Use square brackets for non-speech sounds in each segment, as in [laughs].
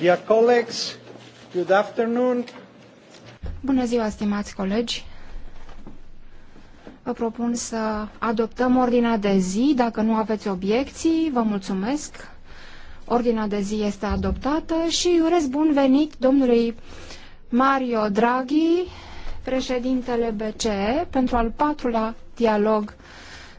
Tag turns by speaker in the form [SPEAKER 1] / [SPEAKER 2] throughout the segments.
[SPEAKER 1] Dear colleagues, good afternoon.
[SPEAKER 2] Bună ziua, stimați colegi. Vă propun să adoptăm ordinea de zi. Dacă nu aveți obiecții, vă mulțumesc. Ordinea de zi este adoptată și urez bun venit domnului Mario Draghi, președintele BCE, pentru al patrulea dialog uh,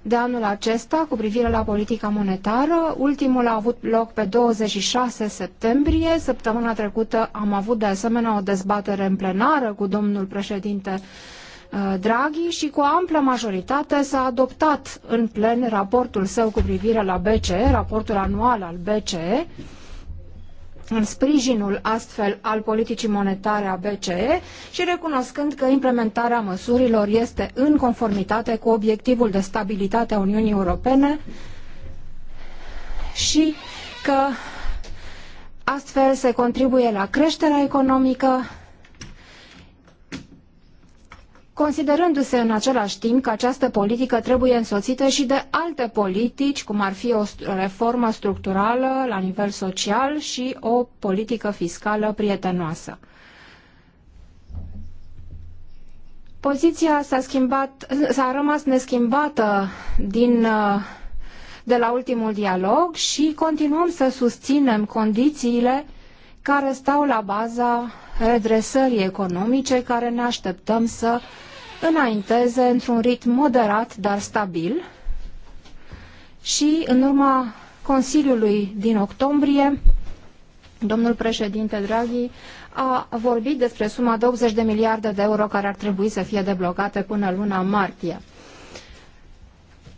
[SPEAKER 2] de anul acesta cu privire la politica monetară. Ultimul a avut loc pe 26 septembrie. Săptămâna trecută am avut de asemenea o dezbatere în plenară cu domnul președinte uh, Draghi și cu o amplă majoritate s-a adoptat în plen raportul său cu privire la BCE, raportul anual al BCE, în sprijinul astfel al politicii monetare a BCE și recunoscând că implementarea măsurilor este în conformitate cu obiectivul de stabilitate a Uniunii Europene și că astfel se contribuie la creșterea economică, considerându-se în același timp că această politică trebuie însoțită și de alte politici, cum ar fi o reformă structurală la nivel social și o politică fiscală prietenoasă. Poziția s-a schimbat, s-a rămas neschimbată din, uh, de la ultimul dialog și continuăm să susținem condițiile care stau la baza redresării economice care ne așteptăm să înainteze într-un ritm moderat, dar stabil. Și în urma Consiliului din octombrie, domnul președinte Draghi a vorbit despre suma de 80 de miliarde de euro care ar trebui să fie deblocate până luna martie.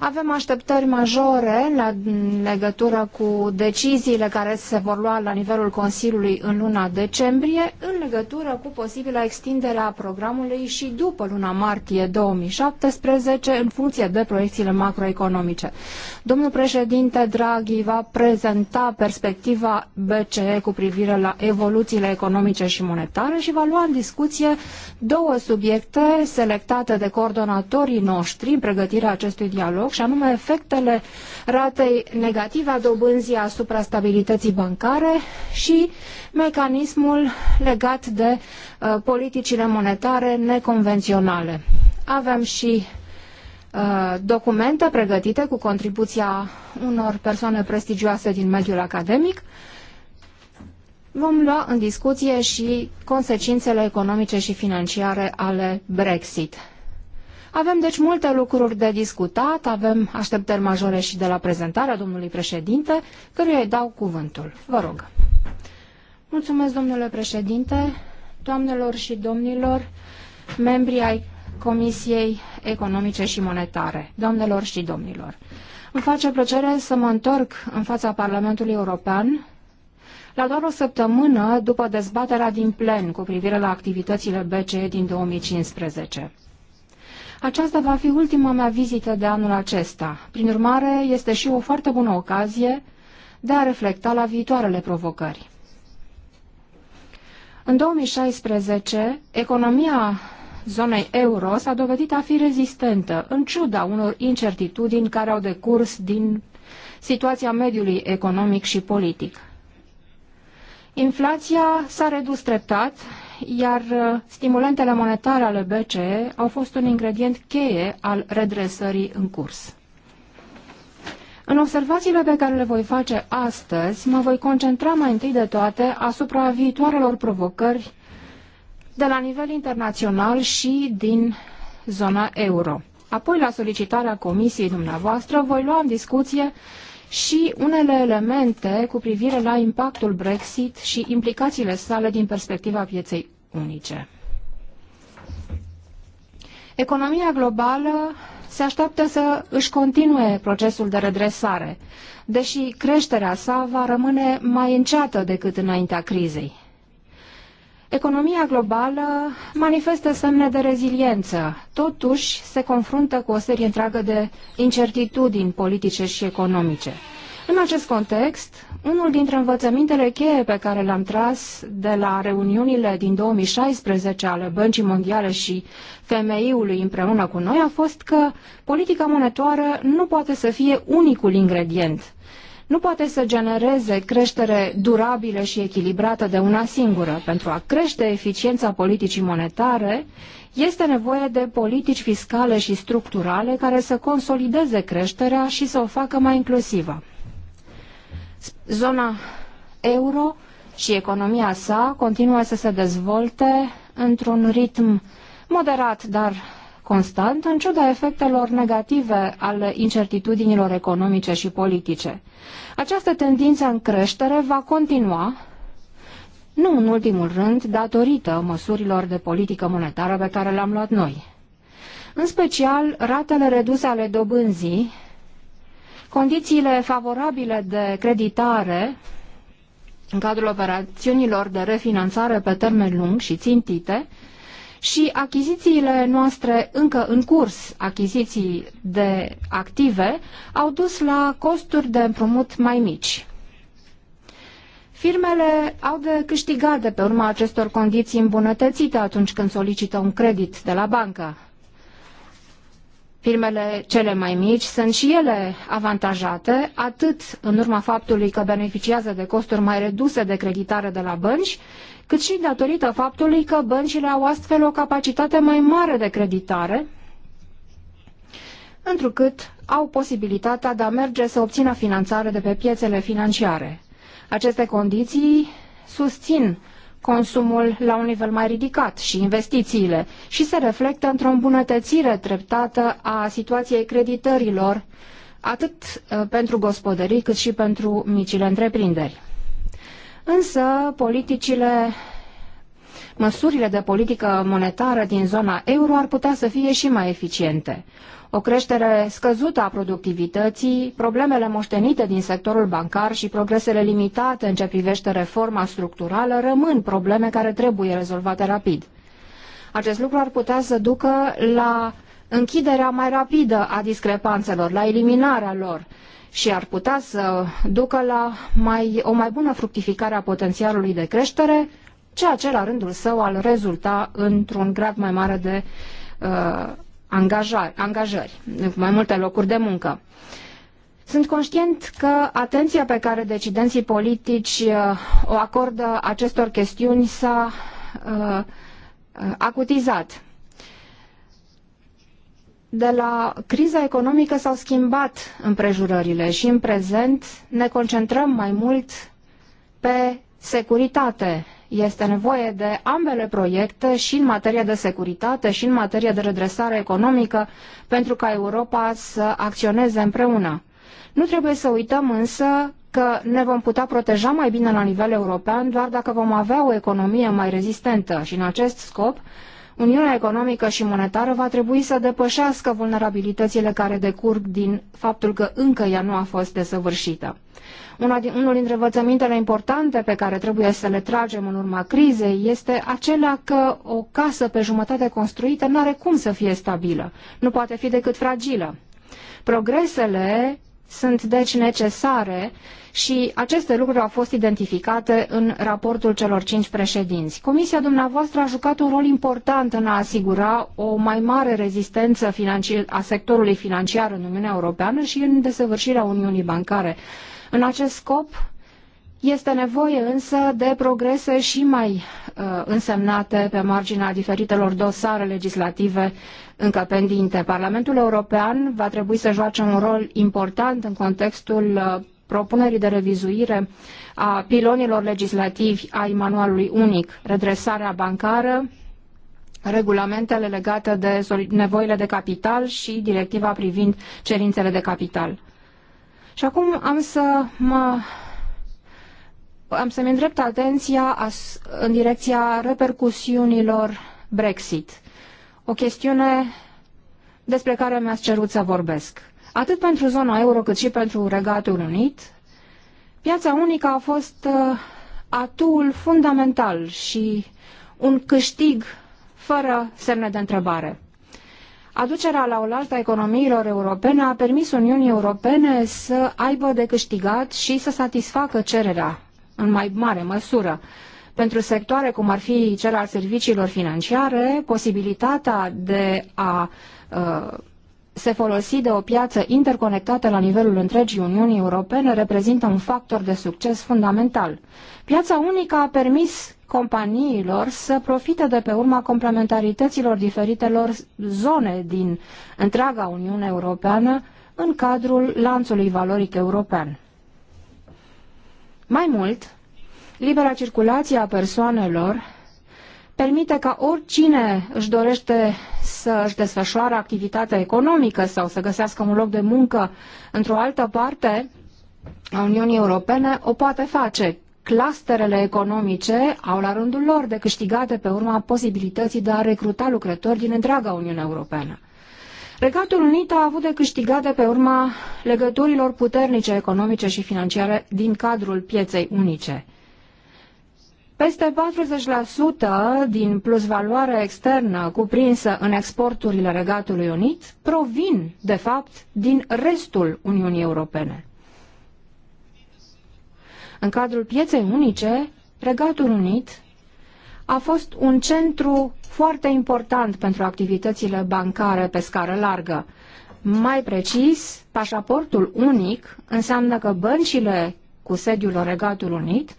[SPEAKER 2] Avem așteptări majore în legătură cu deciziile care se vor lua la nivelul Consiliului în luna decembrie, în legătură cu posibilă extindere a programului și după luna martie 2017, în funcție de proiecțiile macroeconomice. Domnul președinte Draghi va prezenta perspectiva BCE cu privire la evoluțiile economice și monetare și va lua în discuție două subiecte selectate de coordonatorii noștri în pregătirea acestui dialog și anume efectele ratei negative a dobânzii asupra stabilității bancare și mecanismul legat de uh, politicile monetare neconvenționale. Avem și uh, documente pregătite cu contribuția unor persoane prestigioase din mediul academic vom lua în discuție și consecințele economice și financiare ale Brexit. Avem deci multe lucruri de discutat, avem așteptări majore și de la prezentarea domnului președinte, căruia îi dau cuvântul. Vă rog. Mulțumesc, domnule președinte, doamnelor și domnilor, membri ai Comisiei Economice și Monetare, doamnelor și domnilor. Îmi face plăcere să mă întorc în fața Parlamentului European la doar o săptămână după dezbaterea din plen cu privire la activitățile BCE din 2015. Aceasta va fi ultima mea vizită de anul acesta. Prin urmare, este și o foarte bună ocazie de a reflecta la viitoarele provocări. În 2016, economia zonei euro s-a dovedit a fi rezistentă, în ciuda unor incertitudini care au decurs din situația mediului economic și politic. Inflația s-a redus treptat, iar uh, stimulantele monetare ale BCE au fost un ingredient cheie al redresării în curs. În observațiile pe care le voi face astăzi, mă voi concentra mai întâi de toate asupra viitoarelor provocări de la nivel internațional și din zona euro. Apoi, la solicitarea comisiei dumneavoastră, voi lua în discuție și unele elemente cu privire la impactul Brexit și implicațiile sale din perspectiva pieței unice. Economia globală se așteaptă să își continue procesul de redresare, deși creșterea sa va rămâne mai înceată decât înaintea crizei. Economia globală manifestă semne de reziliență, totuși se confruntă cu o serie întreagă de incertitudini politice și economice. În acest context, unul dintre învățămintele cheie pe care le-am tras de la reuniunile din 2016 ale Băncii Mondiale și FMI-ului împreună cu noi a fost că politica monetară nu poate să fie unicul ingredient. Nu poate să genereze creștere durabilă și echilibrată de una singură. Pentru a crește eficiența politicii monetare, este nevoie de politici fiscale și structurale care să consolideze creșterea și să o facă mai inclusivă. Zona euro și economia sa continuă să se dezvolte într-un ritm moderat, dar constant, în ciuda efectelor negative ale incertitudinilor economice și politice. Această tendință în creștere va continua, nu în ultimul rând, datorită măsurilor de politică monetară pe care le-am luat noi. În special, ratele reduse ale dobânzii Condițiile favorabile de creditare în cadrul operațiunilor de refinanțare pe termen lung și țintite și achizițiile noastre încă în curs, achiziții de active, au dus la costuri de împrumut mai mici. Firmele au de câștigat de pe urma acestor condiții îmbunătățite atunci când solicită un credit de la bancă. Firmele cele mai mici sunt și ele avantajate, atât în urma faptului că beneficiază de costuri mai reduse de creditare de la bănci, cât și datorită faptului că băncile au astfel o capacitate mai mare de creditare, întrucât au posibilitatea de a merge să obțină finanțare de pe piețele financiare. Aceste condiții susțin consumul la un nivel mai ridicat și investițiile și se reflectă într-o îmbunătățire treptată a situației creditărilor, atât uh, pentru gospodării cât și pentru micile întreprinderi. Însă, politicile măsurile de politică monetară din zona euro ar putea să fie și mai eficiente. O creștere scăzută a productivității, problemele moștenite din sectorul bancar și progresele limitate în ce privește reforma structurală rămân probleme care trebuie rezolvate rapid. Acest lucru ar putea să ducă la închiderea mai rapidă a discrepanțelor, la eliminarea lor și ar putea să ducă la mai, o mai bună fructificare a potențialului de creștere, ceea ce la rândul său ar rezulta într-un grad mai mare de uh, angajari, angajări, mai multe locuri de muncă. Sunt conștient că atenția pe care decidenții politici uh, o acordă acestor chestiuni s-a uh, acutizat. De la criza economică s-au schimbat împrejurările și în prezent ne concentrăm mai mult pe securitate este nevoie de ambele proiecte și în materie de securitate și în materie de redresare economică pentru ca Europa să acționeze împreună. Nu trebuie să uităm însă că ne vom putea proteja mai bine la nivel european doar dacă vom avea o economie mai rezistentă și în acest scop Uniunea economică și monetară va trebui să depășească vulnerabilitățile care decurg din faptul că încă ea nu a fost desăvârșită. Una din, unul dintre învățămintele importante pe care trebuie să le tragem în urma crizei este acela că o casă pe jumătate construită nu are cum să fie stabilă, nu poate fi decât fragilă. Progresele sunt deci necesare și aceste lucruri au fost identificate în raportul celor cinci președinți. Comisia dumneavoastră a jucat un rol important în a asigura o mai mare rezistență a sectorului financiar în Uniunea Europeană și în desăvârșirea Uniunii Bancare. În acest scop, este nevoie însă de progrese și mai uh, însemnate pe marginea diferitelor dosare legislative încă pendinte. Parlamentul European va trebui să joace un rol important în contextul uh, propunerii de revizuire a pilonilor legislativi ai manualului unic, redresarea bancară, regulamentele legate de nevoile de capital și directiva privind cerințele de capital. Și acum am să mă am să-mi îndrept atenția as, în direcția repercusiunilor Brexit. O chestiune despre care mi-ați cerut să vorbesc. Atât pentru zona euro cât și pentru Regatul Unit, piața unică a fost uh, atul fundamental și un câștig fără semne de întrebare. Aducerea la oaltă a economiilor europene a permis Uniunii Europene să aibă de câștigat și să satisfacă cererea în mai mare măsură. Pentru sectoare cum ar fi cel al serviciilor financiare, posibilitatea de a uh, se folosi de o piață interconectată la nivelul întregii Uniunii Europene reprezintă un factor de succes fundamental. Piața unică a permis companiilor să profite de pe urma complementarităților diferitelor zone din întreaga Uniune Europeană în cadrul lanțului valoric european. Mai mult, libera circulație a persoanelor permite ca oricine își dorește să își desfășoare activitatea economică sau să găsească un loc de muncă într-o altă parte a Uniunii Europene, o poate face. Clusterele economice au la rândul lor de câștigat de pe urma posibilității de a recruta lucrători din întreaga Uniune Europeană. Regatul Unit a avut de câștigat de pe urma legăturilor puternice economice și financiare din cadrul pieței unice. Peste 40% din plusvaloarea externă cuprinsă în exporturile Regatului Unit provin, de fapt, din restul Uniunii Europene. În cadrul pieței unice, Regatul Unit a fost un centru foarte important pentru activitățile bancare pe scară largă. Mai precis, pașaportul unic înseamnă că băncile cu sediul în Regatul Unit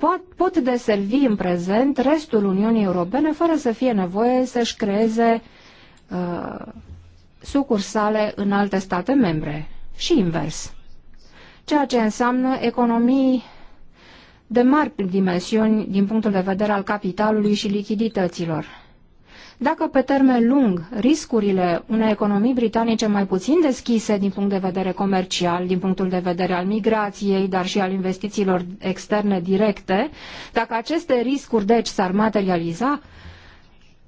[SPEAKER 2] pot, pot deservi în prezent restul Uniunii Europene fără să fie nevoie să-și creeze uh, sucursale în alte state membre și invers. Ceea ce înseamnă economii de mari dimensiuni din punctul de vedere al capitalului și lichidităților. Dacă pe termen lung riscurile unei economii britanice mai puțin deschise din punct de vedere comercial, din punctul de vedere al migrației, dar și al investițiilor externe directe, dacă aceste riscuri deci s-ar materializa,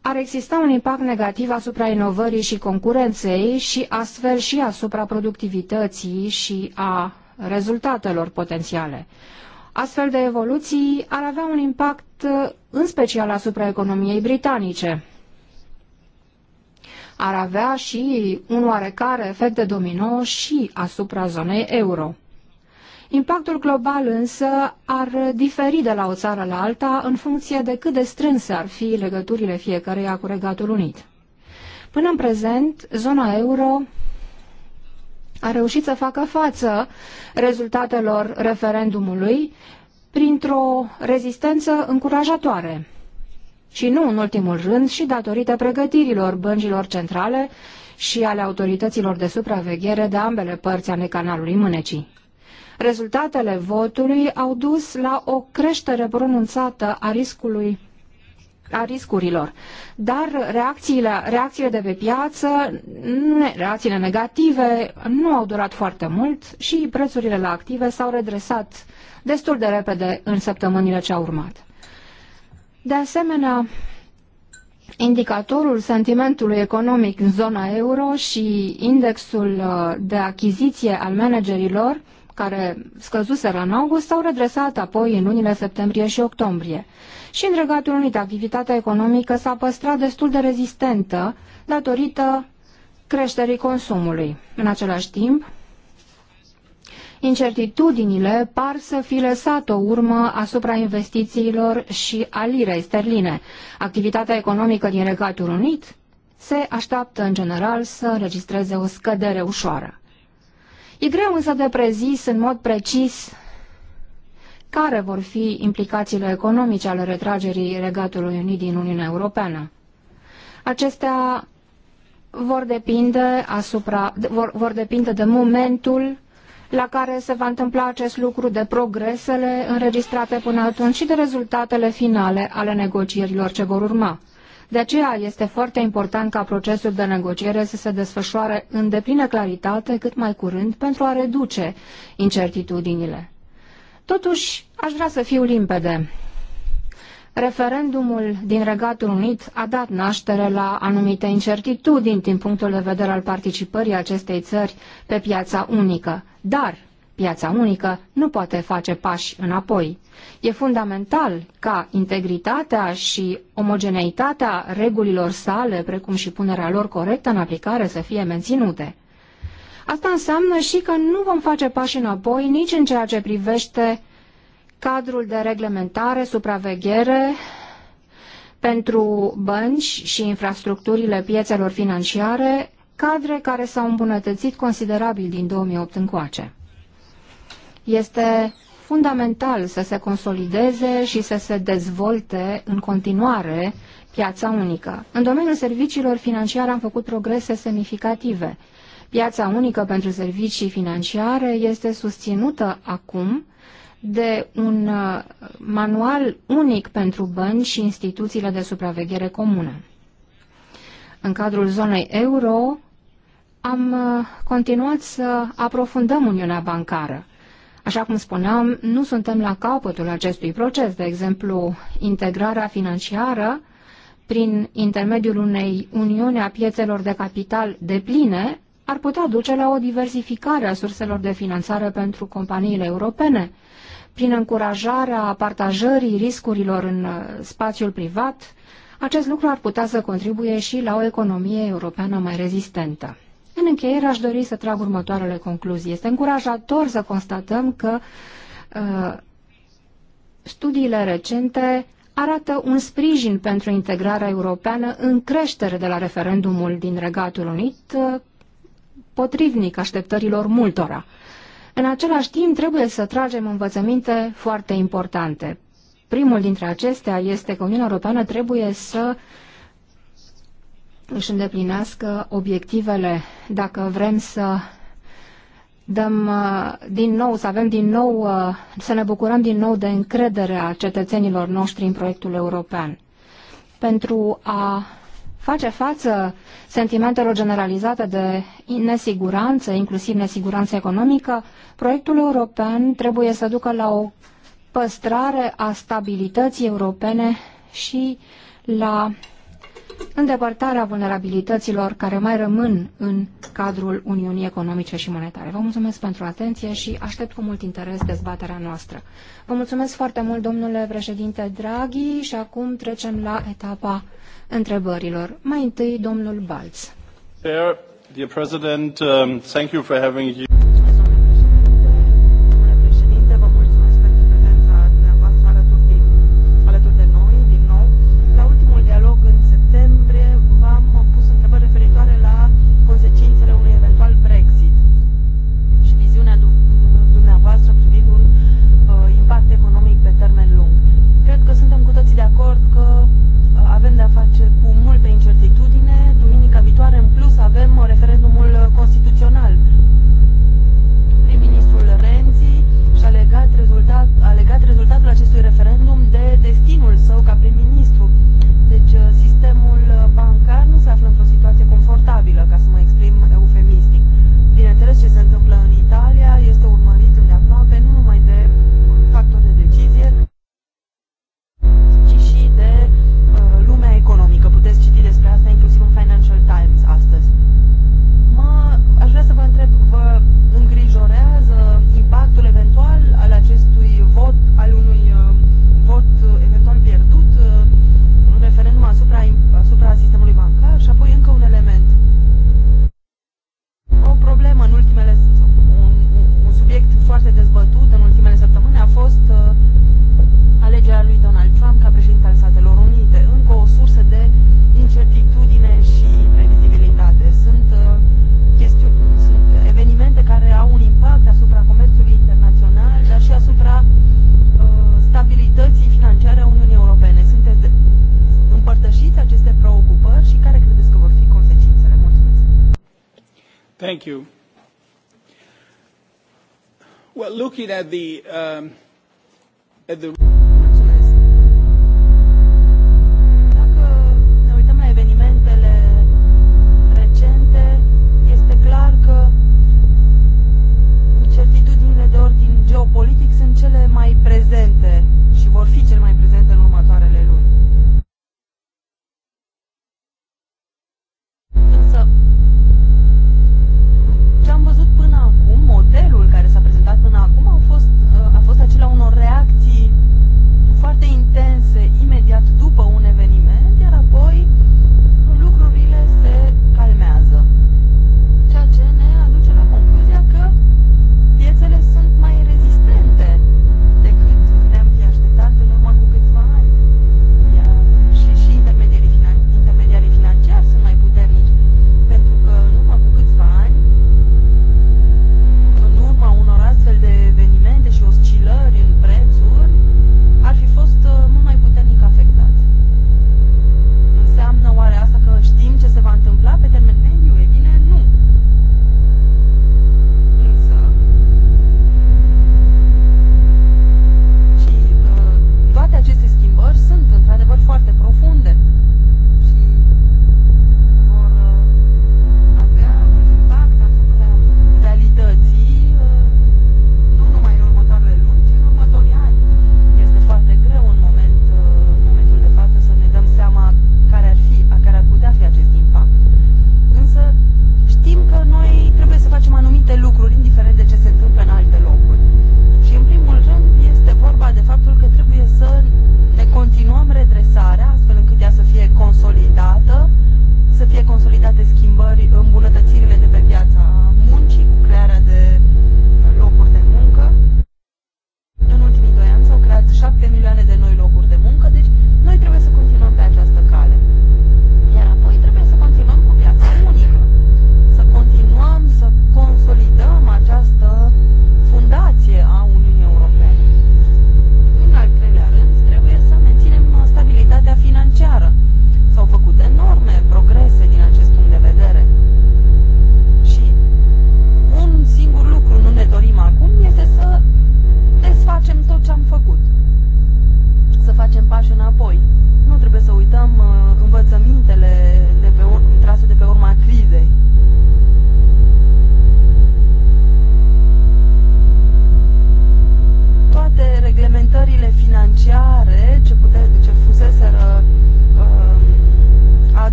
[SPEAKER 2] ar exista un impact negativ asupra inovării și concurenței și astfel și asupra productivității și a rezultatelor potențiale. Astfel de evoluții ar avea un impact în special asupra economiei britanice ar avea și un oarecare efect de domino și asupra zonei euro. Impactul global însă ar diferi de la o țară la alta în funcție de cât de strânse ar fi legăturile fiecăreia cu Regatul Unit. Până în prezent, zona euro a reușit să facă față rezultatelor referendumului printr-o rezistență încurajatoare și nu în ultimul rând și datorită pregătirilor băncilor centrale și ale autorităților de supraveghere de ambele părți ale canalului Mânecii. Rezultatele votului au dus la o creștere pronunțată a riscului a riscurilor. Dar reacțiile, reacțiile de pe piață, reacțiile negative, nu au durat foarte mult și prețurile la active s-au redresat destul de repede în săptămânile ce au urmat. De asemenea, indicatorul sentimentului economic în zona euro și indexul uh, de achiziție al managerilor, care scăzuseră în august, s-au redresat apoi în lunile septembrie și octombrie. Și în Regatul Unit, activitatea economică s-a păstrat destul de rezistentă datorită creșterii consumului. În același timp, incertitudinile par să fi lăsat o urmă asupra investițiilor și a lirei sterline. Activitatea economică din Regatul Unit se așteaptă în general să înregistreze o scădere ușoară. E greu însă de prezis în mod precis care vor fi implicațiile economice ale retragerii Regatului Unit din Uniunea Europeană. Acestea vor depinde, asupra, vor, vor depinde de momentul la care se va întâmpla acest lucru, de progresele înregistrate până atunci și de rezultatele finale ale negocierilor ce vor urma. De aceea este foarte important ca procesul de negociere să se desfășoare în deplină claritate cât mai curând pentru a reduce incertitudinile. Totuși, aș vrea să fiu limpede. Referendumul din Regatul Unit a dat naștere la anumite incertitudini din punctul de vedere al participării acestei țări pe piața unică dar piața unică nu poate face pași înapoi. E fundamental ca integritatea și omogeneitatea regulilor sale, precum și punerea lor corectă în aplicare, să fie menținute. Asta înseamnă și că nu vom face pași înapoi nici în ceea ce privește cadrul de reglementare, supraveghere pentru bănci și infrastructurile piețelor financiare, cadre care s-au îmbunătățit considerabil din 2008 încoace. Este fundamental să se consolideze și să se dezvolte în continuare piața unică. În domeniul serviciilor financiare am făcut progrese semnificative. Piața unică pentru servicii financiare este susținută acum de un uh, manual unic pentru bănci și instituțiile de supraveghere comună. În cadrul zonei euro, am uh, continuat să aprofundăm Uniunea Bancară. Așa cum spuneam, nu suntem la capătul acestui proces. De exemplu, integrarea financiară prin intermediul unei uniuni a piețelor de capital de pline ar putea duce la o diversificare a surselor de finanțare pentru companiile europene, prin încurajarea partajării riscurilor în uh, spațiul privat, acest lucru ar putea să contribuie și la o economie europeană mai rezistentă. În încheiere aș dori să trag următoarele concluzii. Este încurajator să constatăm că uh, studiile recente arată un sprijin pentru integrarea europeană în creștere de la referendumul din Regatul Unit, uh, potrivnic așteptărilor multora. În același timp, trebuie să tragem învățăminte foarte importante. Primul dintre acestea este că Uniunea Europeană trebuie să uh, își îndeplinească obiectivele. Dacă vrem să dăm uh, din nou, să avem din nou, uh, să ne bucurăm din nou de încrederea cetățenilor noștri în proiectul european. Pentru a face față sentimentelor generalizate de nesiguranță, inclusiv nesiguranță economică, proiectul european trebuie să ducă la o păstrare a stabilității europene și la îndepărtarea vulnerabilităților care mai rămân în cadrul Uniunii Economice și Monetare. Vă mulțumesc pentru atenție și aștept cu mult interes dezbaterea noastră. Vă mulțumesc foarte mult, domnule președinte Draghi, și acum trecem la etapa întrebărilor. Mai întâi, domnul Balț.
[SPEAKER 1] Dear, dear President, um, thank you for having you. at the um, at the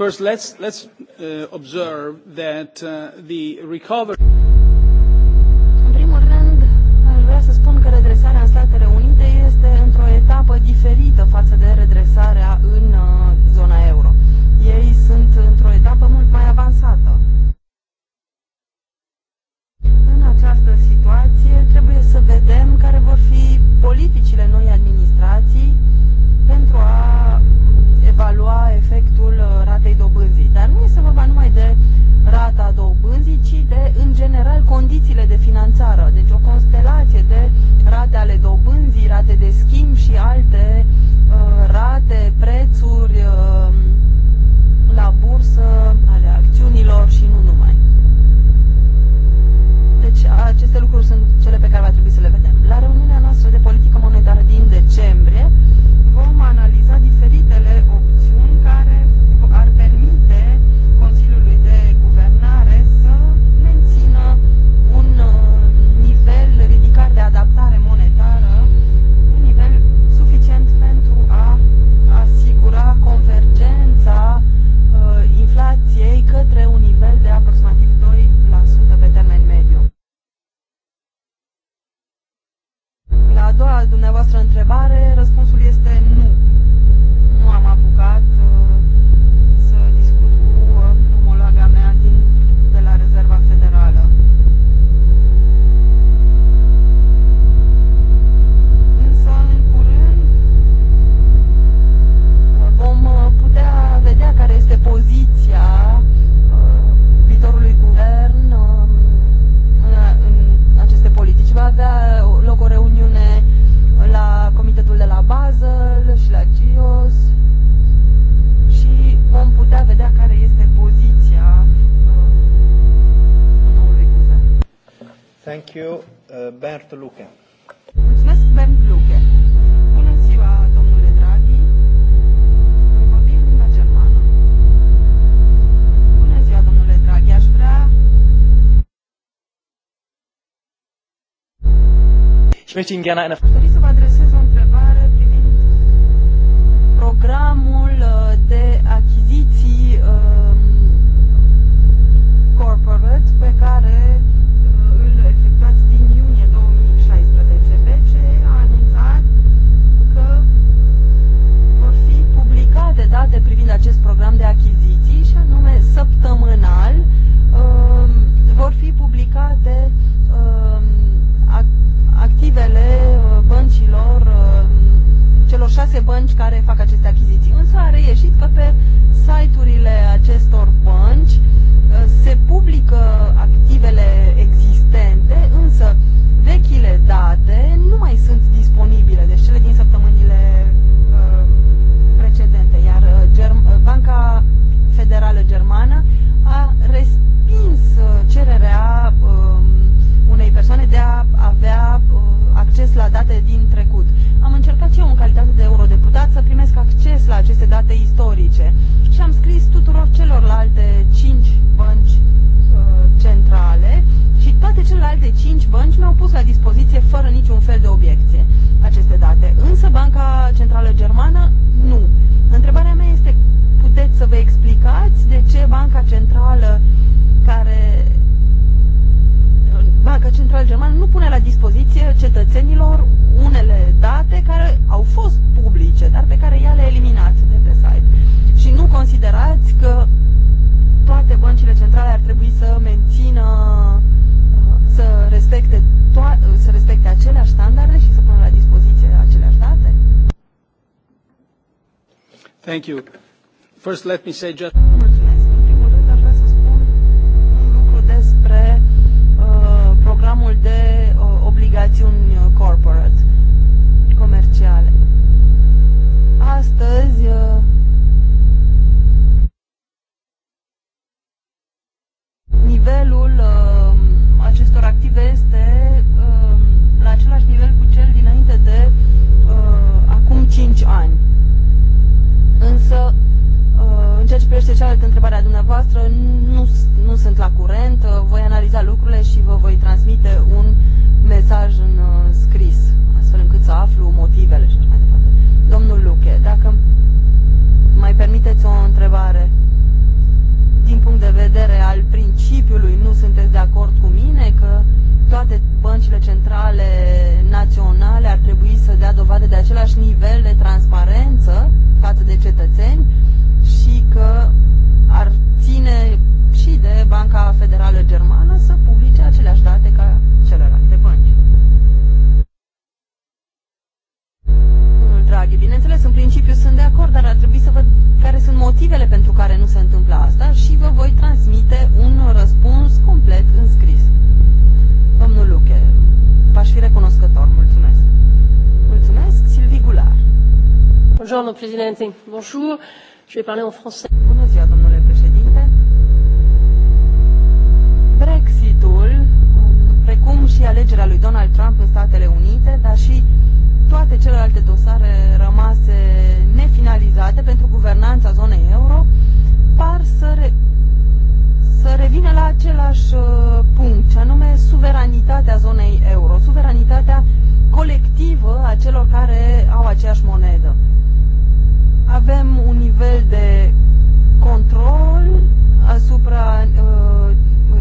[SPEAKER 1] First, let's, uh, observe that uh, the recovery...
[SPEAKER 3] În primul rând, aș vrea să spun că redresarea în Statele Unite este într-o etapă diferită față de redresarea în uh, zona euro. Ei sunt într-o etapă mult mai avansată. În această situație trebuie să vedem care vor fi politicile noi administrații pentru a evalua efectul uh, ratei dobânzii. Dar nu este vorba numai de rata dobânzii, ci de, în general, condițiile de finanțare. Deci o constelație de rate ale dobânzii, rate de schimb și alte uh, rate, prețuri uh, la bursă, ale acțiunilor și nu numai aceste lucruri sunt cele pe care va trebui să le vedem. La reuniunea noastră de politică monetară din decembrie vom analiza diferitele opțiuni
[SPEAKER 4] Ich möchte Ihnen gerne să
[SPEAKER 3] vă adresez o întrebare privind programul uh, de achiziții um, corporate pe care uh, îl efectuați din iunie 2016. BCE a anunțat că vor fi publicate date privind acest program de achiziții și anume săptămânal um, vor fi șase bănci care fac aceste achiziții. Însă a reieșit că pe site-urile acestor bănci uh, se publică activele existente, însă vechile date nu mai sunt disponibile, deci cele din săptămânile uh, precedente, iar uh, Banca Federală Germană a respins acces la date din trecut. Am încercat și eu în calitate de eurodeputat să primesc acces la aceste date istorice și am scris tuturor celorlalte cinci bănci uh, centrale și toate celelalte cinci bănci mi-au pus la dispoziție fără niciun fel de obiecție aceste date. Însă Banca Centrală Germană nu. Întrebarea mea este puteți să vă explicați de ce Banca Centrală care Banca Centrală Germană nu pune la dispoziție cetățenilor unele date care au fost publice, dar pe care ea le-a eliminat de pe site. Și nu considerați că toate băncile centrale ar trebui să mențină, uh, să respecte, să respecte aceleași standarde și să pună la dispoziție aceleași date?
[SPEAKER 1] Thank you. First, let me say just... Mulțumesc.
[SPEAKER 3] operațiuni uh, corporate, comerciale. Astăzi, uh, nivelul uh, acestor active este la același nivel cu cel dinainte de acum 5 ani. Însă, uh, în ceea ce privește cealaltă întrebare a dumneavoastră, nu, nu sunt la curent, uh, voi analiza lucrurile și vă voi transmite un mesaj în uh, scris, astfel încât să aflu motivele și așa mai departe. Domnul Luche, dacă mai permiteți o întrebare din punct de vedere al principiului nu sunteți de acord cu mine că toate băncile centrale naționale ar trebui să dea dovadă de același nivel de transparență față de cetățeni și că ar ține și de Banca Federală Germană să publice aceleași date ca celelalte bănci. Draghi. Bineînțeles, în principiu sunt de acord, dar ar trebui să văd care sunt motivele pentru care nu se întâmplă asta și vă voi transmite un răspuns complet în scris. Domnul Luche, v-aș fi recunoscător. Mulțumesc. Mulțumesc, Silvi Gular. Buongiorno, președinte. Bonjour. Je vais parler en français. Bună ziua, domnule președinte. Brexitul, precum și alegerea lui Donald Trump în Statele Unite, dar și toate celelalte dosare rămase nefinalizate pentru guvernanța zonei euro par să, re- să revină la același uh, punct, ce anume suveranitatea zonei euro, suveranitatea colectivă a celor care au aceeași monedă. Avem un nivel de control asupra uh,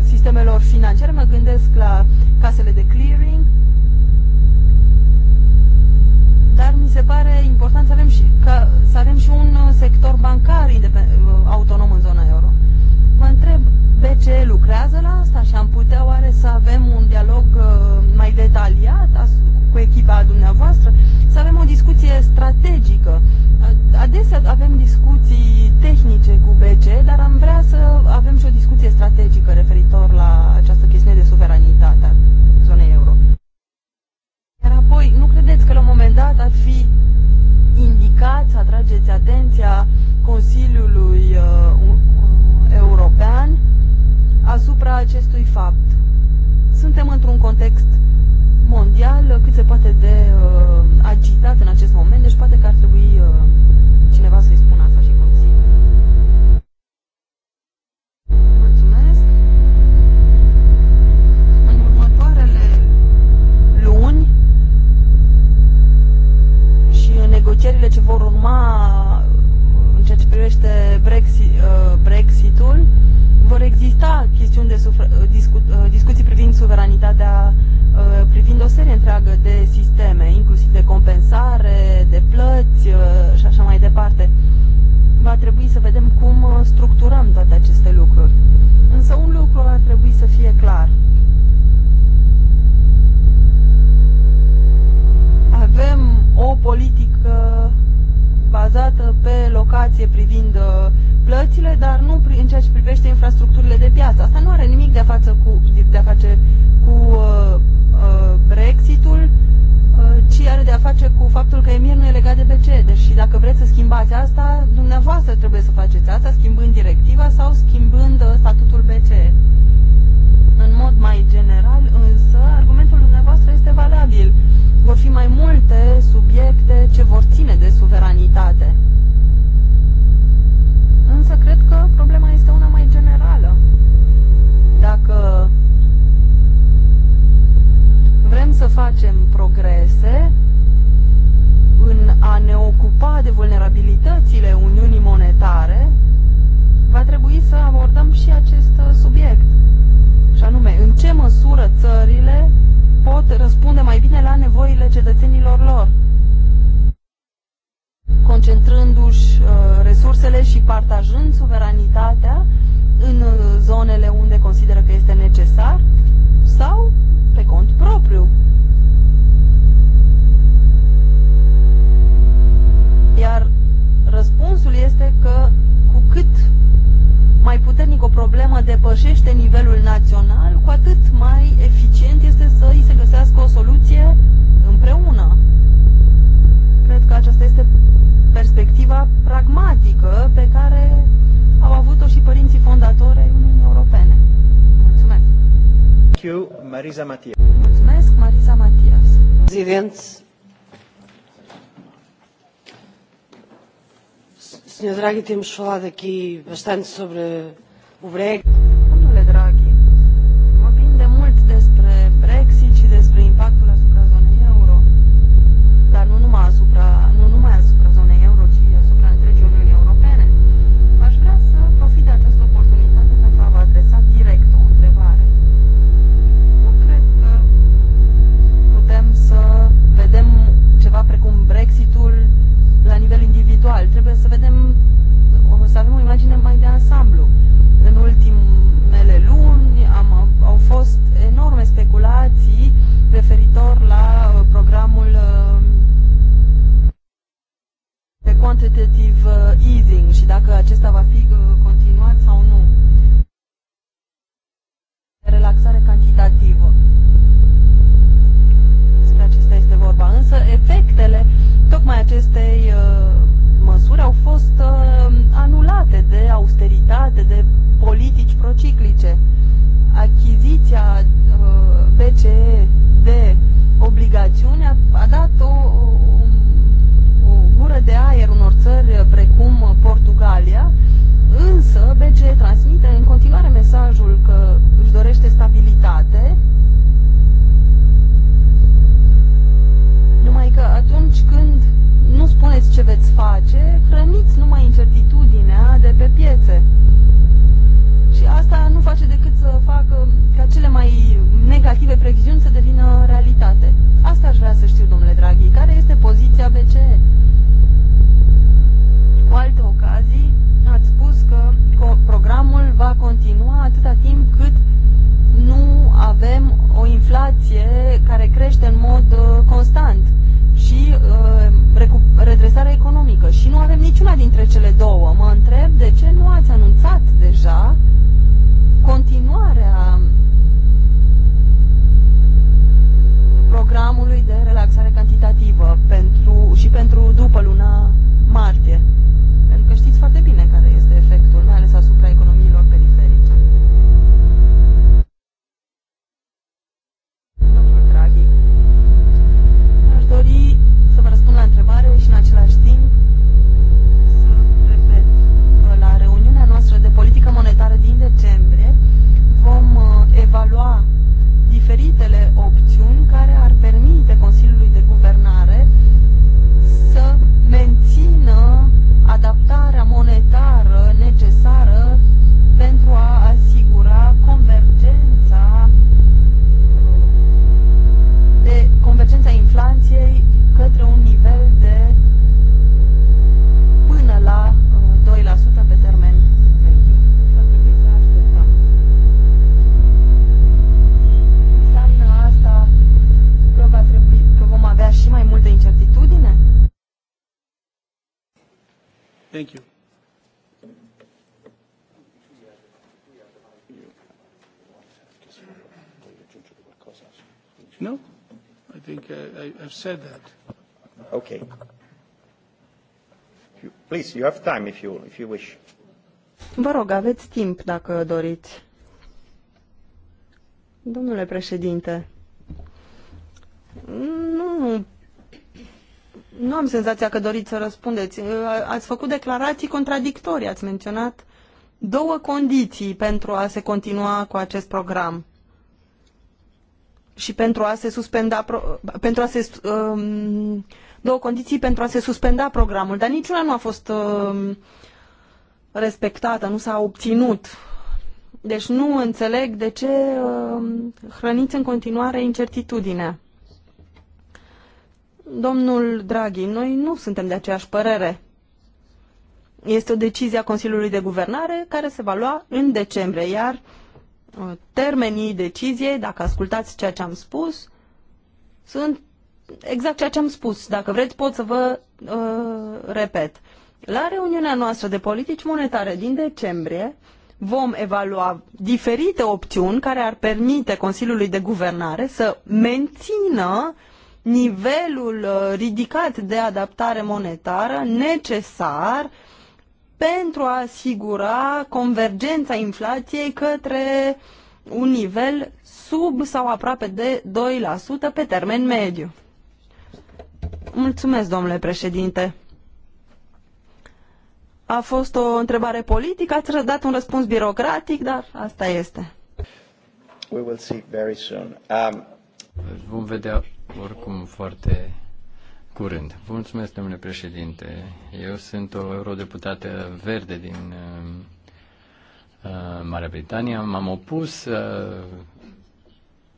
[SPEAKER 3] sistemelor financiare, mă gândesc la casele de clearing, dar mi se pare important să avem și, că, să avem și un uh, sector bancar uh, autonom în zona euro. Vă întreb, BCE lucrează la asta și am putea oare să avem un dialog uh, mai detaliat cu echipa dumneavoastră? Să avem o discuție strategică. Adesea avem discuții tehnice cu BCE, dar am vrea să avem și o discuție strategică referitor la această chestiune de suveranitate a zonei euro. Iar apoi, nu credeți că la un moment dat ar fi indicat să atrageți atenția Consiliului uh, uh European asupra acestui fapt? Suntem într-un context mondial uh, cât se poate de uh, agitat în acest moment, deci poate că ar trebui uh, cineva să-i spună. negocierile ce vor urma uh, în ceea ce privește Brexit, uh, Brexitul, vor exista chestiuni de uh, discu discuții privind suveranitatea, privind o serie întreagă de sisteme, inclusiv de compensare, de plăți și așa mai departe. Va trebui să vedem cum structurăm toate aceste lucruri. Însă un lucru ar trebui să fie clar. Avem o politică bazată pe locație privind uh, plățile, dar nu în ceea ce privește infrastructurile de piață. Asta nu are nimic de, față cu, de a face cu uh, uh, Brexitul, ci are de a face cu faptul că Emir nu e legat de BC. Deci dacă vreți să schimbați asta, dumneavoastră trebuie să faceți asta, schimbând directiva sau schimbând statutul BC. În mod mai general, însă, argumentul dumneavoastră este valabil. Uh, vor fi mai multe subiecte ce vor ține de suveranitate. Însă cred că problema este una mai generală. Dacă vrem să facem progrese în a ne ocupa de vulnerabilitățile Uniunii Monetare, va trebui să abordăm și acest subiect. Și anume, în ce măsură țările pot răspunde mai bine la nevoile cetățenilor lor, concentrându-și uh, resursele și partajând suveranitatea în uh, zonele unde consideră că este necesar sau pe cont propriu. Iar răspunsul este că cu cât mai puternic o problemă depășește nivelul național, cu atât mai eficient este să îi se găsească o soluție împreună. Cred că aceasta este perspectiva pragmatică pe care au avut-o și părinții fondatori ai Uniunii Europene. Mulțumesc!
[SPEAKER 5] Thank you, Marisa Matias.
[SPEAKER 3] Mulțumesc, Marisa Matias.
[SPEAKER 5] Presidents,
[SPEAKER 3] senhor Draghi, temos falado aqui bastante sobre o Brexit.
[SPEAKER 1] said that. Okay. Please, you have time
[SPEAKER 3] if you, if you wish. Vă rog, aveți timp dacă doriți. Domnule președinte, nu, nu am senzația că doriți să răspundeți. Ați făcut declarații contradictorii, ați menționat două condiții pentru a se continua cu acest program și pentru a se suspenda pentru a se um, două condiții pentru a se suspenda programul, dar niciuna nu a fost um, respectată, nu s-a obținut. Deci nu înțeleg de ce um, hrăniți în continuare incertitudinea. Domnul Draghi, noi nu suntem de aceeași părere. Este o decizie a Consiliului de Guvernare care se va lua în decembrie, iar uh, Uh, termenii deciziei, dacă ascultați ceea ce am spus, sunt exact ceea ce am spus. Dacă vreți, pot să vă uh, repet. La reuniunea noastră de politici monetare din decembrie vom evalua diferite opțiuni care ar permite Consiliului de Guvernare să mențină nivelul uh, ridicat de adaptare monetară necesar uh, pentru a asigura convergența inflației către un nivel sub sau aproape de 2% pe termen mediu. Mulțumesc, domnule președinte. A fost o întrebare politică, ați dat un răspuns birocratic, dar asta este.
[SPEAKER 6] We will see very soon. Um... Vom vedea oricum foarte curând. Mulțumesc, domnule președinte. Eu sunt o eurodeputată verde din uh, uh Marea Britanie. M-am opus uh,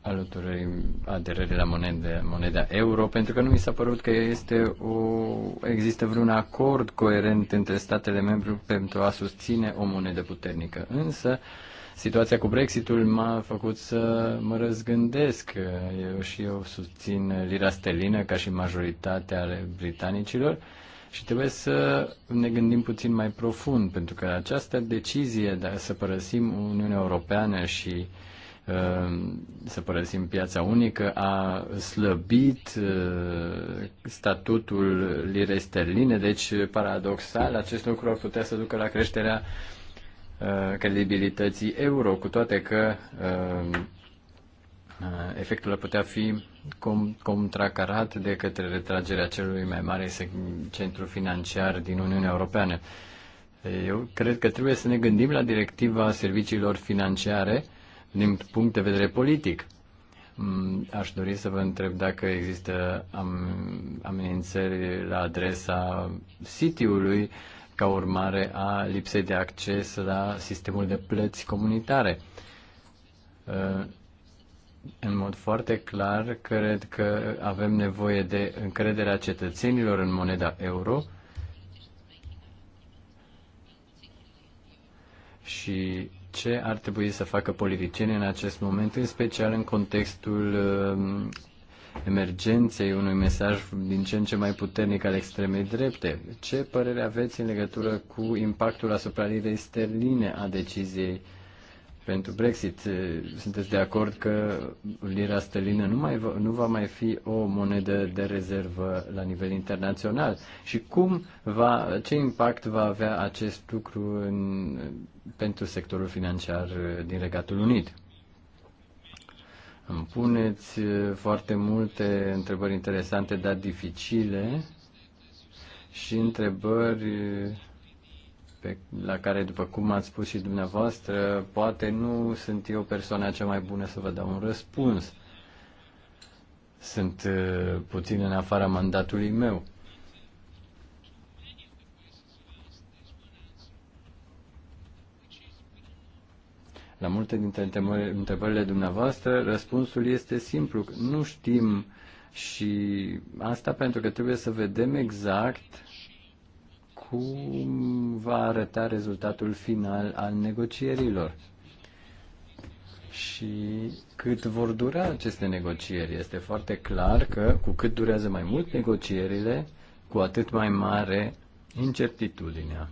[SPEAKER 6] alături aderării la monede, moneda euro, pentru că nu mi s-a părut că este o, există vreun acord coerent între statele membre pentru a susține o monedă puternică. Însă, uh, Situația cu Brexitul m-a făcut să mă răzgândesc. Eu și eu susțin lira stelină ca și majoritatea ale britanicilor și trebuie să ne gândim puțin mai profund, pentru că această decizie de a să părăsim Uniunea Europeană și să părăsim piața unică a slăbit statutul lirei sterline, deci paradoxal acest lucru ar putea să ducă la creșterea Uh, credibilității euro, cu toate că uh, uh, efectul ar putea fi contracarat de către retragerea celui mai mare centru financiar din Uniunea Europeană. Eu cred că trebuie să ne gândim la directiva serviciilor financiare din punct de vedere politic. Mm, aș dori să vă întreb dacă există amenințări la adresa City-ului ca urmare a lipsei de acces la sistemul de plăți comunitare. Uh, în mod foarte clar, cred că avem nevoie de încrederea cetățenilor în moneda euro și ce ar trebui să facă politicienii în acest moment, în special în contextul uh, emergenței, unui mesaj din ce în ce mai puternic al extremei drepte. Ce părere aveți în legătură cu impactul asupra lirei sterline a deciziei pentru Brexit? Sunteți de acord că lira sterlină nu, mai, nu va mai fi o monedă de rezervă la nivel internațional? Și cum va, ce impact va avea acest lucru în, pentru sectorul financiar din Regatul Unit? Îmi puneți foarte multe întrebări interesante, dar dificile și întrebări pe, la care, după cum ați spus și dumneavoastră, poate nu sunt eu persoana cea mai bună să vă dau un răspuns. Sunt puțin în afara mandatului meu. La multe dintre întrebările dumneavoastră, răspunsul este simplu. Nu știm și asta pentru că trebuie să vedem exact cum va arăta rezultatul final al negocierilor și cât vor dura aceste negocieri. Este foarte clar că cu cât durează mai mult negocierile, cu atât mai mare incertitudinea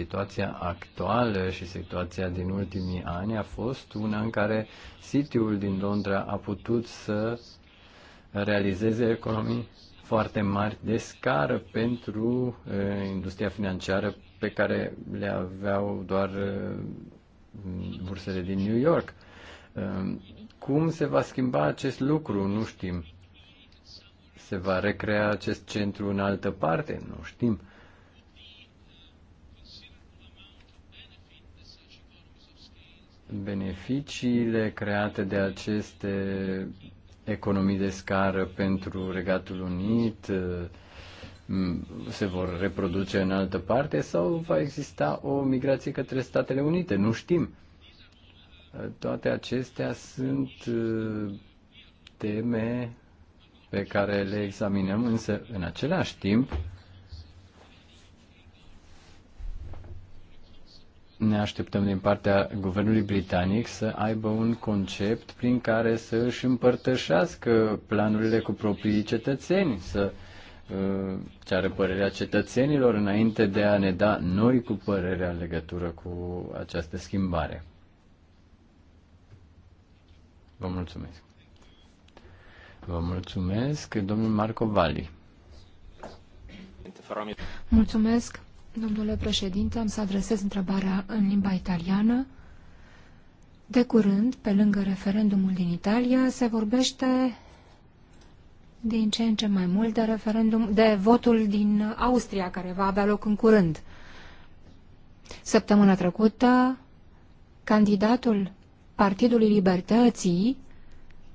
[SPEAKER 6] situația actuală și situația din ultimii ani a fost una în care City-ul din Londra a putut să realizeze economii foarte mari de scară pentru eh, industria financiară pe care le aveau doar eh, bursele din New York. Eh, cum se va schimba acest lucru? Nu știm. Se va recrea acest centru în altă parte? Nu știm. beneficiile create de aceste economii de scară pentru Regatul Unit mm, se vor reproduce în altă parte sau va exista o migrație către Statele Unite? Nu știm. Toate acestea sunt uh, teme pe care le examinăm, însă în același timp ne așteptăm din partea guvernului britanic să aibă un concept prin care să își împărtășească planurile cu proprii cetățeni, să uh, ceară părerea cetățenilor înainte de a ne da noi cu părerea în legătură cu această schimbare. Vă mulțumesc. Vă mulțumesc, domnul Marco Vali.
[SPEAKER 2] Mulțumesc. Domnule președinte, am să adresez întrebarea în limba italiană. De curând, pe lângă referendumul din Italia, se vorbește din ce în ce mai mult de referendum, de votul din Austria, care va avea loc în curând. Săptămâna trecută, candidatul Partidului Libertății,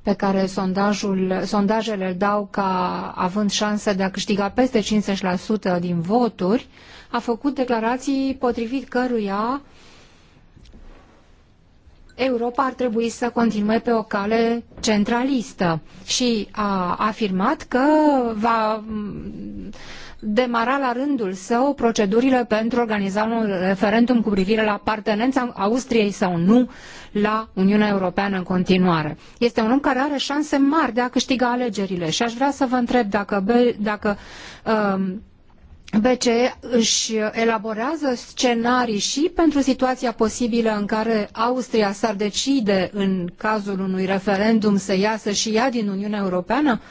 [SPEAKER 2] pe care sondajul, sondajele îl dau ca având șanse de a câștiga peste 50% din voturi, a făcut declarații potrivit căruia Europa ar trebui să continue pe o cale centralistă și a afirmat că va demara la rândul său procedurile pentru organizarea unui referendum cu privire la apartenența Austriei sau nu la Uniunea Europeană în continuare. Este un om care are șanse mari de a câștiga alegerile și aș vrea să vă întreb dacă, dacă uh, BCE își elaborează scenarii și pentru situația posibilă în care Austria s-ar decide în cazul unui referendum să iasă și ea din Uniunea Europeană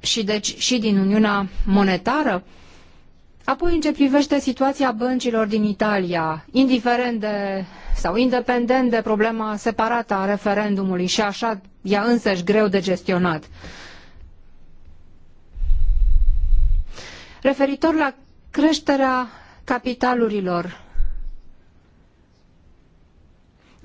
[SPEAKER 2] și deci și din Uniunea Monetară. Apoi, în ce privește situația băncilor din Italia, indiferent de sau independent de problema separată a referendumului și așa ea însăși greu de gestionat. Referitor la creșterea capitalurilor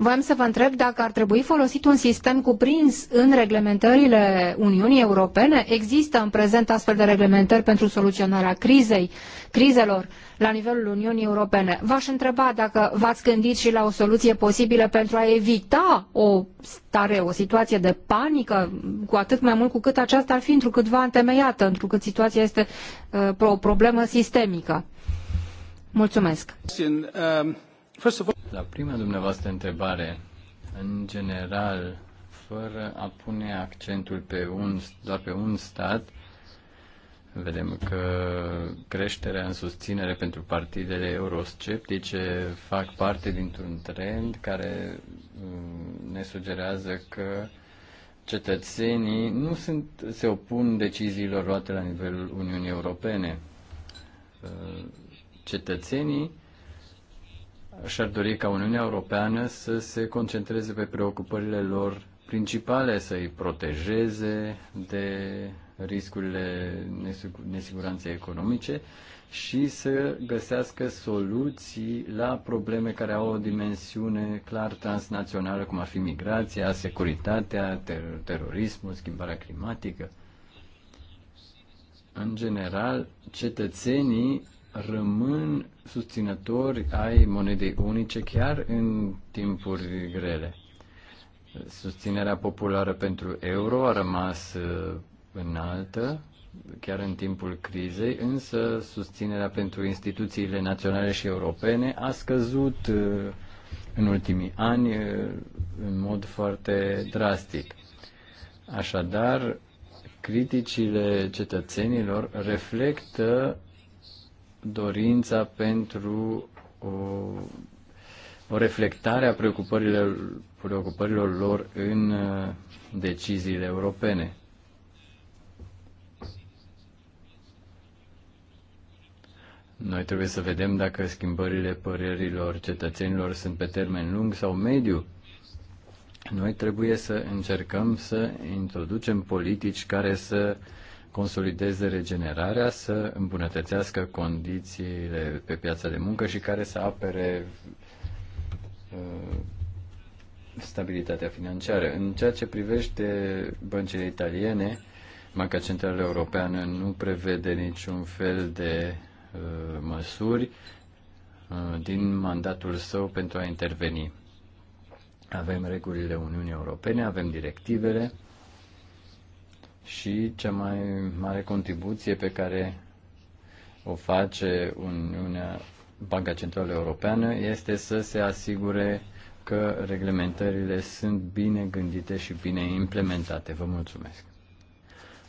[SPEAKER 2] Voiam să vă întreb dacă ar trebui folosit un sistem cuprins în reglementările Uniunii Europene. Există în prezent astfel de reglementări pentru soluționarea crizei, crizelor la nivelul Uniunii Europene. V-aș întreba dacă v-ați gândit și la o soluție posibilă pentru a evita o stare, o situație de panică, cu atât mai mult cu cât aceasta ar fi întrucâtva întemeiată, întrucât situația este uh, o problemă sistemică. Mulțumesc.
[SPEAKER 6] um... La da, prima dumneavoastră întrebare, în general, fără a pune accentul pe un, doar pe un stat, vedem că creșterea în susținere pentru partidele eurosceptice fac parte dintr-un trend care uh, ne sugerează că cetățenii nu sunt, se opun deciziilor luate la nivelul Uniunii Europene. Uh, cetățenii și-ar dori ca Uniunea Europeană să se concentreze pe preocupările lor principale, să îi protejeze de riscurile nesiguranței economice și să găsească soluții la probleme care au o dimensiune clar transnațională, cum ar fi migrația, securitatea, ter- terorismul, schimbarea climatică. În general, cetățenii rămân susținători ai monedei unice chiar în timpuri grele. Susținerea populară pentru euro a rămas uh, înaltă chiar în timpul crizei, însă susținerea pentru instituțiile naționale și europene a scăzut uh, în ultimii ani uh, în mod foarte drastic. Așadar, criticile cetățenilor reflectă dorința pentru o, o reflectare a preocupărilor, preocupărilor lor în uh, deciziile europene. Noi trebuie să vedem dacă schimbările părerilor cetățenilor sunt pe termen lung sau mediu. Noi trebuie să încercăm să introducem politici care să uh, consolideze regenerarea, să îmbunătățească condițiile pe piața de muncă și care să apere uh, stabilitatea financiară. În ceea ce privește băncile italiene, Banca Centrală Europeană nu prevede niciun fel de uh, măsuri uh, din mandatul său pentru a interveni. Avem regulile Uniunii Europene, avem directivele și cea mai mare contribuție pe care o face Uniunea Banca Centrală Europeană este să se asigure că reglementările sunt bine gândite și bine implementate. Vă mulțumesc.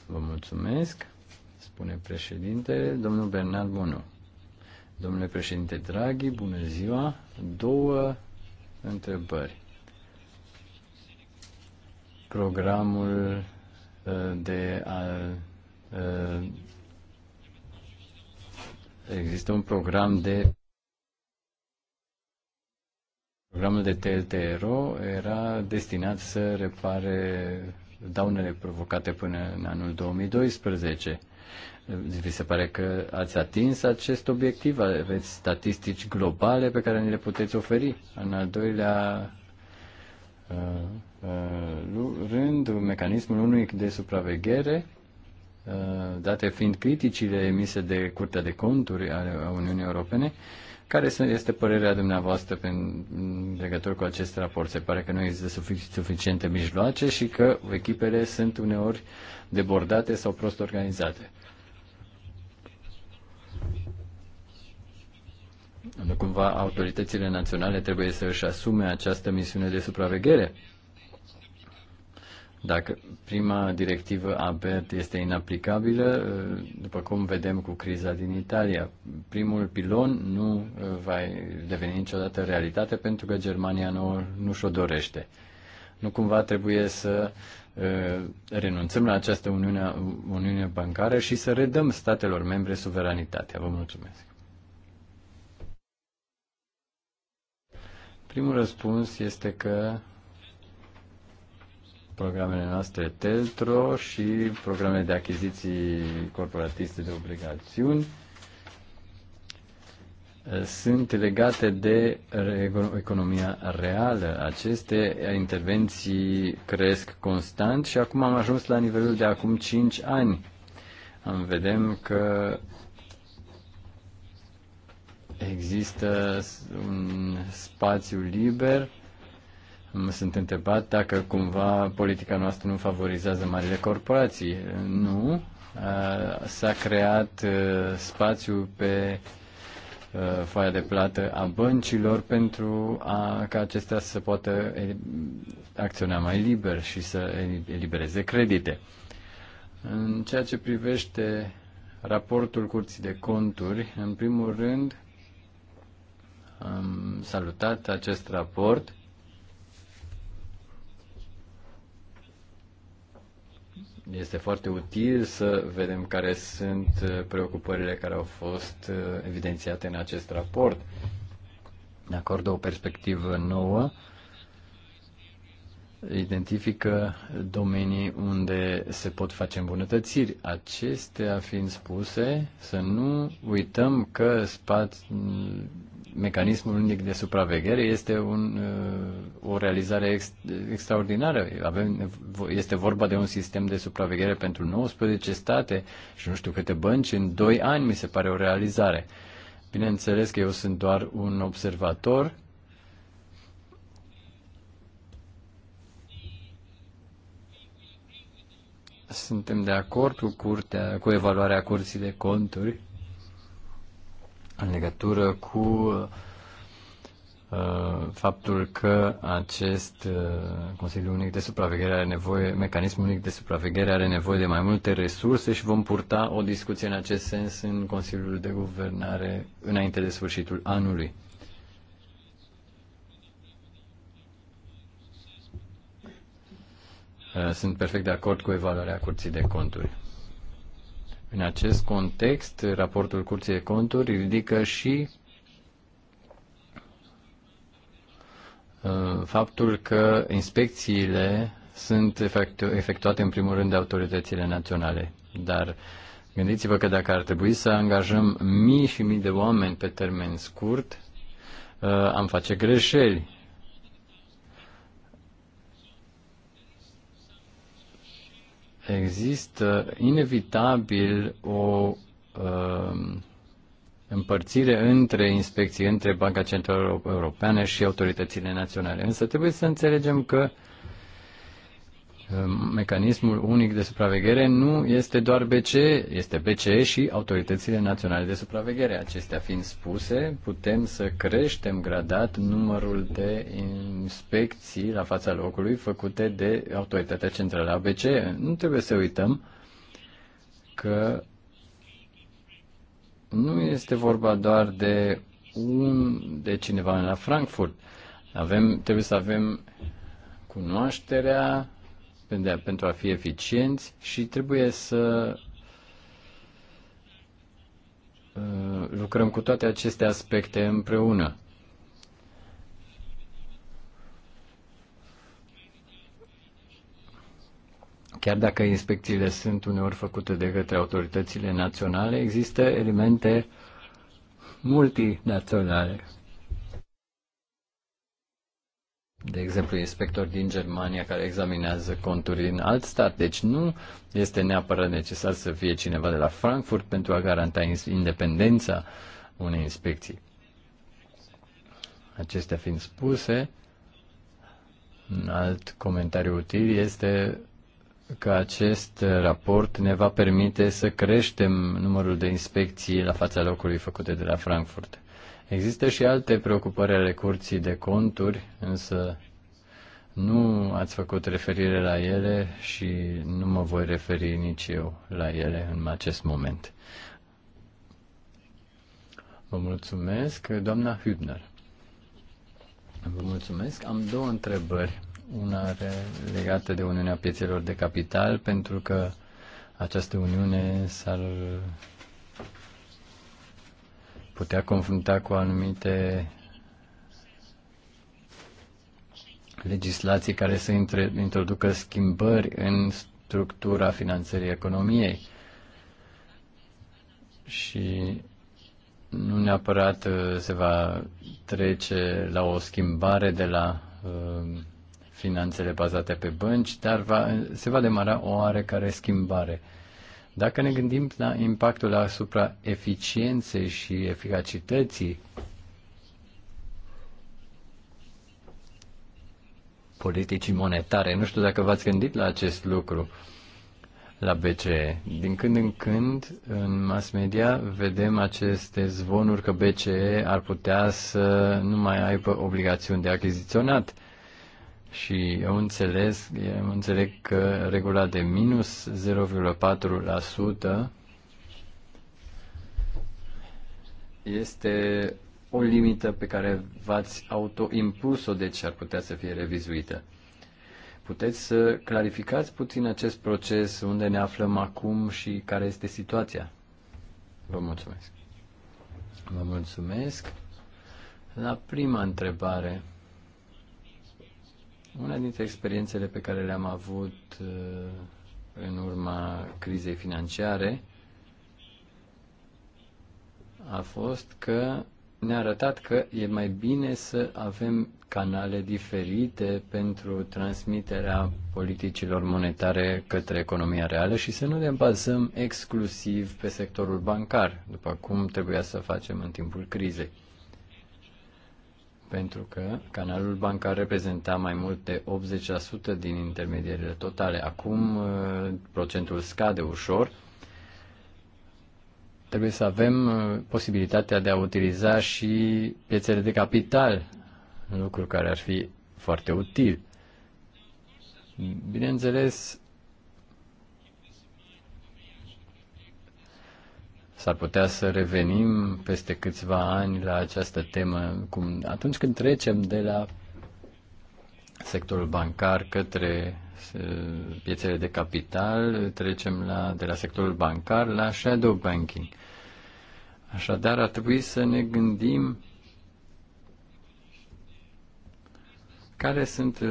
[SPEAKER 6] Vă mulțumesc, spune președinte, domnul Bernard Bonu. Domnule președinte Draghi, bună ziua. Două întrebări. Programul de a există un program de programul de TLTRO era destinat să repare daunele provocate până în anul 2012. Vi se pare că ați atins acest obiectiv? Aveți statistici globale pe care ni le puteți oferi? În al doilea Uh, rând mecanismul unic de supraveghere, uh, date fiind criticile emise de Curtea de Conturi a Uniunii Europene, care este părerea dumneavoastră în legătură cu acest raport? Se pare că nu există suficiente mijloace și că echipele sunt uneori debordate sau prost organizate. Nu cumva autoritățile naționale trebuie să își asume această misiune de supraveghere? Dacă prima directivă ABERT este inaplicabilă, eh, după cum vedem cu criza din Italia, primul pilon nu eh, va deveni niciodată realitate pentru că Germania nu, nu și-o dorește. Nu cumva trebuie să eh, renunțăm la această uniune, uniune bancară și să redăm statelor membre suveranitatea. Vă mulțumesc. Primul răspuns este că programele noastre TELTRO și programele de achiziții corporatiste de obligațiuni eh, sunt legate de economia reală. Aceste intervenții cresc constant și acum am ajuns la nivelul de acum 5 ani. Am vedem că există un spațiu liber Mă sunt întrebat dacă cumva politica noastră nu favorizează marile corporații. Nu. S-a creat spațiu pe foaia de plată a băncilor pentru a, ca acestea să poată acționa mai liber și să elibereze credite. În ceea ce privește raportul Curții de Conturi, în primul rând am salutat acest raport este foarte util să vedem care sunt uh, preocupările care au fost uh, evidențiate în acest raport. Ne acordă o perspectivă nouă identifică domenii unde se pot face îmbunătățiri. Acestea fiind spuse, să nu uităm că spat, mecanismul unic de supraveghere este un, uh, o realizare ex, extraordinară. Avem, este vorba de un sistem de supraveghere pentru 19 state și nu știu câte bănci. În 2 ani mi se pare o realizare. Bineînțeles că eu sunt doar un observator suntem de acord cu, curtea, cu evaluarea curții de conturi în legătură cu uh, faptul că acest uh, Consiliu Unic de Supraveghere are nevoie, mecanismul unic de supraveghere are nevoie de mai multe resurse și vom purta o discuție în acest sens în Consiliul de Guvernare înainte de sfârșitul anului. Uh, sunt perfect de acord cu evaluarea Curții de Conturi. În acest context, raportul Curții de Conturi ridică și uh, faptul că inspecțiile sunt efectuate în primul rând de autoritățile naționale, dar gândiți-vă că dacă ar trebui să angajăm mii și mii de oameni pe termen scurt, uh, am face greșeli există inevitabil o uh, împărțire între inspecții, între Banca Centrală Europeană și autoritățile naționale. Însă trebuie să înțelegem că uh, Ehm, mecanismul unic de supraveghere nu este doar BCE, este BCE și autoritățile naționale de supraveghere. Acestea fiind spuse, putem să creștem gradat numărul de inspecții la fața locului făcute de Autoritatea Centrală a BCE. Nu trebuie să uităm că nu este vorba doar de un de cineva la Frankfurt. Avem, trebuie să avem cunoașterea pentru a fi eficienți și trebuie să uh, lucrăm cu toate aceste aspecte împreună. Chiar dacă inspecțiile sunt uneori făcute de către autoritățile naționale, există elemente multinaționale de exemplu, inspector din Germania care examinează conturi în alt stat. Deci nu este neapărat necesar să fie cineva de la Frankfurt pentru a garanta independența unei inspecții. Acestea fiind spuse, un alt comentariu util este că acest raport ne va permite să creștem numărul de inspecții la fața locului făcute de la Frankfurt. Există și alte preocupări ale curții de conturi, însă nu ați făcut referire la ele și nu mă voi referi nici eu la ele în acest moment. Vă mulțumesc, doamna Hübner. Vă mulțumesc. Am două întrebări. Una are legată de Uniunea Piețelor de Capital, pentru că această Uniune s-ar putea confrunta cu anumite legislații care să introducă schimbări în structura finanțării economiei și nu neapărat uh, se va trece la o schimbare de la uh, finanțele bazate pe bănci, dar va, se va demara o oarecare schimbare. Dacă ne gândim la impactul asupra eficienței și eficacității politicii monetare, nu știu dacă v-ați gândit la acest lucru la BCE. Din când în când, în mass media, vedem aceste zvonuri că BCE ar putea să nu mai aibă obligațiuni de achiziționat. Uh, și eu înțeles, eu înțeleg că regula de minus 0,4% este o limită pe care v-ați autoimpus-o, deci ar putea să fie revizuită. Puteți să clarificați puțin acest proces, unde ne aflăm acum și care este situația? Vă mulțumesc. Vă mulțumesc. La prima întrebare, una dintre experiențele pe care le-am avut uh, în urma crizei financiare a fost că ne-a arătat că e mai bine să avem canale diferite pentru transmiterea politicilor monetare către economia reală și să nu ne bazăm exclusiv pe sectorul bancar, după cum trebuia să facem în timpul crizei pentru că canalul bancar reprezenta mai mult de 80% din intermedierile totale. Acum uh, procentul scade ușor. Trebuie să avem uh, posibilitatea de a utiliza și piețele de capital, lucru care ar fi foarte util. Bineînțeles, S-ar putea să revenim peste câțiva ani la această temă, cum atunci când trecem de la sectorul bancar către uh, piețele de capital, trecem la, de la sectorul bancar la shadow banking. Așadar, ar trebui să ne gândim care sunt uh,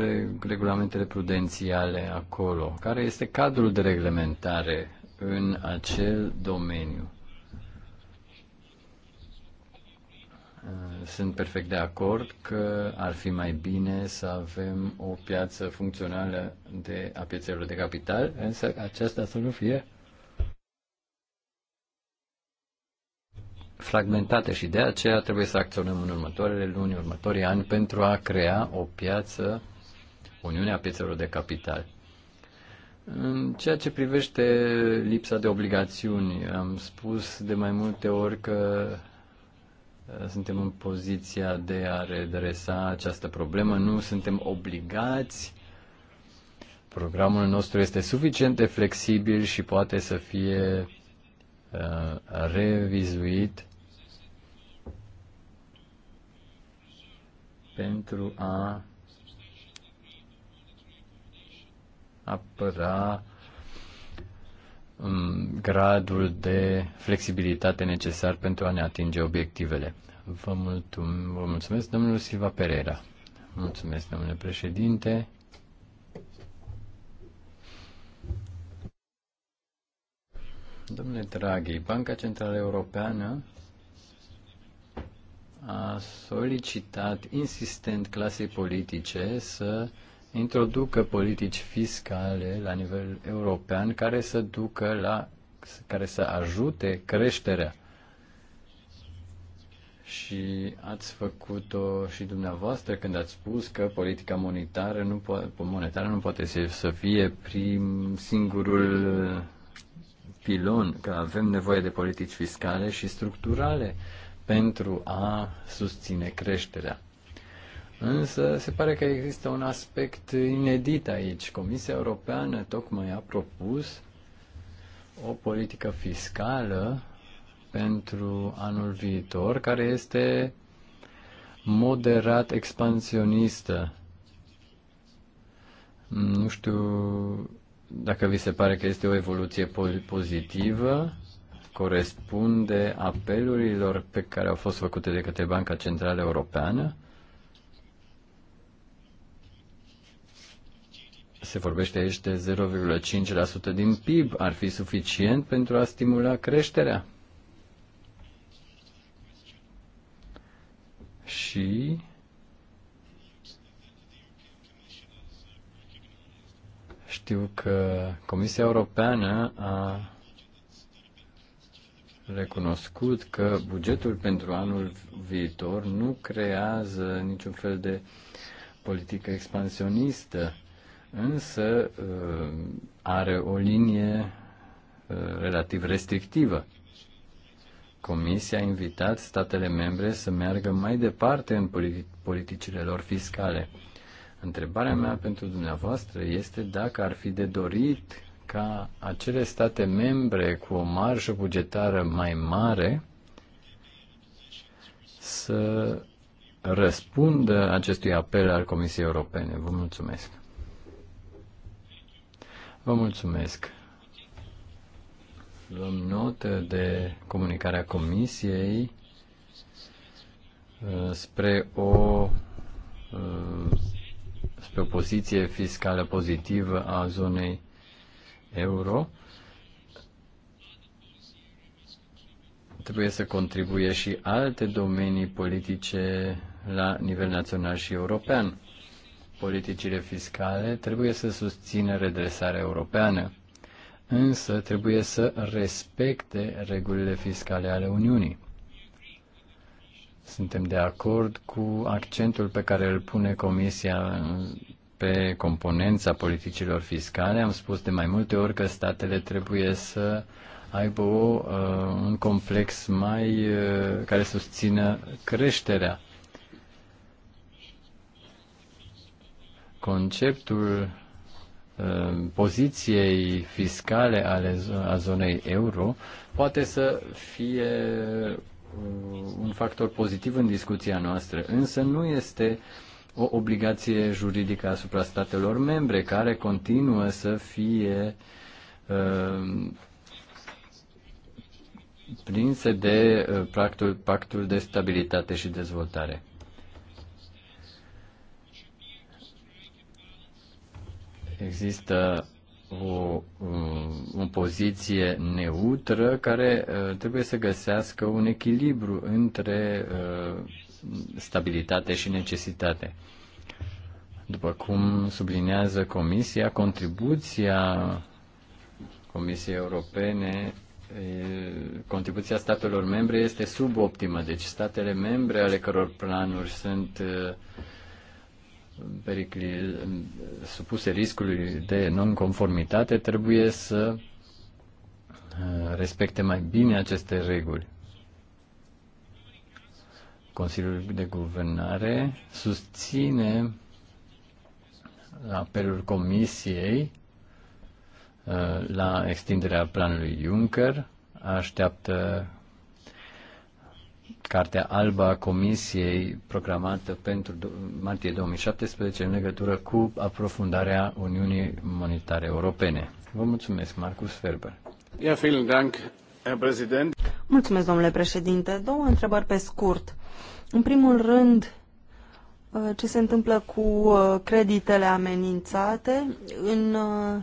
[SPEAKER 6] regulamentele prudențiale acolo, care este cadrul de reglementare în acel domeniu. Uh, sunt perfect de acord că ar fi mai bine să avem o piață funcțională de, a piețelor de capital, însă aceasta să nu fie fragmentată și de aceea trebuie să acționăm în următoarele luni, următorii ani pentru a crea o piață, Uniunea Piețelor de Capital. În ceea ce privește lipsa de obligațiuni, am spus de mai multe ori că suntem în poziția de a redresa această problemă, nu suntem obligați. Programul nostru este suficient de flexibil și poate să fie uh, revizuit pentru a apăra Um, gradul de flexibilitate necesar pentru a ne atinge obiectivele. Vă, mulțum, vă mulțumesc, domnul Silva Pereira. Mulțumesc, domnule președinte. Domnule Draghi, Banca Centrală Europeană a solicitat insistent clasei politice să introducă politici fiscale la nivel european care să ducă la care să ajute creșterea. Și ați făcut-o și dumneavoastră când ați spus că politica monetară nu, po- monetară nu poate să fie prim singurul pilon, că avem nevoie de politici fiscale și structurale pentru a susține creșterea. Însă se pare că există un aspect inedit aici. Comisia Europeană tocmai a propus o politică fiscală pentru anul viitor care este moderat expansionistă. Nu știu dacă vi se pare că este o evoluție pozitivă, corespunde apelurilor pe care au fost făcute de către Banca Centrală Europeană se vorbește aici de 0,5% din PIB. Ar fi suficient pentru a stimula creșterea? Și știu că Comisia Europeană a recunoscut că bugetul pentru anul viitor nu creează niciun fel de politică expansionistă însă ă, are o linie ă, relativ restrictivă. Comisia a invitat statele membre să meargă mai departe în politicile lor fiscale. Întrebarea mea pentru dumneavoastră este dacă ar fi de dorit ca acele state membre cu o marjă bugetară mai mare să răspundă acestui apel al Comisiei Europene. Vă mulțumesc. Vă mulțumesc. Luăm notă de comunicarea Comisiei uh, spre o uh, spre o poziție fiscală pozitivă a zonei euro. Trebuie să contribuie și alte domenii politice la nivel național și european politicile fiscale trebuie să susțină redresarea europeană, însă trebuie să respecte regulile fiscale ale Uniunii. Suntem de acord cu accentul pe care îl pune Comisia pe componența politicilor fiscale. Am spus de mai multe ori că statele trebuie să aibă o, uh, un complex mai uh, care susțină creșterea conceptul uh, poziției fiscale ale a zonei euro poate să fie uh, un factor pozitiv în discuția noastră, însă nu este o obligație juridică asupra statelor membre care continuă să fie uh, prinse de pactul, pactul de stabilitate și dezvoltare. există o, uh, o poziție neutră care uh, trebuie să găsească un echilibru între uh, stabilitate și necesitate. După cum sublinează Comisia, contribuția Comisiei Europene, contribuția statelor membre este suboptimă, deci statele membre ale căror planuri sunt uh, pericli, supuse riscului de nonconformitate trebuie să uh, respecte mai bine aceste reguli. Consiliul de Guvernare susține apelul Comisiei uh, la extinderea planului Juncker, așteaptă Cartea albă a Comisiei programată pentru martie 2017 în legătură cu aprofundarea Uniunii Monetare Europene. Vă mulțumesc, Marcus Ferber. Ja, vielen Dank, Herr Präsident.
[SPEAKER 1] Mulțumesc,
[SPEAKER 3] domnule președinte. Două întrebări pe scurt. În primul rând, uh, ce se întâmplă cu uh, creditele amenințate în uh,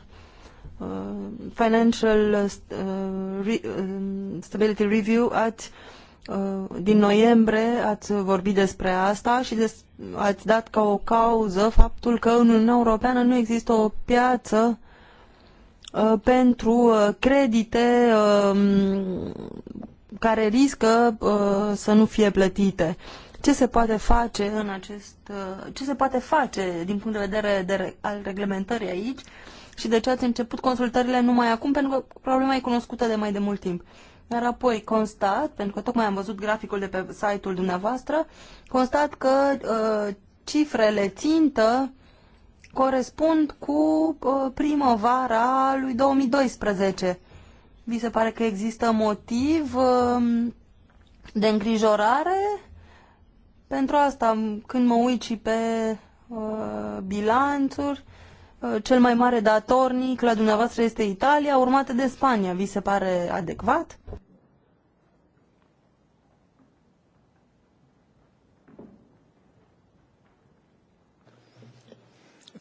[SPEAKER 3] Financial Stability Review at Uh, din noiembrie ați vorbit despre asta și des, ați dat ca o cauză faptul că în Uniunea Europeană nu există o piață uh, pentru uh, credite um, care riscă să nu fie plătite. Ce se poate face în acest ce se poate face din punct de vedere de, al reglementării aici și de ce ați început consultările numai acum pentru că problema e cunoscută de mai de mult timp. Dar apoi constat, pentru că tocmai am văzut graficul de pe site-ul dumneavoastră, constat că uh, cifrele țintă corespund cu uh, primăvara lui 2012. Vi se pare că există motiv uh, de îngrijorare? Pentru asta, când mă uit și pe uh, bilanțuri, uh, Uh, cel mai mare datornic la dumneavoastră este Italia, urmată de Spania. Vi se pare adecvat?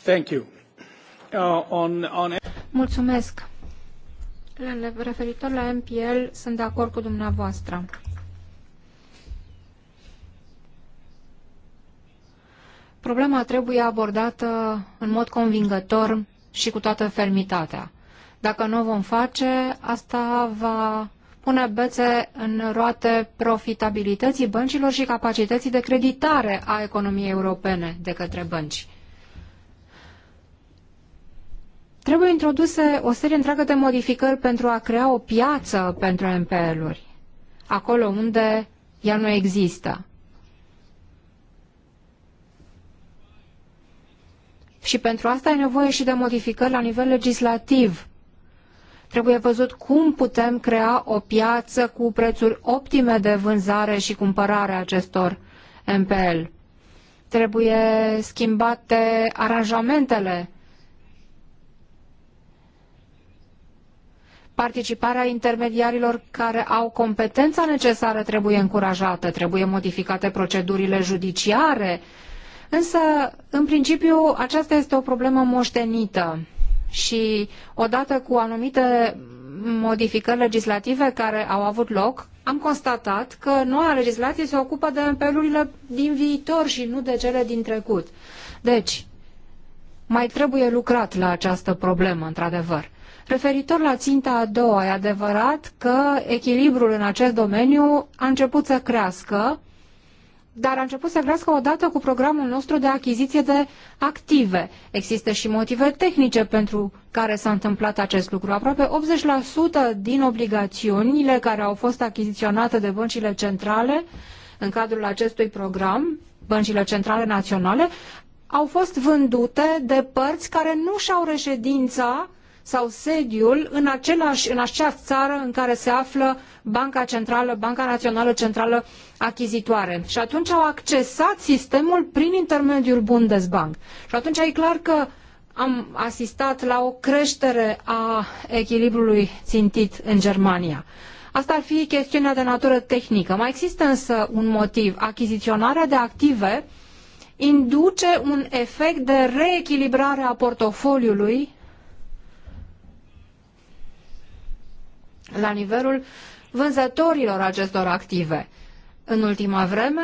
[SPEAKER 1] Thank you. Uh, on, on...
[SPEAKER 2] Mulțumesc. Referitor la MPL, sunt de acord cu dumneavoastră. problema trebuie abordată în mod convingător și cu toată fermitatea. Dacă nu o vom face, asta va pune bețe în roate profitabilității băncilor și capacității de creditare a economiei europene de către bănci. Trebuie introduse o serie întreagă de modificări pentru a crea o piață pentru MPL-uri, acolo unde ea nu există. Și pentru asta e nevoie și de modificări la nivel legislativ. Trebuie văzut cum putem crea o piață cu prețuri optime de vânzare și cumpărare a acestor MPL. Trebuie schimbate aranjamentele Participarea intermediarilor care au competența necesară trebuie încurajată, trebuie modificate procedurile judiciare Însă, în principiu, aceasta este o problemă moștenită și odată cu anumite modificări legislative care au avut loc, am constatat că noua legislație se ocupă de pelurile din viitor și nu de cele din trecut. Deci, mai trebuie lucrat la această problemă, într-adevăr. Referitor la ținta a doua, e adevărat că echilibrul în acest domeniu a început să crească, dar a început să crească odată cu programul nostru de achiziție de active. Există și motive tehnice pentru care s-a întâmplat acest lucru. Aproape 80% din obligațiunile care au fost achiziționate de băncile centrale în cadrul acestui program, băncile centrale naționale, au fost vândute de părți care nu și-au reședința uh, sau sediul în, același, în acea țară în care se află Banca Centrală, Banca Națională Centrală Achizitoare. Și atunci au accesat sistemul prin intermediul Bundesbank. Și atunci e clar că am asistat la o creștere a echilibrului țintit în Germania. Asta ar fi chestiunea de natură tehnică. Mai există însă un motiv. Achiziționarea de active induce un efect de reechilibrare a portofoliului la nivelul vânzătorilor acestor active. În ultima vreme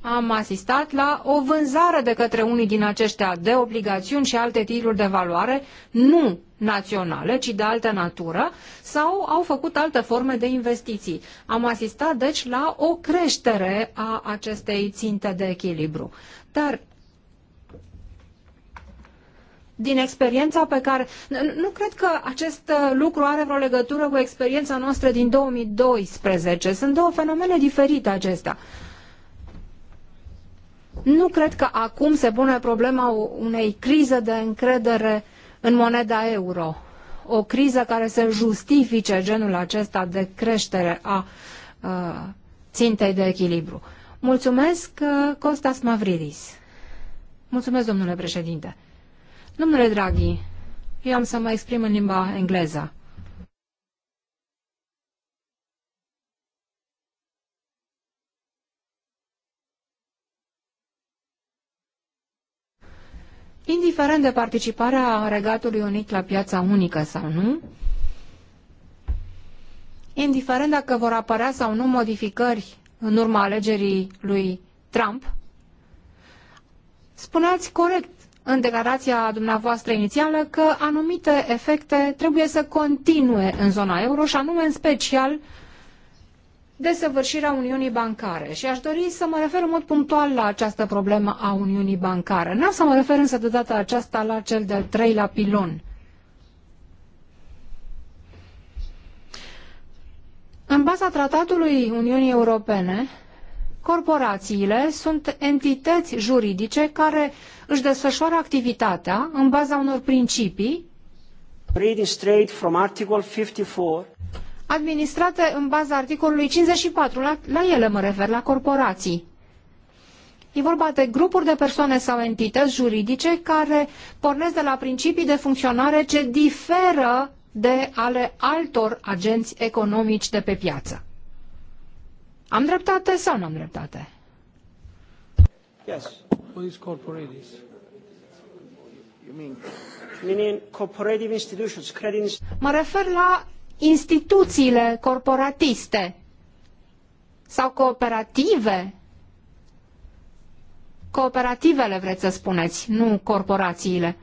[SPEAKER 2] am asistat la o vânzare de către unii din aceștia de obligațiuni și alte titluri de valoare, nu naționale, ci de altă natură, sau au făcut alte forme de investiții. Am asistat, deci, la o creștere a acestei ținte de echilibru. Dar din experiența pe care... Nu cred că acest uh, lucru are vreo legătură cu experiența noastră din 2012. Sunt două fenomene diferite acestea. Nu cred că acum se pune problema unei crize de încredere în moneda euro. O criză care să justifice genul acesta de creștere a, uh, țintei de echilibru. Mulțumesc, uh, Costas Mavridis. Mulțumesc, domnule președinte. Domnule Draghi, eu am să mă exprim în limba engleză. Indiferent de participarea Regatului Unit la piața unică sau nu, indiferent dacă vor apărea sau nu modificări în urma alegerii lui Trump, spuneați corect în declarația dumneavoastră inițială că anumite efecte trebuie să continue în zona euro și anume în special desăvârșirea Uniunii Bancare. Și aș dori să mă refer în mod punctual la această problemă a Uniunii Bancare. N-am să mă refer însă de data aceasta la cel de-al treilea pilon. În baza tratatului Uniunii Europene, Corporațiile sunt entități juridice care își desfășoară activitatea în baza unor principii Reading straight from article 54 administrate în baza articolului 54, la, la ele mă refer, la corporații. E vorba de grupuri de persoane sau entități juridice care pornesc de la principii de funcționare ce diferă de ale altor agenți economici de pe piață. Am dreptate sau nu am dreptate?
[SPEAKER 1] Yes. What is corporatis? You mean, meaning corporative institutions,
[SPEAKER 2] credit Mă refer la instituțiile corporatiste sau cooperative. Cooperativele vreți să spuneți, nu corporațiile.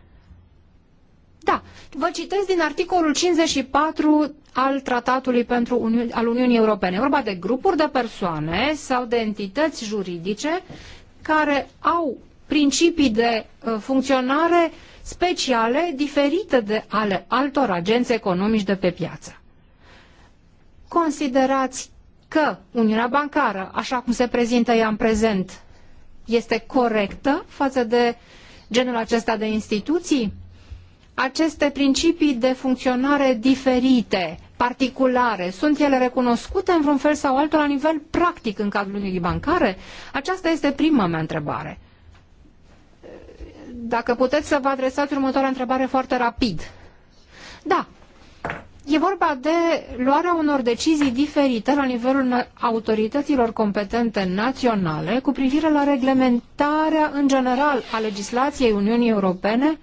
[SPEAKER 2] Da, vă citesc din articolul 54 al tratatului pentru Uni al Uniunii Europene. E vorba de grupuri de persoane sau de entități juridice care au principii de uh, funcționare speciale diferite de ale altor agenți economici de pe piață. Considerați că Uniunea Bancară, așa cum se prezintă ea în prezent, este corectă față de genul acesta de instituții? Aceste principii de funcționare diferite particulare, sunt ele recunoscute în vreun fel sau altul la nivel practic în cadrul unii bancare? Aceasta este prima mea întrebare. Dacă puteți să vă adresați următoarea întrebare foarte rapid. Da, E vorba de luarea unor decizii diferite la nivelul autorităților competente naționale cu privire la reglementarea în general a legislației Uniunii Europene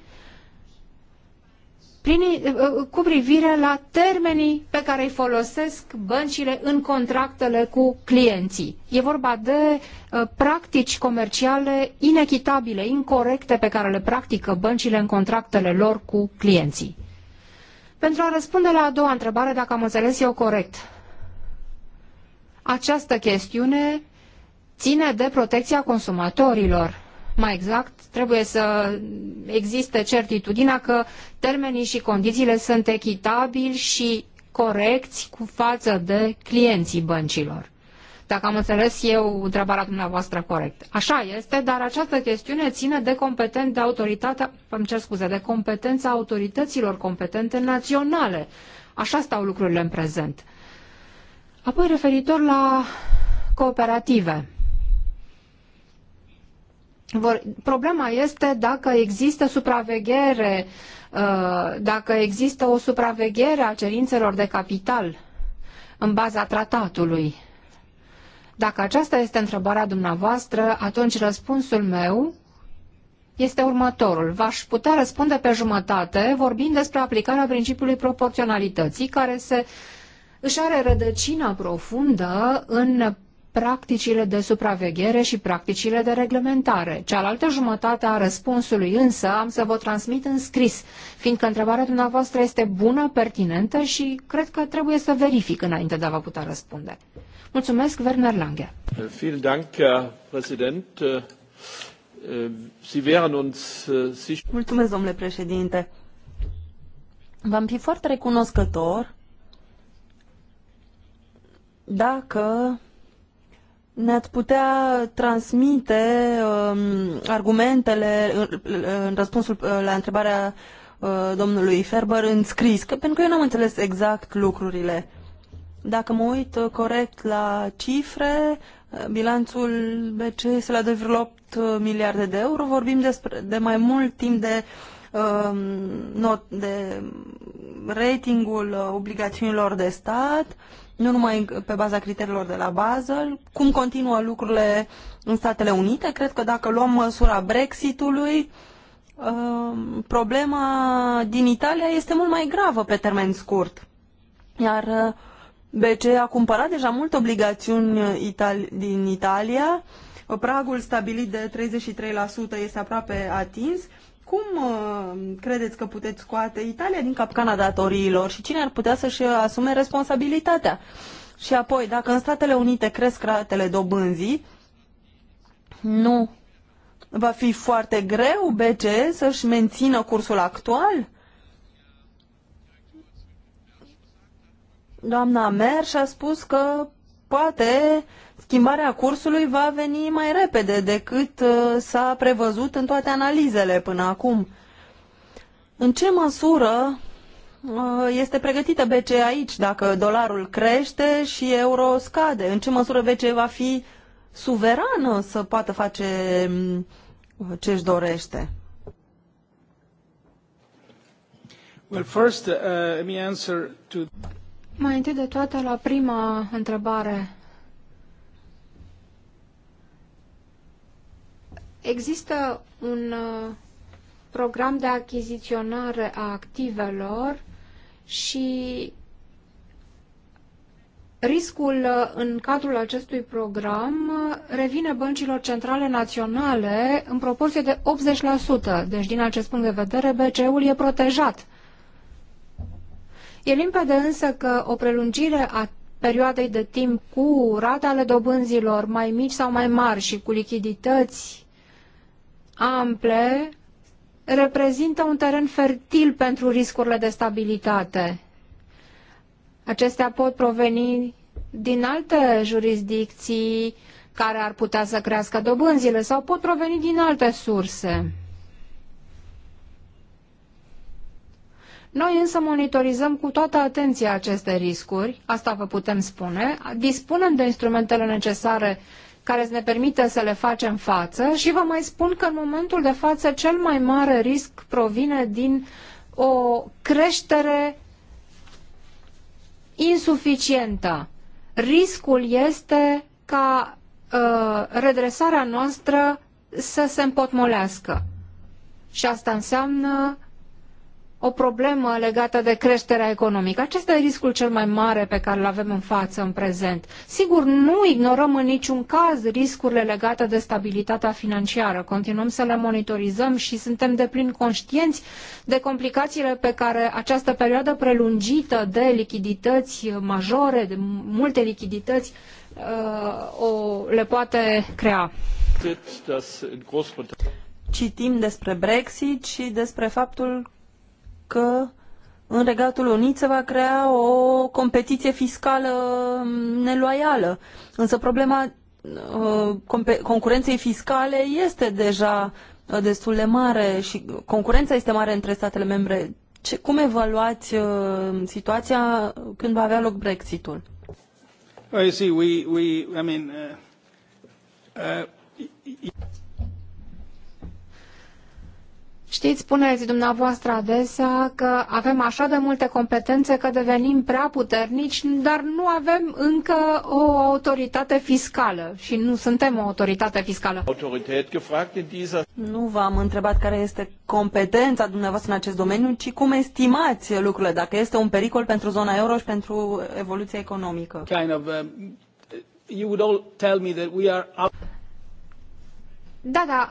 [SPEAKER 2] prin, uh, uh, cu privire la termenii pe care îi folosesc băncile în contractele cu clienții. E vorba de uh, practici comerciale inechitabile, incorrecte pe care le practică băncile în contractele lor cu clienții. Pentru a răspunde la a doua întrebare, dacă am înțeles eu corect, această chestiune ține de protecția consumatorilor mai exact, trebuie să existe certitudinea că termenii și condițiile sunt echitabili și corecți cu față de clienții băncilor. Dacă am înțeles eu întrebarea dumneavoastră corect. Așa este, dar această chestiune ține de competent de autoritatea, îmi cer scuze, de competența autorităților competente naționale. Așa stau lucrurile în prezent. Apoi referitor la cooperative. Vor, problema este dacă există supraveghere, uh, dacă există o supraveghere a cerințelor de capital în baza tratatului. Dacă aceasta este întrebarea dumneavoastră, atunci răspunsul meu este următorul. V-aș putea răspunde pe jumătate vorbind despre aplicarea principiului proporționalității, care se, își are rădăcina profundă în practicile de supraveghere și practicile de reglementare. Cealaltă jumătate a răspunsului însă am să vă transmit în scris, fiindcă întrebarea dumneavoastră este bună, pertinentă și cred că trebuie să verific înainte de a vă putea răspunde. Mulțumesc, Werner Lange.
[SPEAKER 1] Vielen Dank, Präsident. Sie uns äh,
[SPEAKER 3] Mulțumesc, domnule președinte. V-am fi foarte recunoscător dacă ne-ați putea transmite um, argumentele în, în răspunsul uh, la întrebarea uh, domnului Ferber în scris, că, pentru că eu n-am înțeles exact lucrurile. Dacă mă uit uh, corect la cifre, uh, bilanțul BC este la 2,8 miliarde de euro, vorbim despre, de mai mult timp de, uh, not, de ratingul obligațiunilor de stat, uh, nu numai pe baza criteriilor de la Basel, cum continuă lucrurile în Statele Unite. Cred că dacă luăm măsura Brexitului, um, problema din Italia este mult mai gravă pe termen scurt. Iar uh, BCE a cumpărat deja multe obligațiuni uh, din Italia. Pragul stabilit de 33% este aproape atins cum uh, credeți că puteți scoate Italia din capcana datoriilor și cine ar putea să-și asume responsabilitatea? Și apoi, dacă în Statele Unite cresc ratele dobânzii, nu va fi foarte greu BCE să-și mențină cursul actual? Doamna Merș a spus că poate schimbarea cursului va veni mai repede decât uh, s-a prevăzut în toate analizele până acum. În ce măsură uh, este pregătită BCE aici dacă dolarul crește și euro scade? În ce măsură BCE va fi suverană să poată face mm, ce își
[SPEAKER 2] dorește?
[SPEAKER 1] Well, first, uh, let me answer to...
[SPEAKER 2] Mai întâi de toate la prima întrebare Există un uh, program de achiziționare a activelor și riscul uh, în cadrul acestui program uh, revine băncilor centrale naționale în proporție de 80%. Deci, din acest punct de vedere, BCE-ul e protejat. E limpede însă că o prelungire a perioadei de timp cu ratele dobânzilor mai mici sau mai mari și cu lichidități ample reprezintă un teren fertil pentru riscurile de stabilitate. Acestea pot proveni din alte jurisdicții care ar putea să crească dobânzile sau pot proveni din alte surse. Noi însă monitorizăm cu toată atenția aceste riscuri, asta vă putem spune, dispunem de instrumentele necesare care să ne permită să le facem față și vă mai spun că în momentul de față cel mai mare risc provine din o creștere insuficientă. Riscul este ca uh, redresarea noastră să se împotmolească. Și asta înseamnă o problemă legată de creșterea economică. Acesta e riscul cel mai mare pe care îl avem în față în prezent. Sigur, nu ignorăm în niciun caz riscurile legate de stabilitatea financiară. Continuăm să le monitorizăm și suntem deplin conștienți de complicațiile pe care această perioadă prelungită de lichidități majore, de multe lichidități, uh, o, le poate crea
[SPEAKER 3] citim despre Brexit și despre faptul că în Regatul Unit se va crea o competiție fiscală neloială. Însă problema uh, concurenței fiscale este deja uh, destul de mare și concurența este mare între statele membre. Ce, cum evaluați uh, situația când va avea loc Brexitul?
[SPEAKER 1] Well, you see, we, we, I mean, uh, uh,
[SPEAKER 2] Știți, spuneți dumneavoastră adesea că avem așa de multe competențe că devenim prea puternici, dar nu avem încă o autoritate fiscală și nu suntem o autoritate fiscală.
[SPEAKER 1] Nu v-am
[SPEAKER 3] întrebat care este competența dumneavoastră în acest domeniu, ci cum estimați lucrurile, dacă este un pericol pentru zona euro și pentru evoluția economică. Um,
[SPEAKER 2] da, da,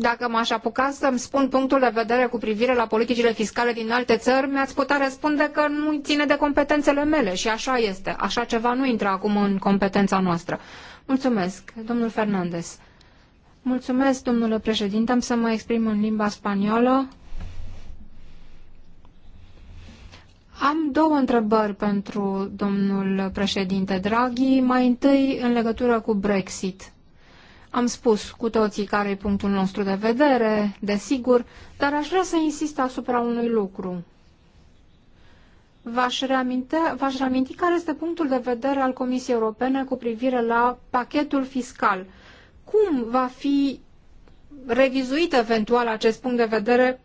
[SPEAKER 2] dacă m-aș apuca să-mi spun punctul de vedere cu privire la politicile fiscale din alte țări, mi-ați putea răspunde că nu ține de competențele mele și așa este. Așa ceva nu intră acum în competența noastră. Mulțumesc, domnul Fernandez. Mulțumesc, domnule președinte. Am să mă exprim în limba spaniolă. Am două întrebări pentru domnul președinte Draghi. Mai întâi, în legătură cu Brexit. Am spus cu toții care e punctul nostru de vedere, desigur, dar aș vrea să insist asupra unui lucru. V-aș, v-aș reaminti care este punctul de vedere al Comisiei Europene cu privire la pachetul fiscal. Cum va fi revizuit eventual acest punct de vedere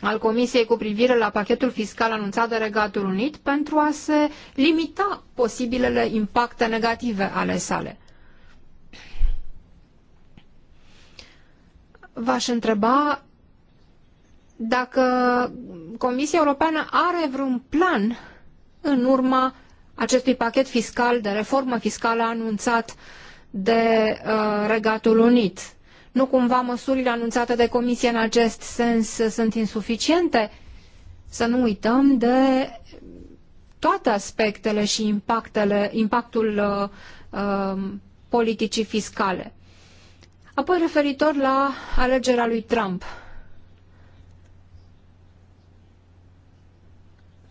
[SPEAKER 2] al Comisiei cu privire la pachetul fiscal anunțat de Regatul Unit pentru a se limita posibilele impacte negative ale sale. v-aș întreba dacă Comisia Europeană are vreun plan în urma acestui pachet fiscal de reformă fiscală anunțat de uh, Regatul Unit. Nu cumva măsurile anunțate de Comisie în acest sens sunt insuficiente? Să nu uităm de toate aspectele și impactele, impactul uh, uh, politicii fiscale. Apoi, referitor la alegerea lui Trump.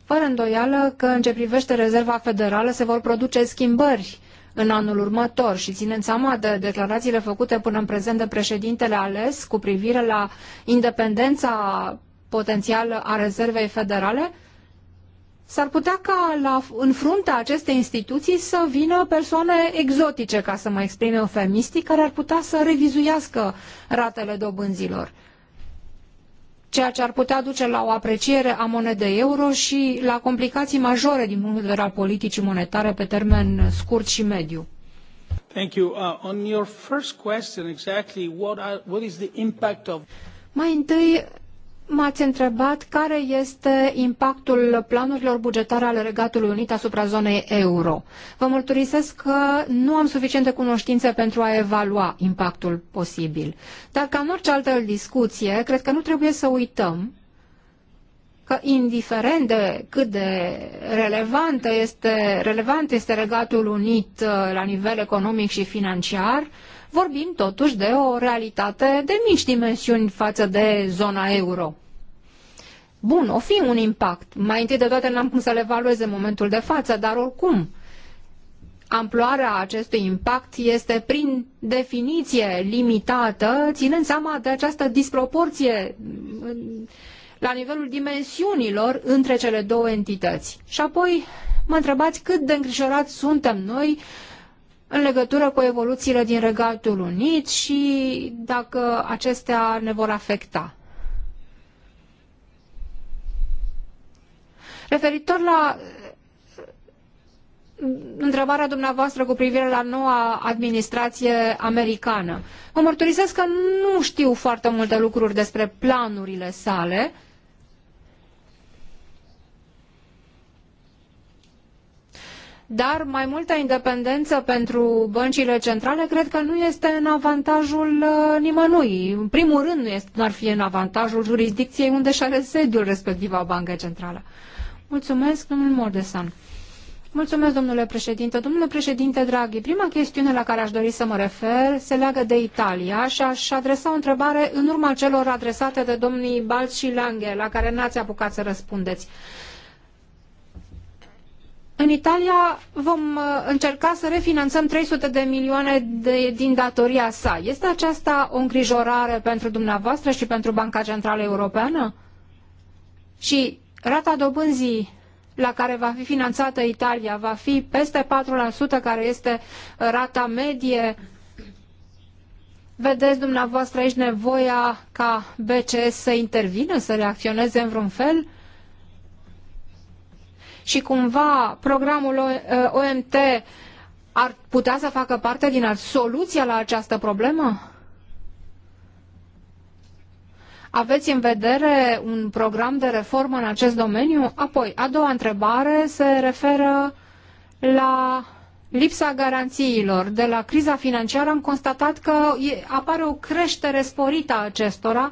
[SPEAKER 2] Fără îndoială că în ce privește rezerva federală se vor produce schimbări în anul următor și ținând seama de declarațiile făcute până în prezent de președintele ales cu privire la independența potențială a rezervei federale, S-ar putea ca la, în fruntea acestei instituții să vină persoane exotice, ca să mă exprim eufemistic, care ar putea să revizuiască ratele dobânzilor ceea ce ar putea duce la o apreciere a monedei euro și la complicații majore din punct de vedere al politicii monetare pe termen scurt și mediu.
[SPEAKER 1] Thank you. Uh, on your first question, exactly what, are, what is the impact of...
[SPEAKER 2] Mai întâi, M-ați întrebat care este impactul planurilor bugetare ale Regatului Unit asupra zonei euro. Vă mărturisesc că nu am suficiente cunoștințe pentru a evalua impactul posibil. Dar ca în orice altă discuție, cred că nu trebuie să uităm că indiferent de cât de relevant este, relevant este Regatul Unit uh, la nivel economic și financiar, uh, vorbim totuși de o realitate de mici dimensiuni față de zona euro. Bun, o fi un impact. Mai întâi de toate n-am cum să le evaluez în momentul de față, dar oricum, amploarea acestui impact este prin definiție limitată, ținând seama de această disproporție la nivelul dimensiunilor între cele două entități. Și apoi mă întrebați cât de îngrijorați suntem noi în legătură cu evoluțiile din Regatul Unit și dacă acestea ne vor afecta. Referitor la uh, întrebarea dumneavoastră cu privire la noua administrație americană, mă mărturisesc că nu știu foarte multe lucruri despre planurile sale, uh, dar mai multă independență pentru băncile centrale cred că nu este în avantajul uh, nimănui. În primul rând nu este, ar fi în avantajul jurisdicției unde și are sediul respectiva bancă centrală. Mulțumesc, domnul Mordesan. Mulțumesc, domnule președinte. Domnule președinte Draghi, prima chestiune la care aș dori să mă refer se leagă de Italia și aș adresa o întrebare în urma celor adresate de domnii Balci și Lange, la care n-ați apucat să răspundeți. În Italia vom uh, încerca să refinanțăm 300 de milioane de, din datoria sa. Este aceasta o îngrijorare pentru dumneavoastră și pentru Banca Centrală Europeană? Și rata dobânzii la care va fi finanțată Italia va fi peste 4%, care este uh, rata medie. Vedeți dumneavoastră aici nevoia ca BCS să intervină, să reacționeze în vreun fel? și cumva programul OMT eh, ar putea să facă parte din soluția la această problemă? Aveți în vedere un program de reformă în acest domeniu? Apoi, a doua întrebare se referă la lipsa garanțiilor. De la criza financiară am constatat că apare o creștere sporită a acestora,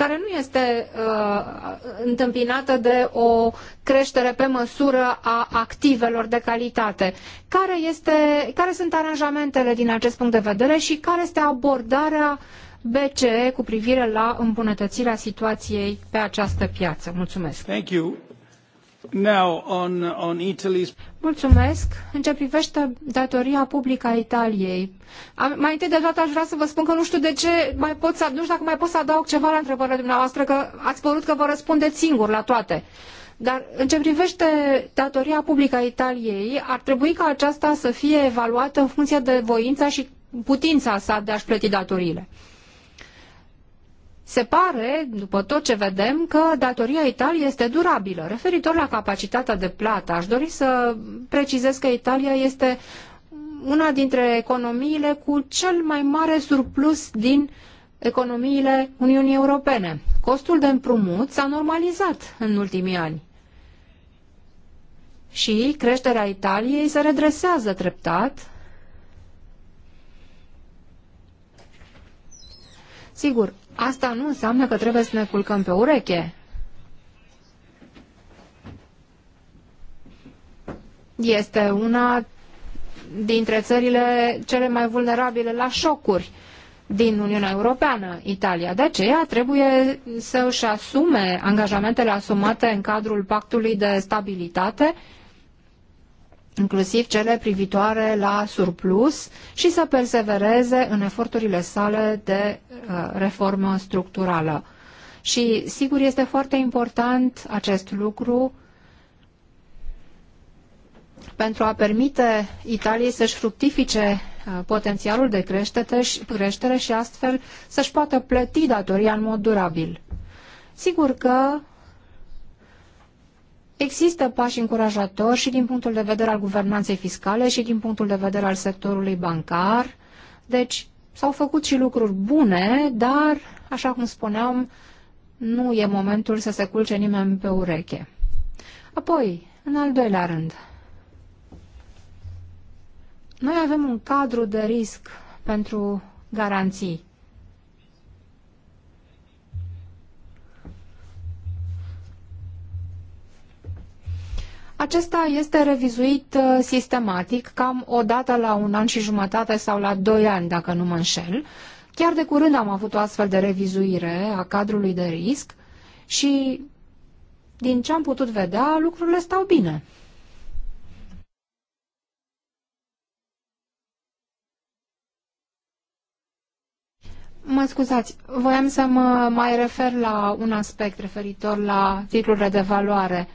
[SPEAKER 2] care nu este uh, întâmpinată de o creștere pe măsură a activelor de calitate. Care, este, care sunt aranjamentele din acest punct de vedere și care este abordarea BCE cu privire la îmbunătățirea situației pe această piață? Mulțumesc! Thank you. Mulțumesc. În ce privește datoria publică a Italiei, am, mai întâi de toate aș vrea să vă spun că nu știu de ce mai pot să, nu știu dacă mai pot să adaug ceva la întrebările dumneavoastră, că ați părut că vă răspundeți singur la toate. Dar în ce privește datoria publică a Italiei, ar trebui ca aceasta să fie evaluată în funcție de voința și putința sa de a-și plăti datoriile. Se pare, după tot ce vedem, că datoria Italiei este durabilă. Referitor la capacitatea de plată, aș dori să precizez că Italia este una dintre economiile cu cel mai mare surplus din economiile Uniunii Europene. Costul de împrumut s-a normalizat în ultimii ani. Și creșterea Italiei se redresează treptat. Sigur, asta nu înseamnă că trebuie să ne culcăm pe ureche. Este una dintre țările cele mai vulnerabile la șocuri din Uniunea Europeană, Italia. De aceea trebuie să își asume angajamentele asumate în cadrul pactului de stabilitate inclusiv cele privitoare la surplus, și să persevereze în eforturile sale de uh, reformă structurală. Și, sigur, este foarte important acest lucru pentru a permite Italiei să-și fructifice uh, potențialul de creștere și astfel să-și poată plăti datoria în mod durabil. Sigur că Există pași încurajatori și din punctul de vedere al guvernanței fiscale și din punctul de vedere al sectorului bancar. Deci s-au făcut și lucruri bune, dar, așa cum spuneam, nu e momentul să se culce nimeni pe ureche. Apoi, în al doilea rând, noi avem un cadru de risc pentru garanții. Acesta este revizuit uh, sistematic, cam o dată la un an și jumătate sau la doi ani, dacă nu mă înșel. Chiar de curând am avut o astfel de revizuire a cadrului de risc și, din ce am putut vedea, lucrurile stau bine. Mă scuzați, voiam să mă mai refer la un aspect referitor la titlurile de valoare –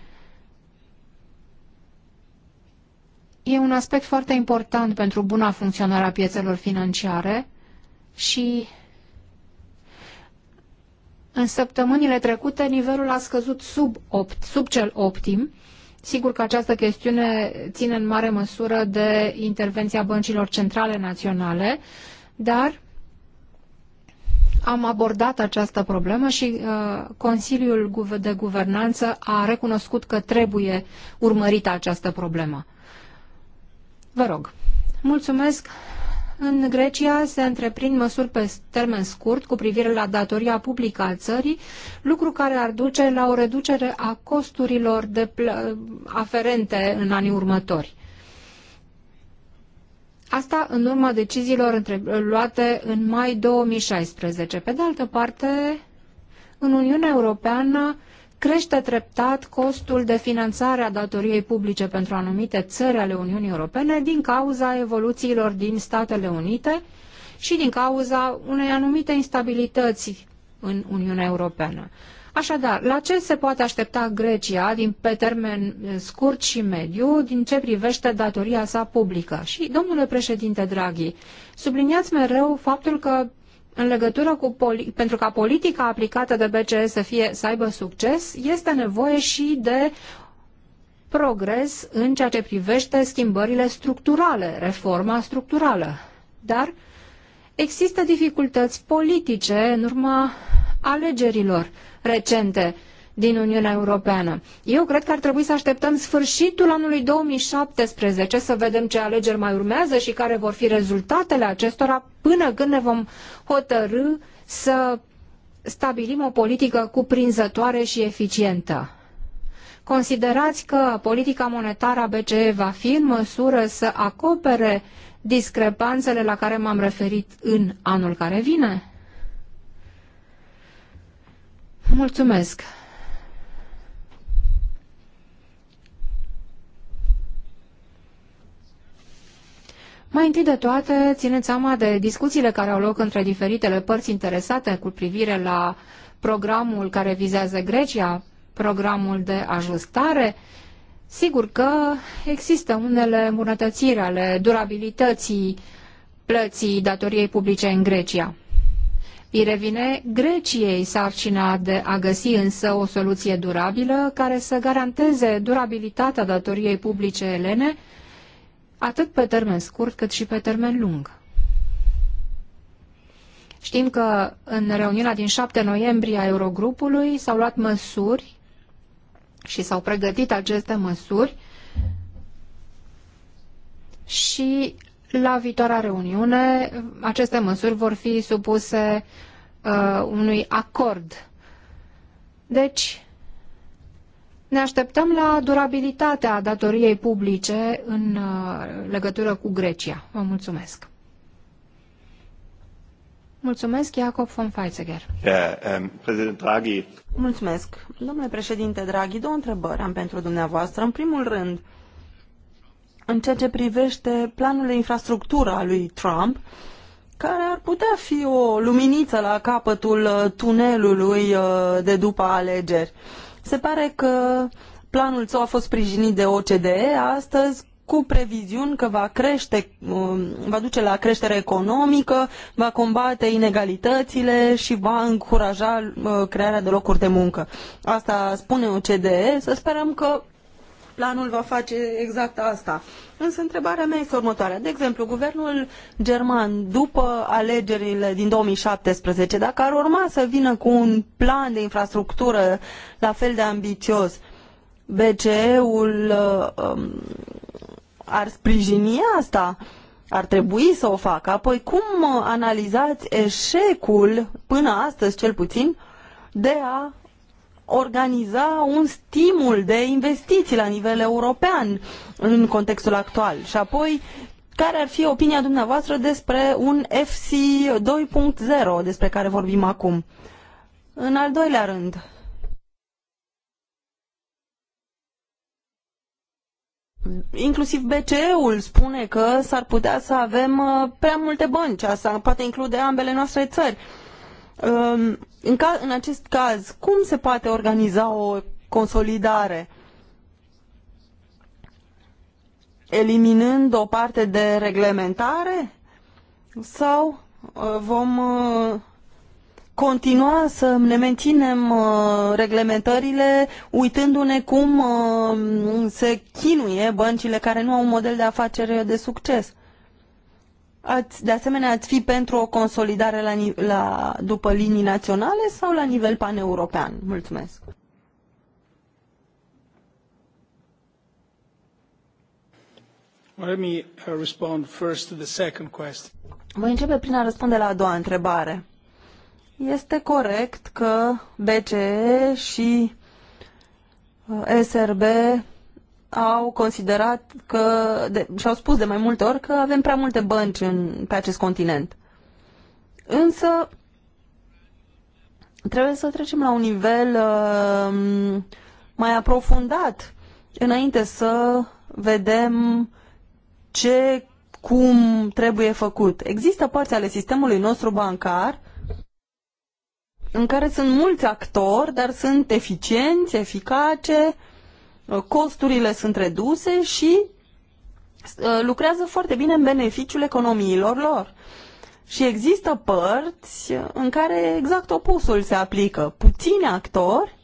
[SPEAKER 2] e un aspect foarte important pentru buna funcționare a piețelor financiare și în săptămânile trecute nivelul a scăzut sub, opt, sub cel optim. Sigur că această chestiune ține în mare măsură de intervenția băncilor centrale naționale, dar am abordat această problemă și uh, Consiliul de Guvernanță a recunoscut că trebuie urmărită această problemă. Vă rog. Mulțumesc. În Grecia se întreprind măsuri pe termen scurt cu privire la datoria publică a țării, lucru care ar duce la o reducere a costurilor de aferente în anii următori. Asta în urma deciziilor între, luate în mai 2016. Pe de altă parte, în Uniunea Europeană crește treptat costul de finanțare a datoriei publice pentru anumite țări ale Uniunii Europene din cauza evoluțiilor din Statele Unite și din cauza unei anumite instabilități în Uniunea Europeană. Așadar, la ce se poate aștepta Grecia din, pe termen scurt și mediu din ce privește datoria sa publică? Și, domnule președinte Draghi, subliniați mereu faptul că în legătură cu pentru ca politica aplicată de BCE să, fie, să aibă succes, este nevoie și de progres în ceea ce privește schimbările structurale, reforma structurală. Dar există dificultăți politice în urma alegerilor recente din Uniunea Europeană. Eu cred că ar trebui să așteptăm sfârșitul anului 2017 să vedem ce alegeri mai urmează și care vor fi rezultatele acestora până când ne vom hotărâ să stabilim o politică cuprinzătoare și eficientă. Considerați că politica monetară a BCE va fi în măsură să acopere discrepanțele la care m-am referit în anul care vine? Mulțumesc. Mai întâi de toate, țineți seama de discuțiile care au loc între diferitele părți interesate cu privire la programul care vizează Grecia, programul de ajustare, sigur că există unele îmbunătățiri ale durabilității plății datoriei publice în Grecia. Îi revine Greciei sarcina de a găsi însă o soluție durabilă care să garanteze durabilitatea datoriei publice elene, atât pe termen scurt cât și pe termen lung. Știm că în reuniunea din 7 noiembrie a Eurogrupului s-au luat măsuri și s-au pregătit aceste măsuri și la viitoarea reuniune aceste măsuri vor fi supuse uh, unui acord. Deci, ne așteptăm la durabilitatea datoriei publice în uh, legătură cu Grecia. Vă mulțumesc. Mulțumesc, Iacob von Feizeger.
[SPEAKER 5] Um, Draghi.
[SPEAKER 2] Mulțumesc. Domnule
[SPEAKER 3] președinte Draghi, două întrebări am pentru dumneavoastră. În primul rând, în ceea ce privește planul de infrastructură al lui Trump, care ar putea fi o luminiță la capătul uh, tunelului uh, de după alegeri. Uh, se pare că planul său a fost sprijinit de OCDE astăzi cu previziuni că va crește, um, va duce la creștere economică, va combate inegalitățile și va încuraja uh, crearea de locuri de muncă. Asta spune OCDE, să sperăm că planul va face exact asta. Însă întrebarea mea este următoarea. De exemplu, guvernul german, după alegerile din 2017, dacă ar urma să vină cu un plan de infrastructură la fel de ambițios, BCE-ul uh, um, ar sprijini asta? Ar trebui să o facă. Apoi, cum analizați eșecul, până astăzi cel puțin, de a organiza un stimul de investiții la nivel european în contextul actual? Și apoi, care ar fi opinia dumneavoastră despre un FC 2.0 despre care vorbim acum? În al doilea rând, inclusiv BCE-ul spune că s-ar putea să avem uh, prea multe bănci. Asta poate include ambele noastre țări. Um, în, ca, în acest caz, cum se poate organiza o consolidare? Eliminând o parte de reglementare? Sau uh, vom uh, continua să ne menținem uh, reglementările uitându-ne cum se chinuie băncile care nu au un model de afaceri de succes? Ați, de asemenea, ați fi pentru o consolidare la, la, după linii naționale sau la nivel paneuropean? Mulțumesc!
[SPEAKER 1] Uh,
[SPEAKER 3] Voi începe prin a răspunde la a doua întrebare. Este corect că BCE și uh, SRB au considerat că, de, și au spus de mai multe ori că avem prea multe bănci în, pe acest continent. Însă, trebuie să trecem la un nivel uh, mai aprofundat înainte să vedem ce, cum trebuie făcut. Există părți ale sistemului nostru bancar în care sunt mulți actori, dar sunt eficienți, eficace, uh, Uh, costurile sunt reduse și uh, lucrează foarte bine în beneficiul economiilor lor. Și există părți în care exact opusul se aplică. Puțini actori,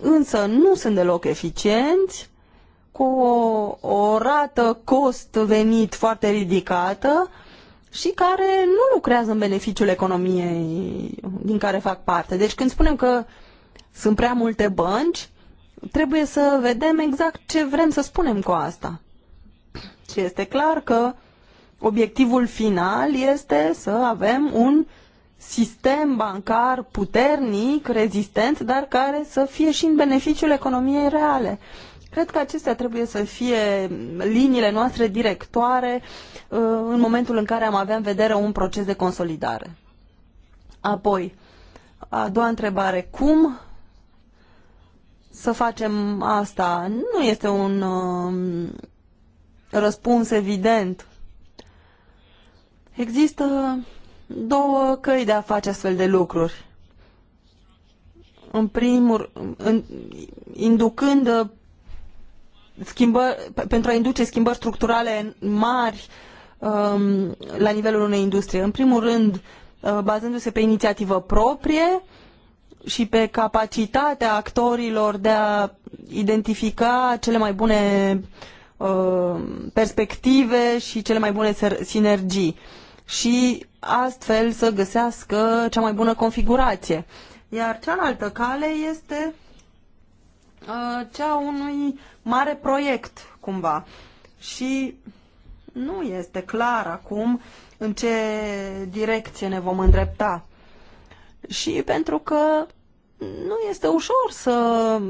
[SPEAKER 3] însă nu sunt deloc eficienți, cu o, o rată cost-venit foarte ridicată și care nu lucrează în beneficiul economiei din care fac parte. Deci când spunem că sunt prea multe bănci, trebuie să vedem exact ce vrem să spunem cu asta. Și este clar că obiectivul final este să avem un sistem bancar puternic, rezistent, dar care să fie și în beneficiul economiei reale. Cred că acestea trebuie să fie liniile noastre directoare uh, în momentul în care am avea în vedere un proces de consolidare. Apoi, a doua întrebare, cum să facem asta. Nu este un um, răspuns evident. Există două căi de a face astfel de lucruri. În primul, în, inducând uh, schimbă, pentru a induce schimbări structurale mari um, la nivelul unei industrie. În primul rând, uh, bazându-se pe inițiativă proprie, uh, și pe capacitatea actorilor de a identifica cele mai bune uh, perspective și cele mai bune sinergii și astfel să găsească cea mai bună configurație. Iar cealaltă cale este uh, cea unui mare proiect, cumva. Și nu este clar acum în ce direcție ne vom îndrepta și pentru că nu este ușor să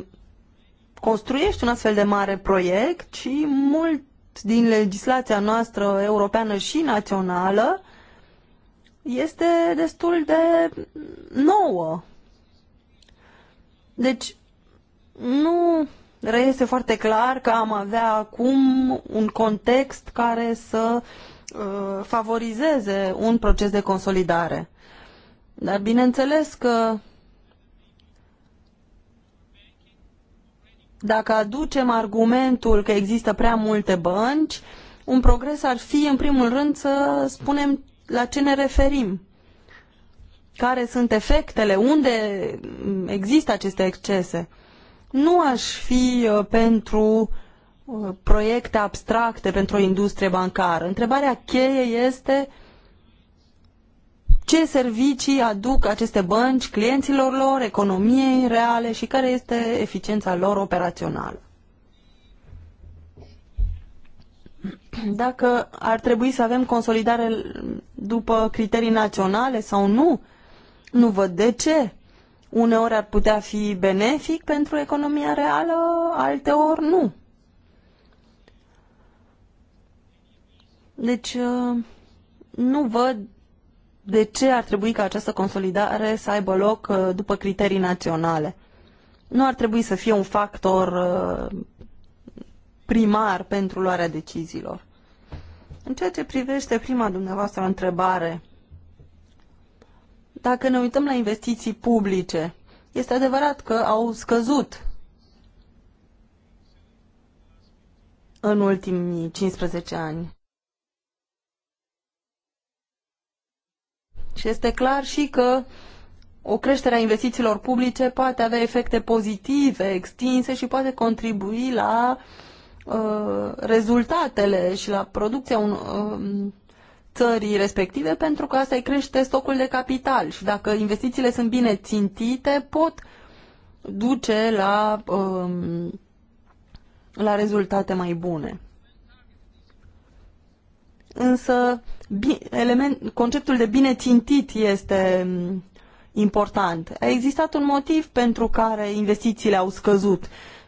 [SPEAKER 3] construiești un astfel de mare proiect și mult din legislația noastră europeană și națională este destul de nouă. Deci, nu reiese foarte clar că am avea acum un context care să uh, favorizeze un proces de consolidare. Dar bineînțeles că dacă aducem argumentul că există prea multe bănci, un progres ar fi, în primul rând, să spunem la ce ne referim. Care sunt efectele? Unde există aceste excese? Nu aș fi uh, pentru uh, proiecte abstracte pentru o industrie bancară. Întrebarea cheie este uh, ce servicii aduc aceste bănci clienților lor, economiei reale și care este eficiența lor operațională. Dacă ar trebui să avem consolidare după criterii naționale sau nu, nu văd de ce. Uneori ar putea fi benefic pentru economia reală, alteori nu. Deci, uh, nu văd de ce ar trebui ca această consolidare să aibă loc uh, după criterii naționale. Nu ar trebui să fie un factor uh, primar pentru luarea deciziilor. În ceea ce privește prima dumneavoastră întrebare, dacă ne uităm la investiții publice, este adevărat că au scăzut în ultimii 15 ani. Și este clar și că o creștere a investițiilor publice poate avea efecte pozitive, extinse și poate contribui la uh, rezultatele și la producția un, uh, țării respective, pentru că asta îi crește stocul de capital și dacă investițiile sunt bine țintite, pot duce la, um, la rezultate mai bune însă element, conceptul de bine țintit este mm, important. A existat un motiv pentru care investițiile au scăzut.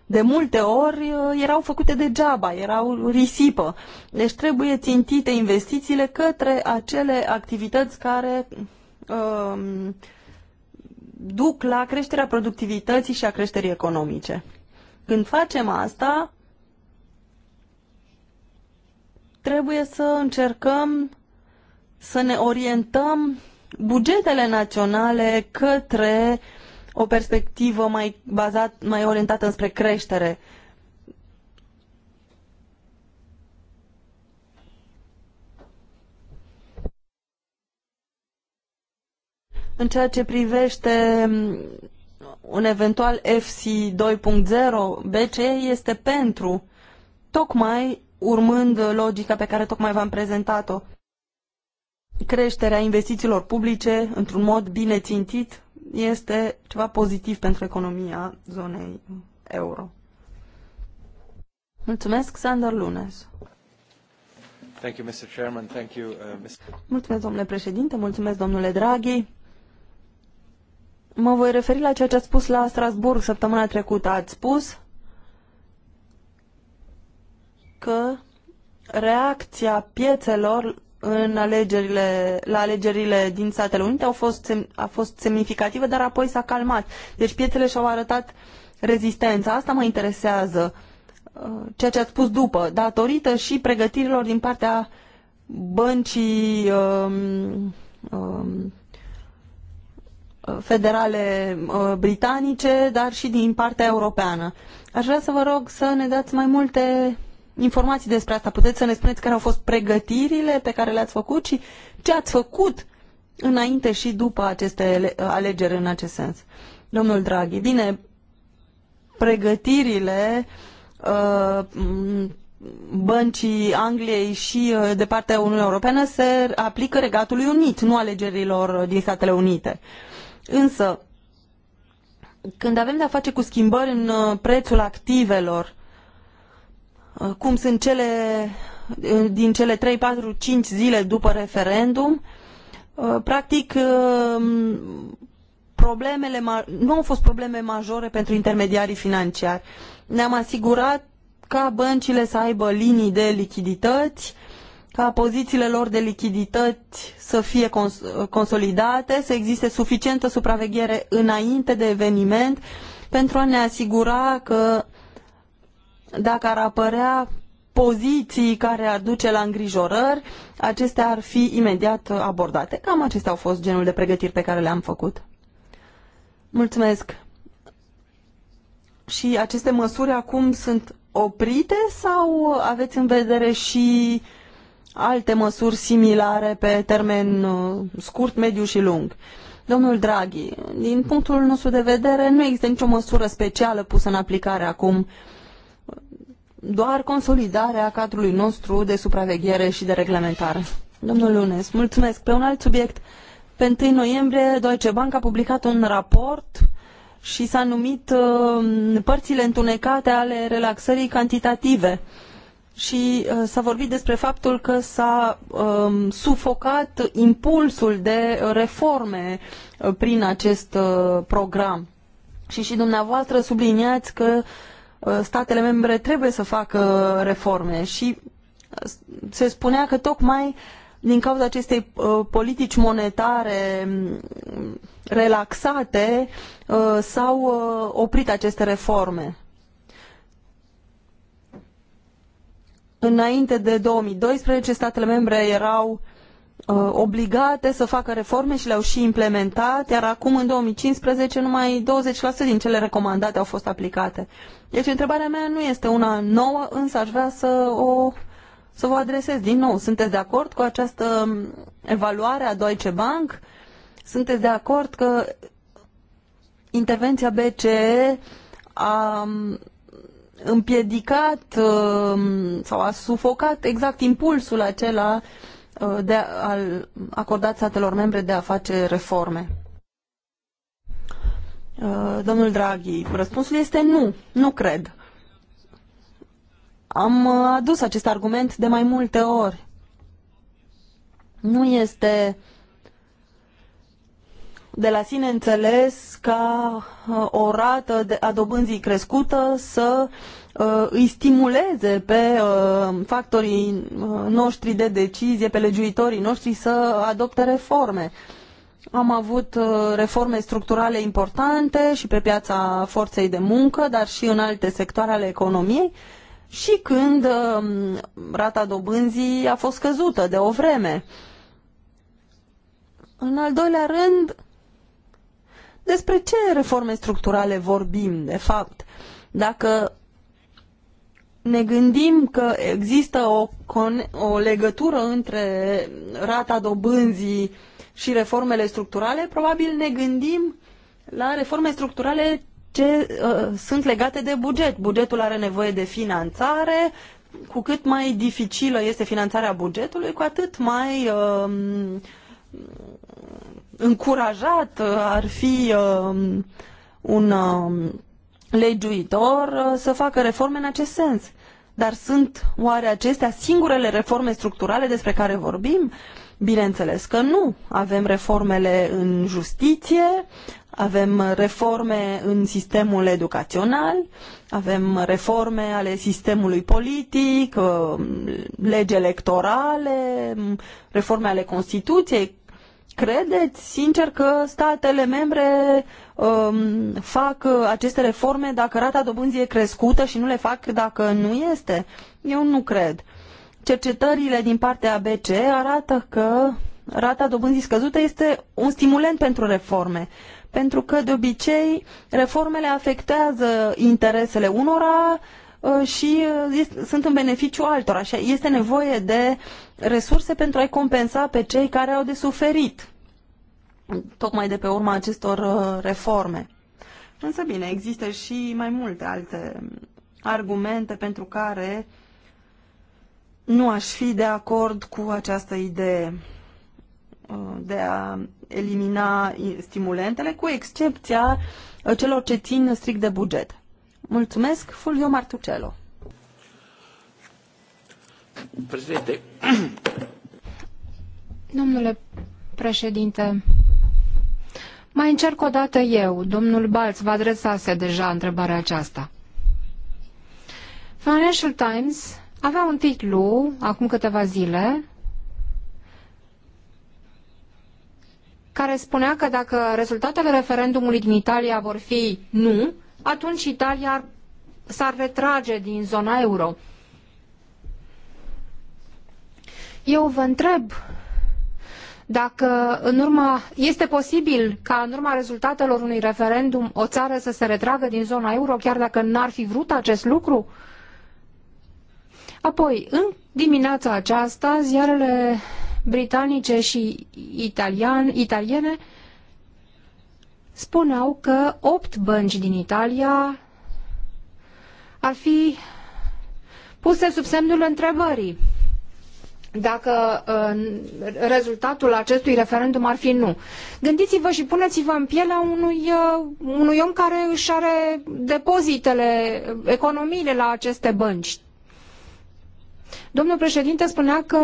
[SPEAKER 3] De multe ori uh, erau făcute degeaba, erau risipă. Deci trebuie țintite investițiile către acele activități care um, duc la creșterea productivității și a creșterii economice. Când facem asta, trebuie să încercăm să ne orientăm bugetele naționale către o perspectivă mai bazat, mai orientată spre creștere. În ceea ce privește mm, un eventual FC 2.0, BCE este pentru, tocmai urmând logica pe care tocmai v-am prezentat-o. Creșterea investițiilor publice, într-un mod bine țintit, este ceva pozitiv pentru economia zonei euro. Mulțumesc, Sander Lunes.
[SPEAKER 6] Thank you, Mr. Chairman. Thank you, uh, Mr.
[SPEAKER 3] Mulțumesc, domnule președinte, mulțumesc, domnule Draghi. Mă voi referi la ceea ce ați spus la Strasburg săptămâna trecută. Ați spus că reacția piețelor în alegerile, la alegerile din Statele Unite au fost, a fost semnificativă, dar apoi s-a calmat. Deci piețele și-au arătat rezistența. Asta mă interesează. Uh, ceea ce ați spus după, datorită și pregătirilor din partea băncii um, um, federale uh, britanice, dar și din partea europeană. Aș vrea să vă rog să ne dați mai multe informații despre asta. Puteți să ne spuneți care au fost pregătirile pe care le-ați făcut și ce ați făcut înainte și după aceste alegeri în acest sens. Domnul Draghi, bine, pregătirile uh, băncii Angliei și uh, de partea Uniunii Europene se aplică Regatului Unit, nu alegerilor din Statele Unite. Însă, când avem de-a face cu schimbări în uh, prețul activelor, Uh, cum sunt cele uh, din cele trei, patru, cinci zile după referendum, uh, practic problemele nu au fost probleme majore pentru intermediarii financiari. Ne-am asigurat ca băncile să aibă linii de lichidități, ca pozițiile lor de lichidități să fie cons consolidate, să existe suficientă supraveghere înainte de eveniment pentru a ne asigura că dacă ar apărea poziții care ar duce la îngrijorări, acestea ar fi imediat abordate. Cam acestea au fost genul de pregătiri pe care le-am făcut. Mulțumesc. Și aceste măsuri acum sunt oprite sau aveți în vedere și alte măsuri similare pe termen uh, scurt, mediu și lung? Domnul Draghi, din punctul nostru de vedere, nu există nicio măsură specială pusă în aplicare acum uh, doar consolidarea cadrului nostru de supraveghere și de reglementare. Domnul Lunes, mulțumesc. Pe un alt subiect, pe 1 noiembrie Deutsche Bank a publicat un raport și s-a numit uh, părțile întunecate ale relaxării cantitative. Și uh, s-a vorbit despre faptul că s-a uh, sufocat impulsul de reforme uh, prin acest uh, program. Și și dumneavoastră subliniați că uh, statele membre trebuie să facă reforme și se spunea că tocmai din cauza acestei uh, politici monetare mm, relaxate uh, s-au uh, oprit aceste reforme. Înainte de 2012, statele membre erau Uh, obligate să facă reforme și le-au și implementat, iar acum în 2015 numai 20% din cele recomandate au fost aplicate. Deci întrebarea mea nu este una nouă, însă aș vrea să o să vă adresez din nou. Sunteți de acord cu această evaluare a Deutsche Bank? Sunteți de acord că intervenția BCE a um, împiedicat um, sau a sufocat exact impulsul acela uh, Uh, de a acorda statelor membre de a face reforme? Uh, domnul Draghi, răspunsul este nu, nu cred. Am uh, adus acest argument de mai multe ori. Nu este de la sine înțeles ca o rată de, a dobânzii crescută să Uh, îi stimuleze pe uh, factorii uh, noștri de decizie, pe legiuitorii noștri să adopte reforme. Am avut reforme structurale importante și pe piața forței de muncă, dar și în alte sectoare ale economiei. Și când rata dobânzii a fost scăzută de o vreme. În al doilea rând, despre ce reforme structurale vorbim, de fapt? Dacă ne gândim că există o, o legătură între rata dobânzii și reformele structurale, probabil ne gândim la reforme structurale ce uh, sunt legate de buget. Bugetul are nevoie de finanțare, cu cât mai dificilă este finanțarea bugetului, cu atât mai um, uh, încurajat ar fi uh, un uh, legiuitor uh, să facă reforme în acest sens. Dar sunt oare acestea singurele reforme structurale despre care vorbim? Bineînțeles că nu. Avem reformele în justiție, avem reforme în sistemul educațional, avem reforme ale sistemului politic, ă, legi electorale, reforme ale Constituției, Credeți sincer că statele membre um, fac uh, aceste reforme dacă rata dobânzii e crescută și nu le fac dacă nu este? Eu nu cred. Cercetările din partea BCE arată că rata dobânzii scăzută este un stimulent pentru reforme, pentru că de obicei reformele afectează interesele unora, Uh, și uh, sunt în beneficiu altora. Așa este nevoie de resurse pentru a-i compensa pe cei care au de suferit tocmai de pe urma acestor uh, reforme. Însă bine, există și mai multe alte um, argumente pentru care nu aș fi de acord cu această idee de a elimina stimulentele, cu excepția celor ce țin strict de buget.
[SPEAKER 2] Mulțumesc, Fulvio Martucelo. Președinte. Domnule președinte, mai încerc o dată eu. Domnul Balț vă adresase deja întrebarea aceasta. Financial Times avea un titlu acum câteva zile care spunea că dacă rezultatele referendumului din Italia vor fi nu, atunci Italia s-ar retrage din zona euro. Eu vă întreb dacă în urma, este posibil ca în urma rezultatelor unui referendum o țară să se retragă din zona euro, chiar dacă n-ar fi vrut acest lucru? Apoi, în dimineața aceasta, ziarele britanice și italian, italiene spuneau că opt bănci din Italia ar fi puse sub semnul întrebării dacă uh, rezultatul acestui referendum ar fi nu. Gândiți-vă și puneți-vă în pielea unui, uh, unui om care își are depozitele, economiile la aceste bănci. Domnul președinte spunea că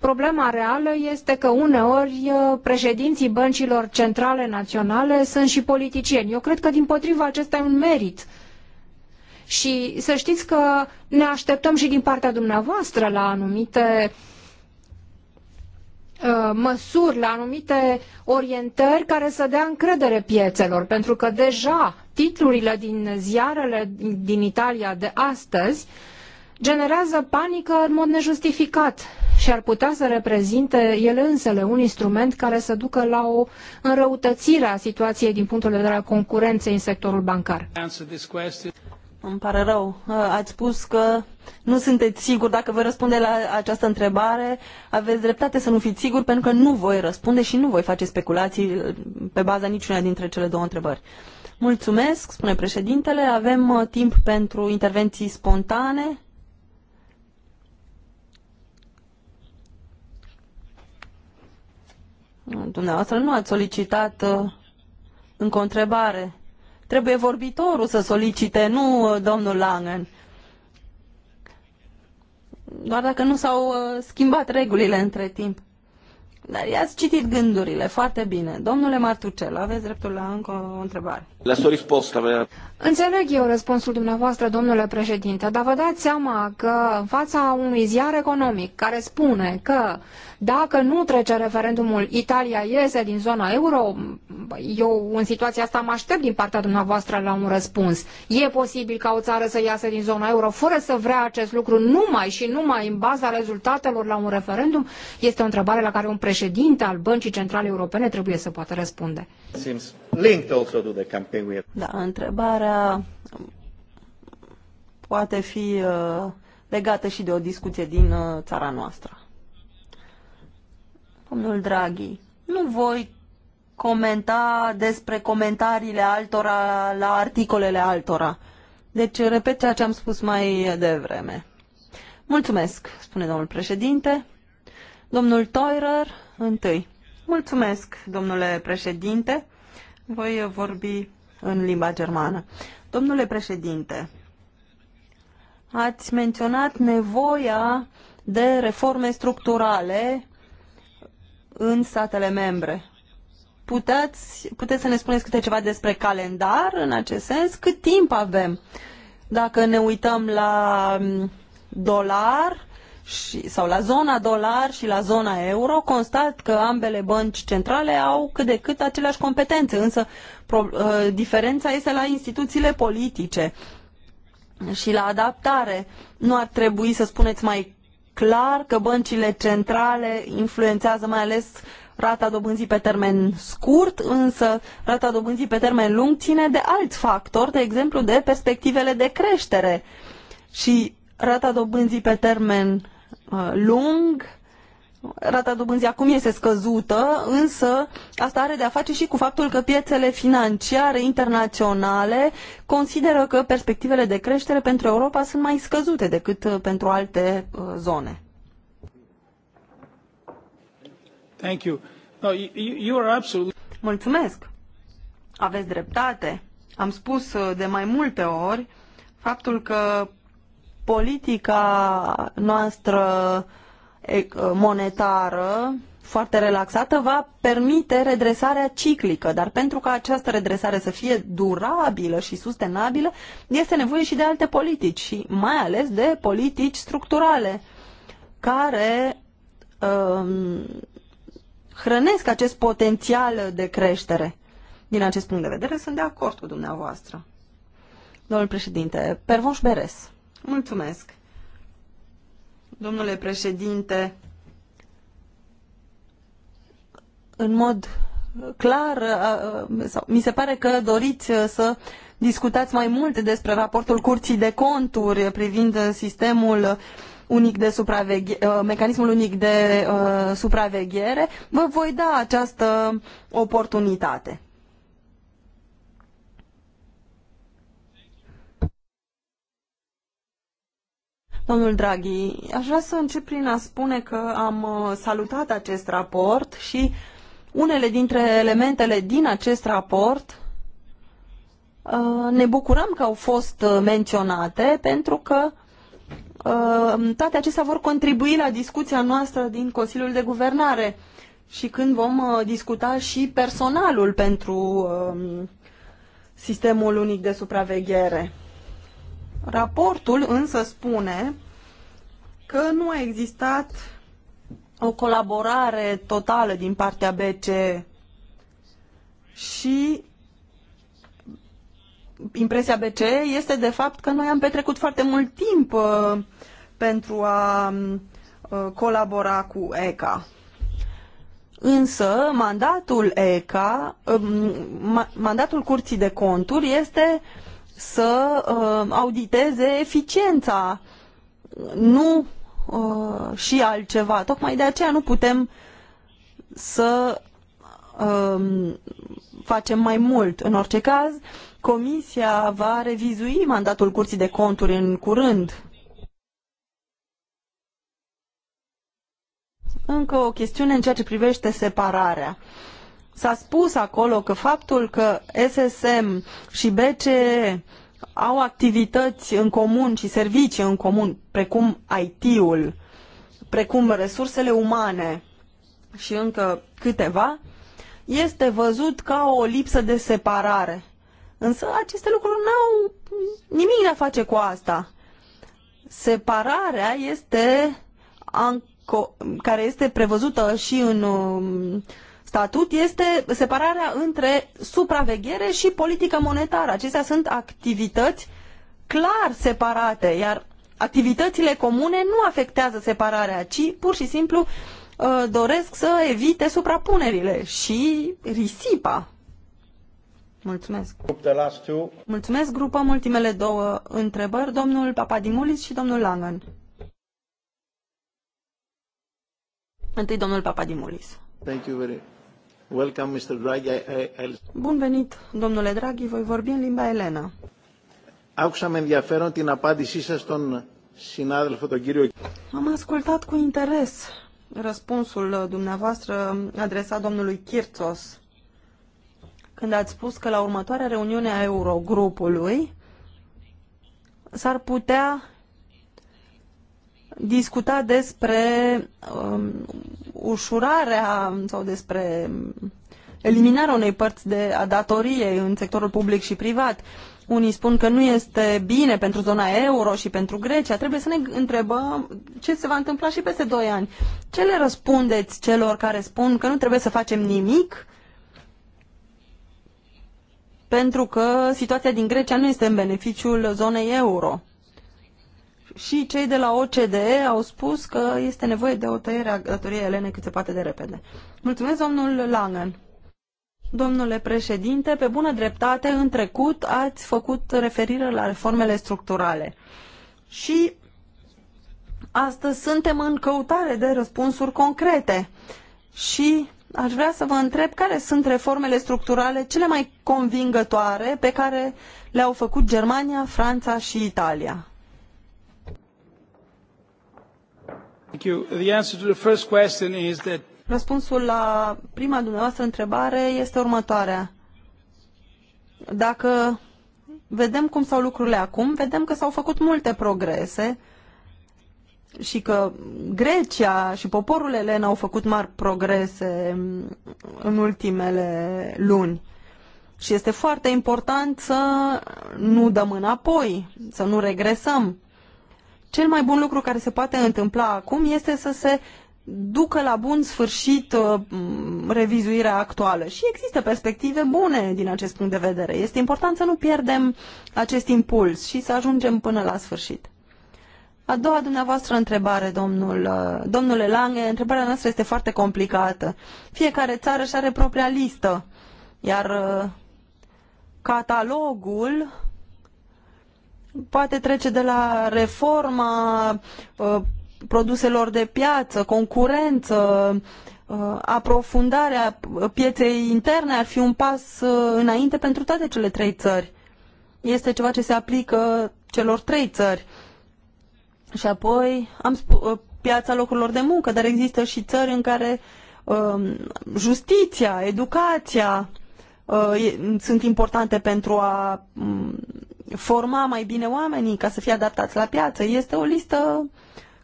[SPEAKER 2] Problema reală este că uneori uh, președinții băncilor centrale naționale sunt și politicieni. Eu cred că din potrivă acesta e un merit. Și să știți că ne așteptăm și din partea dumneavoastră la anumite uh, măsuri, la anumite orientări care să dea încredere piețelor, pentru că deja titlurile din ziarele din Italia de astăzi generează panică în mod nejustificat și ar putea să reprezinte ele însele un instrument care să ducă la o înrăutățire a situației din punctul de vedere al concurenței în sectorul bancar.
[SPEAKER 3] Îmi pare rău. Uh, ați spus că nu sunteți sigur dacă voi răspunde la această întrebare. Aveți dreptate să nu fiți sigur pentru că nu voi răspunde și nu voi face speculații uh, pe baza niciuna dintre cele două întrebări. Mulțumesc, spune președintele. Avem uh, timp pentru intervenții spontane. Dumneavoastră nu ați solicitat uh, în întrebare. Trebuie vorbitorul să solicite, nu uh, domnul Langen. Doar dacă nu s-au uh, schimbat regulile între timp. Dar i-ați citit gândurile
[SPEAKER 2] foarte bine. Domnule Martucel, aveți dreptul la încă o întrebare.
[SPEAKER 1] La sua risposta
[SPEAKER 2] Înțeleg eu răspunsul dumneavoastră, domnule președinte, dar vă dați seama că în fața unui ziar economic care spune că dacă nu trece referendumul, Italia iese din zona euro, eu în situația asta mă aștept din partea dumneavoastră la un răspuns. E posibil ca o țară să iasă din zona euro fără să vrea acest lucru numai și numai în baza rezultatelor la un referendum? Este o întrebare la care un președinte al Băncii Centrale Europene trebuie să poată răspunde.
[SPEAKER 5] Seems linked also to the campaign.
[SPEAKER 2] Da, întrebarea
[SPEAKER 3] poate fi uh, legată și de o discuție din uh, țara noastră. Domnul Draghi, nu voi comenta despre comentariile altora la articolele altora. Deci repet ceea ce am spus mai devreme. Mulțumesc, spune domnul președinte. Domnul Toirer, întâi. Mulțumesc, domnule președinte. Voi vorbi în limba germană. Domnule președinte, ați menționat nevoia de reforme structurale în statele membre. Puteți, puteți să ne spuneți câte ceva despre calendar în acest sens? Cât timp avem? Dacă ne uităm la mm, dolar, și, sau la zona dolar și la zona euro, constat că ambele bănci centrale au cât de cât aceleași competențe, însă pro, uh, diferența este la instituțiile politice și la adaptare. Nu ar trebui să spuneți mai clar că băncile centrale influențează mai ales rata dobânzii pe termen scurt, însă rata dobânzii pe termen lung ține de alți factori, de exemplu de perspectivele de creștere. Și rata dobânzii pe termen Uh, lung, rata dobânzii acum este scăzută, însă asta are de-a face și cu faptul că piețele financiare internaționale consideră că perspectivele de creștere pentru Europa sunt mai scăzute decât uh, pentru alte uh, zone.
[SPEAKER 1] Thank you. No, you
[SPEAKER 3] are absolutely... Mulțumesc. Aveți dreptate. Am spus de mai multe ori faptul că politica noastră monetară foarte relaxată va permite redresarea ciclică, dar pentru ca această redresare să fie durabilă și sustenabilă, este nevoie și de alte politici și mai ales de politici structurale care um, hrănesc acest potențial de creștere. Din acest punct de vedere, sunt de acord cu dumneavoastră. Domnul președinte, Pervonș Beres. Mulțumesc. Domnule președinte, în mod clar, mi se pare că doriți uh, să discutați mai mult despre raportul Curții de Conturi privind sistemul unic de uh, mecanismul unic de uh, supraveghere, vă voi da această oportunitate. Domnul Draghi, aș vrea să încep prin a spune că am uh, salutat acest raport și unele dintre elementele din acest raport uh, ne bucurăm că au fost uh, menționate pentru că toate acestea vor contribui la discuția noastră din Consiliul de Guvernare și când vom discuta și personalul pentru um, sistemul unic de supraveghere. Raportul însă spune că nu a existat o colaborare totală din partea BCE și impresia BCE este de fapt că noi am petrecut foarte mult timp uh, pentru a uh, colabora cu ECA. Însă mandatul ECA, um, mandatul Curții de Conturi este uh, să uh, auditeze eficiența, nu uh, și altceva. Tocmai de aceea nu putem să uh, facem mai mult. În orice caz, Comisia va revizui mandatul Curții de Conturi în curând. Încă o chestiune în ceea ce privește separarea. Uh, S-a spus acolo că faptul că SSM și BCE au activități în comun și servicii în comun, precum IT-ul, precum resursele umane și încă câteva, este văzut ca o lipsă de separare. Însă aceste lucruri nu au nimic de a face cu asta. Separarea este care este prevăzută și în um, statut este separarea între supraveghere și politică monetară. Acestea sunt activități clar separate, iar activitățile comune nu afectează separarea, ci pur și simplu uh, doresc să evite suprapunerile și risipa. Mulțumesc. Mulțumesc, grupăm ultimele două întrebări, domnul Papadimulis și domnul Langan. Întâi domnul Papadimulis.
[SPEAKER 5] Thank you very Welcome,
[SPEAKER 1] Mr. Draghi. I, I...
[SPEAKER 3] Bun venit, domnule Draghi. Voi vorbi în limba elena.
[SPEAKER 1] Άκουσα με ενδιαφέρον την απάντησή σας στον συνάδελφο, τον κύριο... Am
[SPEAKER 3] ascultat cu interes răspunsul dumneavoastră adresat domnului Kyrtsos, când ați spus că la următoarea reuniune a Eurogrupului s-ar putea discuta despre um, ușurarea sau despre eliminarea unei părți de a datoriei în sectorul public și privat. Unii spun că nu este bine pentru zona euro și pentru Grecia. Trebuie să ne întrebăm ce se va întâmpla și peste 2 ani. Ce le răspundeți celor care spun că nu trebuie să facem nimic pentru că situația din Grecia nu este în beneficiul zonei euro? și cei de la OCDE au spus că este nevoie de o tăiere a datoriei elene cât se poate de repede. Mulțumesc, domnul Langen. Domnule președinte, pe bună dreptate, în trecut ați făcut referire la reformele structurale. Și astăzi suntem în căutare de răspunsuri concrete. Și aș vrea să vă întreb care sunt reformele structurale cele mai convingătoare pe care le-au făcut Germania, Franța și Italia. Răspunsul la prima dumneavoastră întrebare este următoarea. Dacă vedem cum stau lucrurile acum, vedem că s-au făcut multe progrese și că Grecia și poporul elen au făcut mari progrese în ultimele luni. Și este foarte important să nu dăm înapoi, să nu regresăm. Cel mai bun lucru care se poate întâmpla acum este să se ducă la bun sfârșit uh, revizuirea actuală. Și există perspective bune din acest punct de vedere. Este important să nu pierdem acest impuls și să ajungem până la sfârșit. A doua dumneavoastră întrebare, domnul, uh, domnule Lange, întrebarea noastră este foarte complicată. Fiecare țară își are propria listă, iar uh, catalogul poate trece de la reforma uh, produselor de piață, concurență, uh, aprofundarea pieței interne ar fi un pas uh, înainte pentru toate cele trei țări. Este ceva ce se aplică celor trei țări. Și apoi am spus piața locurilor de muncă, dar există și țări în care um, justiția, educația sunt importante pentru a mm, forma mai bine oamenii ca să fie adaptați la piață. Este o listă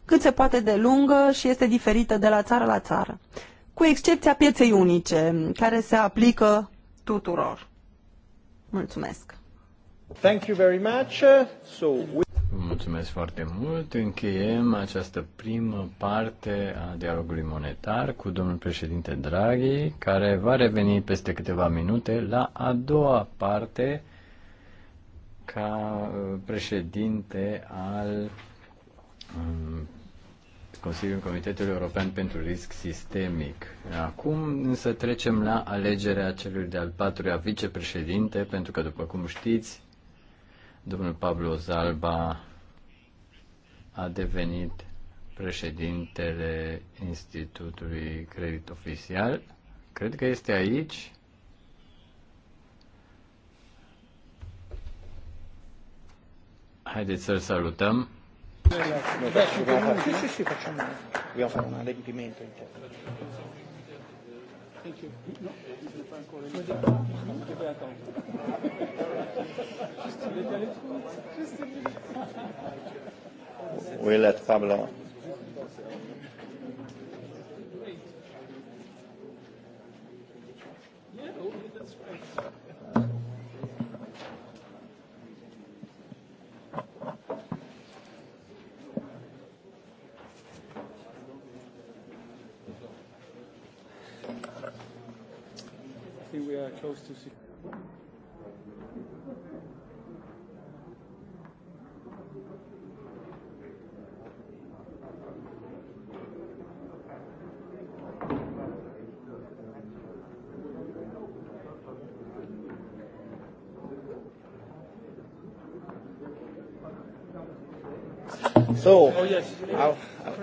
[SPEAKER 3] cât se poate de lungă și este diferită de la țară la țară, cu excepția pieței unice, care se aplică
[SPEAKER 1] tuturor.
[SPEAKER 3] Mulțumesc!
[SPEAKER 1] Thank you very much. So we...
[SPEAKER 6] Mulțumesc foarte mult. Încheiem această primă parte a dialogului monetar cu domnul președinte Draghi, care va reveni peste câteva minute la a doua parte ca uh, președinte al um, Consiliul Comitetului European pentru Risc Sistemic. Acum însă trecem la alegerea celui de-al patrulea vicepreședinte, pentru că, după cum știți, domnul Pablo Zalba a devenit președintele Institutului Credit Oficial. Cred că este aici. Haideți să-l salutăm.
[SPEAKER 1] Dobbiamo fare un adempimento interno.
[SPEAKER 5] Thank you. No, Just let Pablo. uh, close to see. So,
[SPEAKER 1] oh, yes. I'll, I'll,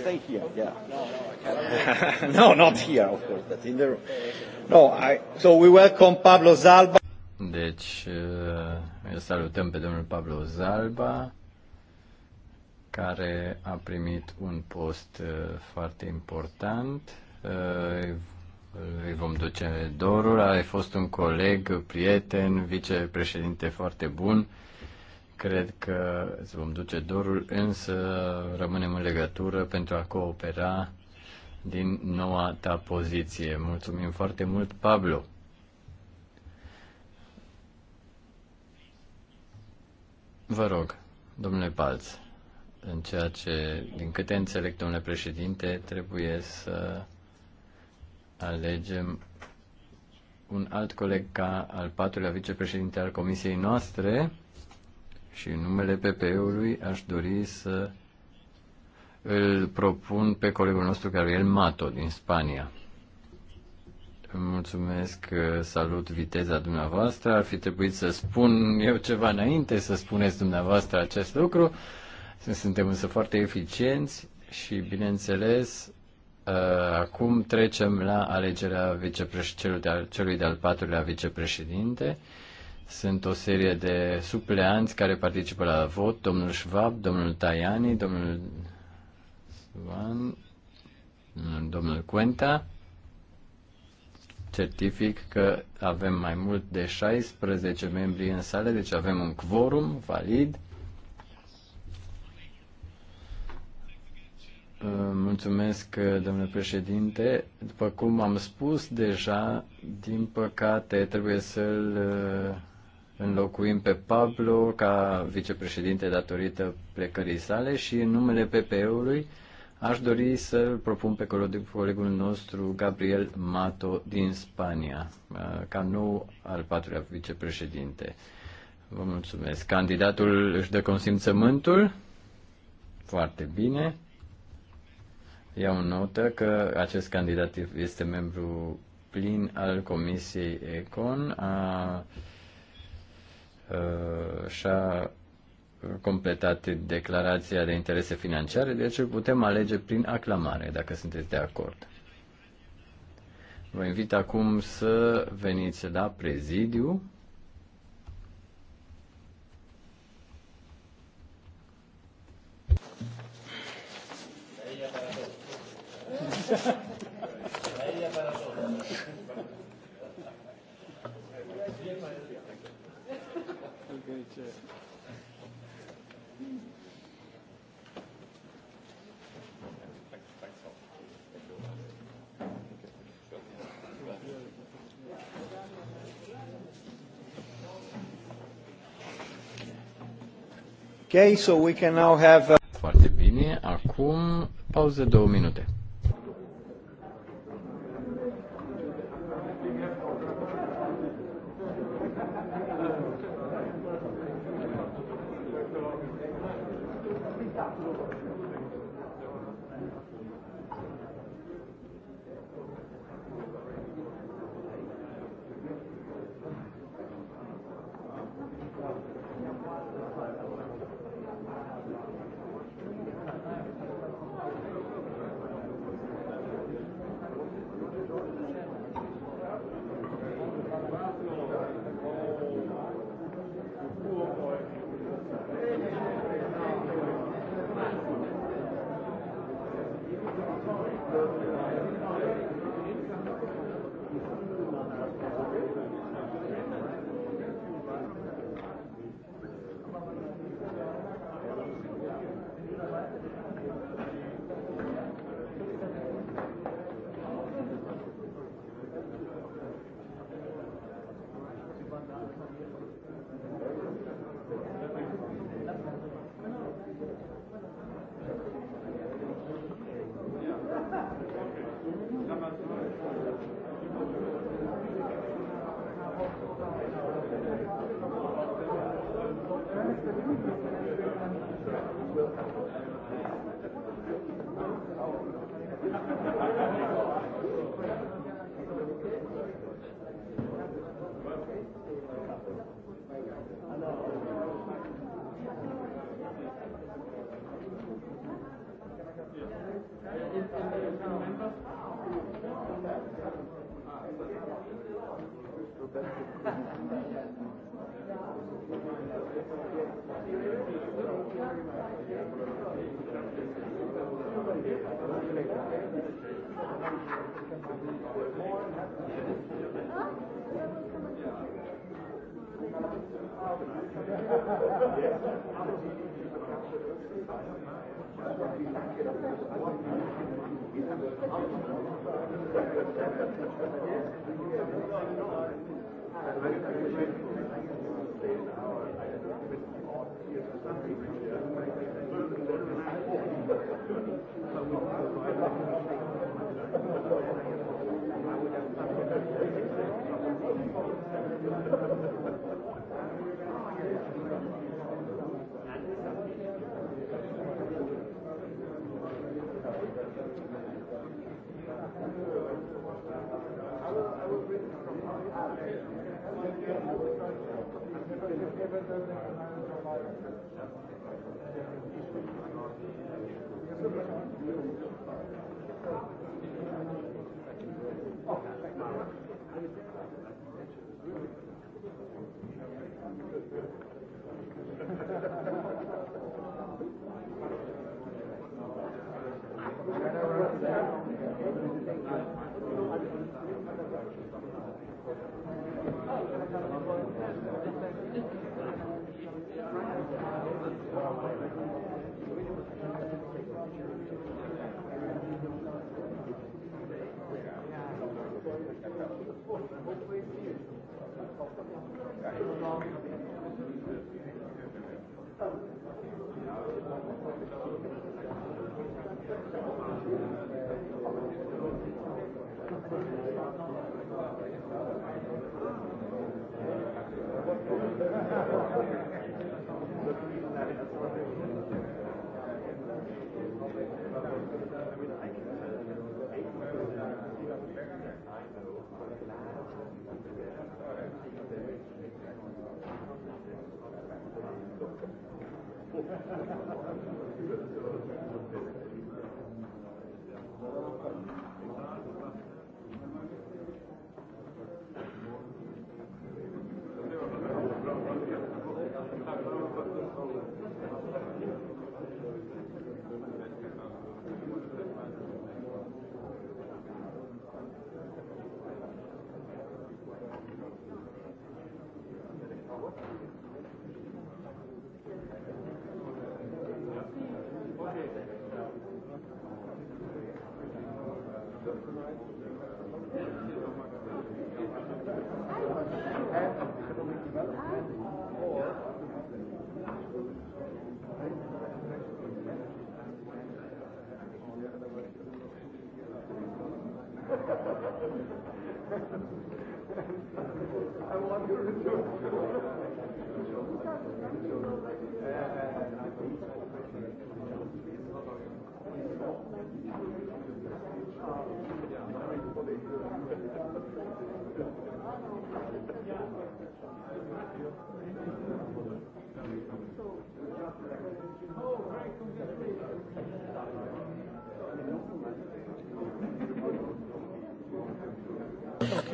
[SPEAKER 1] stay here, yeah. [laughs] No, not here, of course, but in the room.
[SPEAKER 5] No, I, so we welcome Pablo Zalba.
[SPEAKER 6] Deci, uh, îl salutăm pe domnul Pablo Zalba, care a primit un post uh, foarte important. Uh, îi vom duce dorul, a fost un coleg, prieten, vicepreședinte foarte bun Cred că îți vom duce dorul, însă rămânem în legătură pentru a coopera din noua ta poziție. Mulțumim foarte mult, Pablo. Vă rog, domnule Palț, în ceea ce, din câte înțeleg, domnule președinte, trebuie să alegem un alt coleg ca al patrulea vicepreședinte al comisiei noastre și în numele PPE-ului aș dori să îl propun pe colegul nostru, Gabriel Mato, din Spania. Îmi mulțumesc, uh, salut viteza dumneavoastră. Ar fi trebuit să spun eu ceva înainte să spuneți dumneavoastră acest lucru. Suntem însă foarte eficienți și, bineînțeles, uh, acum trecem la alegerea celui de-al patrulea vicepreședinte sunt o serie de supleanți care participă la vot, domnul Schwab, domnul Tajani, domnul Swan, domnul Cuenta. Certific că avem mai mult de 16 membri în sală, deci avem un quorum valid. Mulțumesc, domnule președinte. După cum am spus deja, din păcate trebuie să-l înlocuim pe Pablo ca vicepreședinte datorită plecării sale și în numele PPE-ului aș dori să-l propun pe colegul nostru Gabriel Mato din Spania uh, ca nou al patrulea vicepreședinte. Vă mulțumesc. Candidatul își dă consimțământul? Foarte bine. Iau notă că acest candidat este membru plin al Comisiei Econ. A, Uh, și-a completat declarația de interese financiare, deci îl putem alege prin aclamare, dacă sunteți de acord. Vă invit acum să veniți la prezidiu. Yeah. [laughs] Okay, so we can now have... Foarte bine, acum pauze două minute.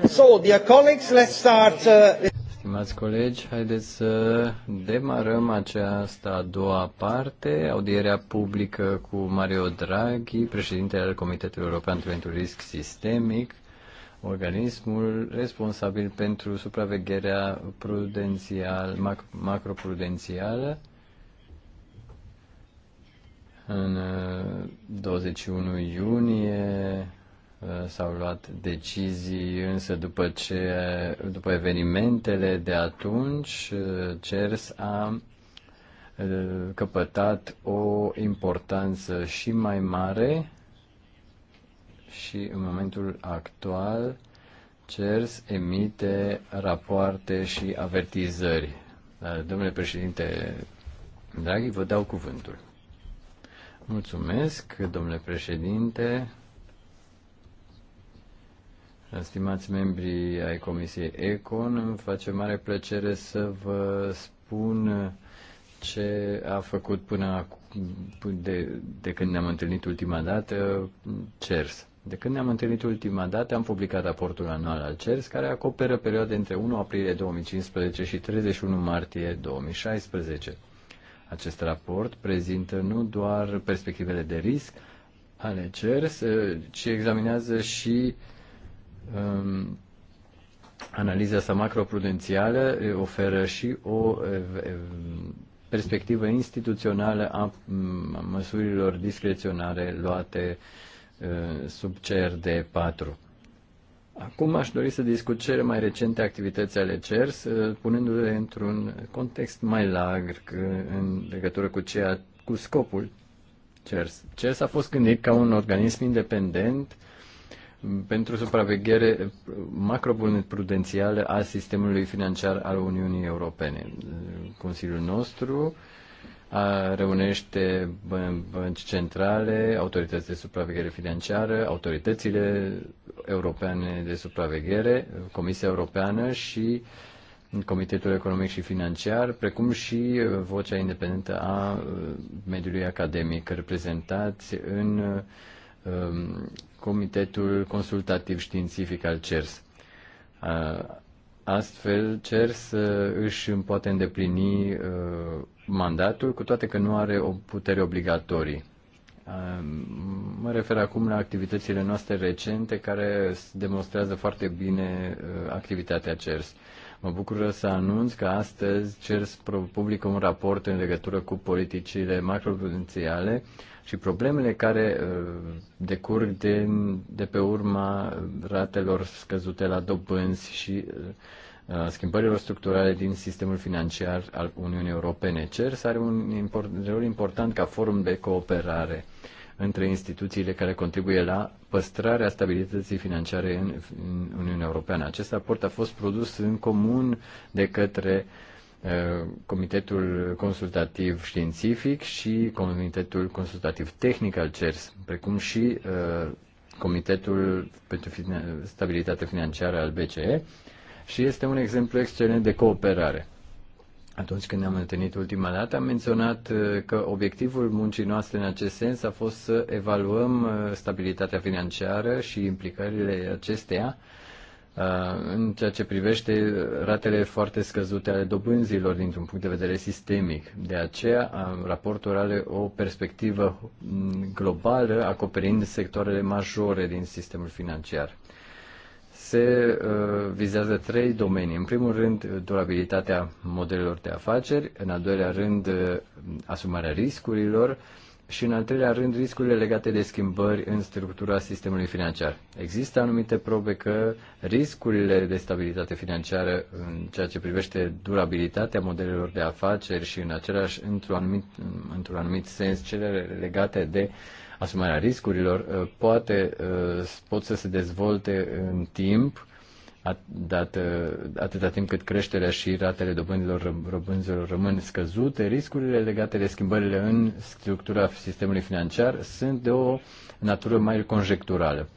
[SPEAKER 1] So, dear colleagues, let's start. Uh,
[SPEAKER 6] Stimați colegi, haideți să demarăm această a doua parte, audierea publică cu Mario Draghi, președintele al Comitetului European pentru Risc Sistemic, organismul responsabil pentru supravegherea prudențial, macro macroprudențială. În 21 uh, iunie uh, s-au luat decizii, însă după, ce, după evenimentele de atunci, uh, CERS a căpătat o importanță și mai mare și în momentul actual CERS emite rapoarte și avertizări. Domnule președinte Draghi, vă dau cuvântul. Mulțumesc, domnule președinte, stimați membri ai Comisiei ECON. Îmi face mare plăcere să vă spun ce a făcut până acum, de, de când ne-am întâlnit ultima dată, CERS. De când ne-am întâlnit ultima dată, am publicat raportul anual al CERS, care acoperă perioade între 1 aprilie 2015 și 31 martie 2016. Acest raport prezintă nu doar perspectivele de risc ale CERS, eh, ci examinează și um, analiza sa macroprudențială, eh, oferă și o perspectivă instituțională mm, a măsurilor discreționare luate eh, sub CRD 4. Acum aș dori să discut cele mai recente activități ale CERS, uh, punându-le într-un context mai larg în legătură cu, ceea, cu scopul CERS. CERS a fost gândit ca un organism independent mm, pentru supraveghere macroprudențială a sistemului financiar al Uniunii Europene. Consiliul nostru a, reunește bănci centrale, autorități de supraveghere financiară, autoritățile europene de supraveghere, Comisia Europeană și Comitetul Economic și Financiar, precum și uh, vocea independentă a uh, mediului academic reprezentați în uh, um, Comitetul Consultativ Științific al CERS. astfel, CERS își poate îndeplini mandatul, cu toate că nu are o putere obligatorii. Mă refer acum la activitățile noastre recente care demonstrează foarte bine uh, activitatea CERS. Mă bucur să anunț că astăzi CERS publică un raport în legătură cu politicile macroprudențiale și problemele care uh, decurg de, de pe urma ratelor scăzute la dobânzi și uh, schimbărilor structurale din sistemul financiar al Uniunii Europene. CERS are un import, rol important ca forum de cooperare între instituțiile care contribuie la păstrarea stabilității financiare în, Uniunea Europeană. Acest raport a fost produs în comun de către Comitetul Consultativ Științific și Comitetul Consultativ Tehnic al CERS, precum și uh, Comitetul pentru Stabilitate Financiară al BCE, și este un exemplu excelent de cooperare. Atunci când ne-am întâlnit ultima dată, am menționat uh, că obiectivul muncii noastre în acest sens a fost să evaluăm uh, stabilitatea financiară și implicările acesteia uh, în ceea ce privește ratele foarte scăzute ale dobânzilor dintr-un punct de vedere sistemic. De aceea, raportul are o perspectivă globală acoperind sectoarele majore din sistemul financiar se uh, vizează trei domenii. În primul rând, durabilitatea modelelor de afaceri, în al doilea rând, uh, asumarea riscurilor și, în al treilea rând, riscurile legate de schimbări în structura sistemului financiar. Există anumite probe că riscurile de stabilitate financiară în ceea ce privește durabilitatea modelelor de afaceri și, în același, într-un anumit, într-un anumit sens, cele legate de uh, asumarea riscurilor uh, poate, uh, pot să se dezvolte în timp, dată, atâta timp cât creșterea și ratele dobândilor răbânzilor rămân scăzute, riscurile legate de schimbările în structura sistemului financiar sunt de o natură mai conjecturală.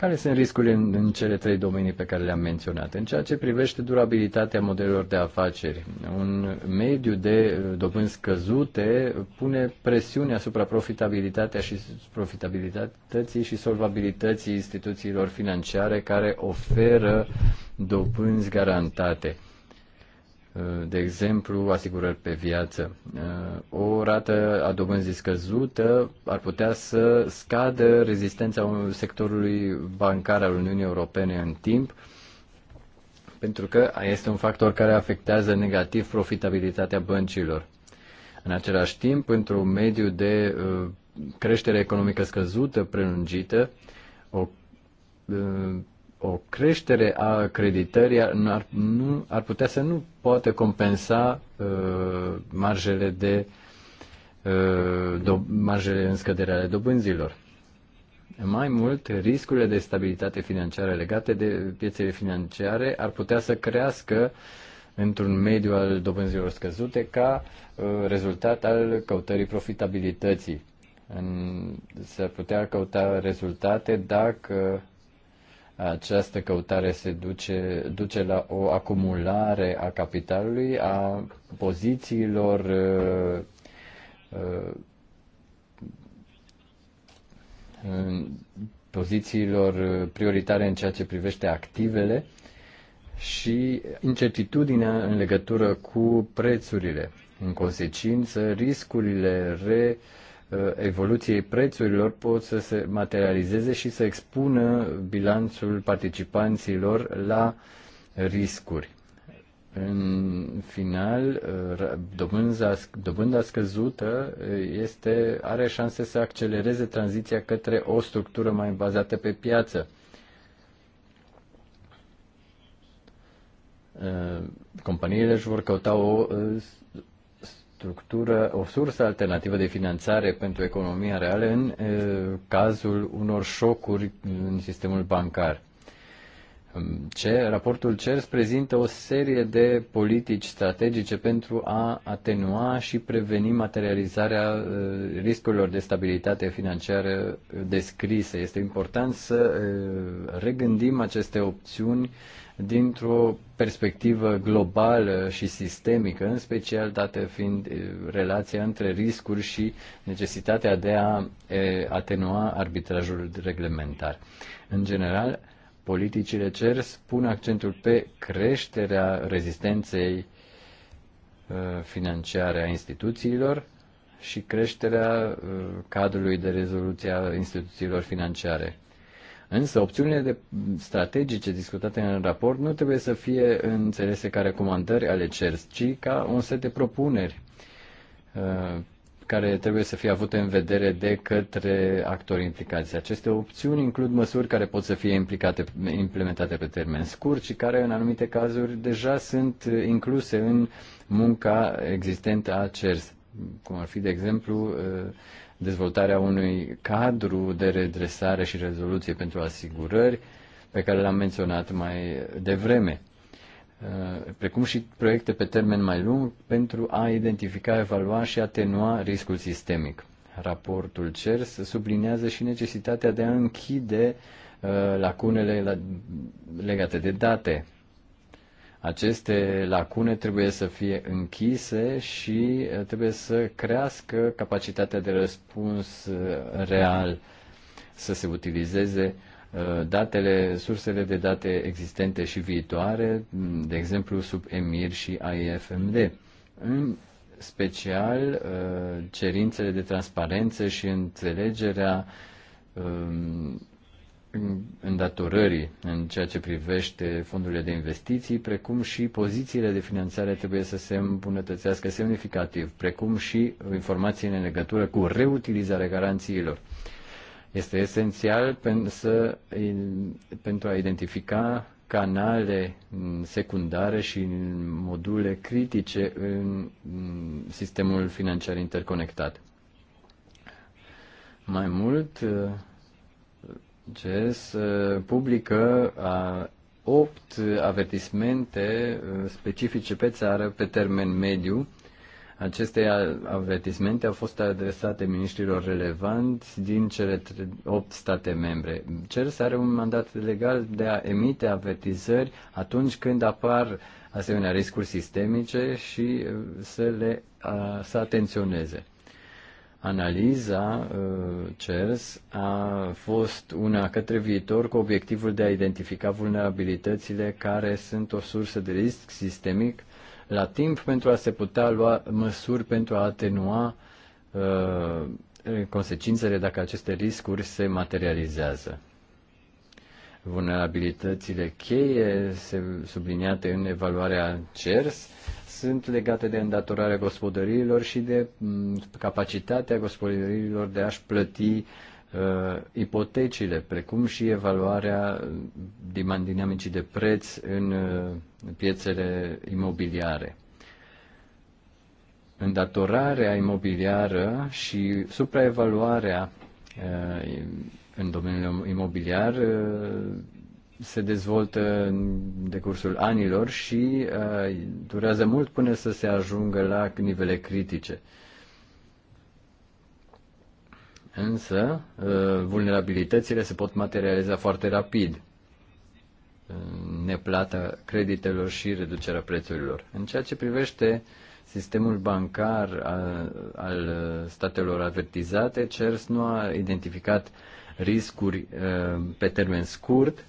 [SPEAKER 6] Care sunt riscurile în, în cele trei domenii pe care le-am menționat? În ceea ce privește durabilitatea modelelor de afaceri, un mediu de uh, dobânzi scăzute pune presiune asupra profitabilitatea și profitabilității și solvabilității instituțiilor financiare care oferă dobânzi garantate. Uh, de exemplu, asigurări pe viață. Uh, o rată a dobânzii scăzută ar putea să scadă rezistența sectorului bancar al Uniunii Europene în timp, pentru că este un factor care afectează negativ profitabilitatea băncilor. În același timp, într-un mediu de uh, creștere economică scăzută, prelungită, o o creștere a creditării ar, nu, ar putea să nu poate compensa uh, marjele de uh, do, marjele în scădere ale dobânzilor. Mai mult, riscurile de stabilitate financiară legate de piețele financiare ar putea să crească într-un mediu al dobânzilor scăzute ca uh, rezultat al căutării profitabilității. În, s putea căuta rezultate dacă această căutare se duce, duce la o acumulare a capitalului, a pozițiilor uh, uh, pozițiilor prioritare în ceea ce privește activele și incertitudinea în legătură cu prețurile. În consecință, riscurile re- Uh, evoluției prețurilor pot să se materializeze și să expună bilanțul participanților la riscuri. În final, uh, dobânda, dobânda scăzută uh, este, are șanse să accelereze tranziția către o structură mai bazată pe piață. Companiile își vor căuta o structură, o sursă alternativă de finanțare pentru economia reală în cazul unor șocuri în sistemul bancar. Ce, raportul CERS prezintă o serie de politici strategice pentru a atenua și preveni materializarea riscurilor de stabilitate financiară descrise. Este important să regândim aceste opțiuni dintr-o perspectivă globală și sistemică, în special date fiind relația între riscuri și necesitatea de a atenua arbitrajul reglementar. În general, politicile cer pun accentul pe creșterea rezistenței financiare a instituțiilor și creșterea cadrului de rezoluție a instituțiilor financiare. Însă opțiunile de strategice discutate în raport nu trebuie să fie înțelese ca recomandări ale CERS, ci ca un set de propuneri uh, care trebuie să fie avute în vedere de către actorii implicați. Aceste opțiuni includ măsuri care pot să fie implicate, implementate pe termen scurt și care în anumite cazuri deja sunt incluse în munca existentă a CERS, cum ar fi, de exemplu, uh, dezvoltarea unui cadru de redresare și rezoluție pentru asigurări, pe care l-am menționat mai devreme, uh, precum și proiecte pe termen mai lung pentru a identifica, evalua și atenua riscul sistemic. Raportul CERS sublinează și necesitatea de a închide uh, lacunele legate de date, aceste lacune trebuie să fie închise și eh, trebuie să crească capacitatea de răspuns eh, real, să se utilizeze eh, datele, sursele de date existente și viitoare, mm, de exemplu sub EMIR și AIFMD. În special cerințele de transparență și înțelegerea îndatorării în ceea ce privește fondurile de investiții, precum și pozițiile de finanțare trebuie să se îmbunătățească semnificativ, precum și informațiile în legătură cu reutilizarea garanțiilor. Este esențial pentru a identifica canale secundare și module critice în sistemul financiar interconectat. Mai mult, GES uh, publică a uh, 8 avertismente uh, specifice pe țară pe termen mediu. Aceste avertismente au fost adresate ministrilor relevanți din cele 8 state membre. CERS are un mandat legal de a emite avertizări atunci când apar asemenea riscuri sistemice și să le să atenționeze. Analiza uh, CERS a fost una către viitor cu obiectivul de a identifica vulnerabilitățile care sunt o sursă de risc sistemic la timp pentru a se putea lua măsuri pentru a atenua uh, consecințele dacă aceste riscuri se materializează. Vulnerabilitățile cheie se subliniate în evaluarea CERS uh, sunt legate de îndatorarea gospodăriilor și de mm, capacitatea gospodăriilor de a-și plăti uh, ipotecile, precum și evaluarea mm, dinamicii de preț în uh, piețele imobiliare. Îndatorarea imobiliară și supraevaluarea uh, în domeniul imobiliar uh, se dezvoltă în decursul anilor și uh, durează mult până să se ajungă la nivele critice. Însă, uh, vulnerabilitățile se pot materializa foarte rapid. Uh, neplata creditelor și reducerea prețurilor. În ceea ce privește sistemul bancar al, al statelor avertizate, CERS nu a identificat riscuri uh, pe termen scurt,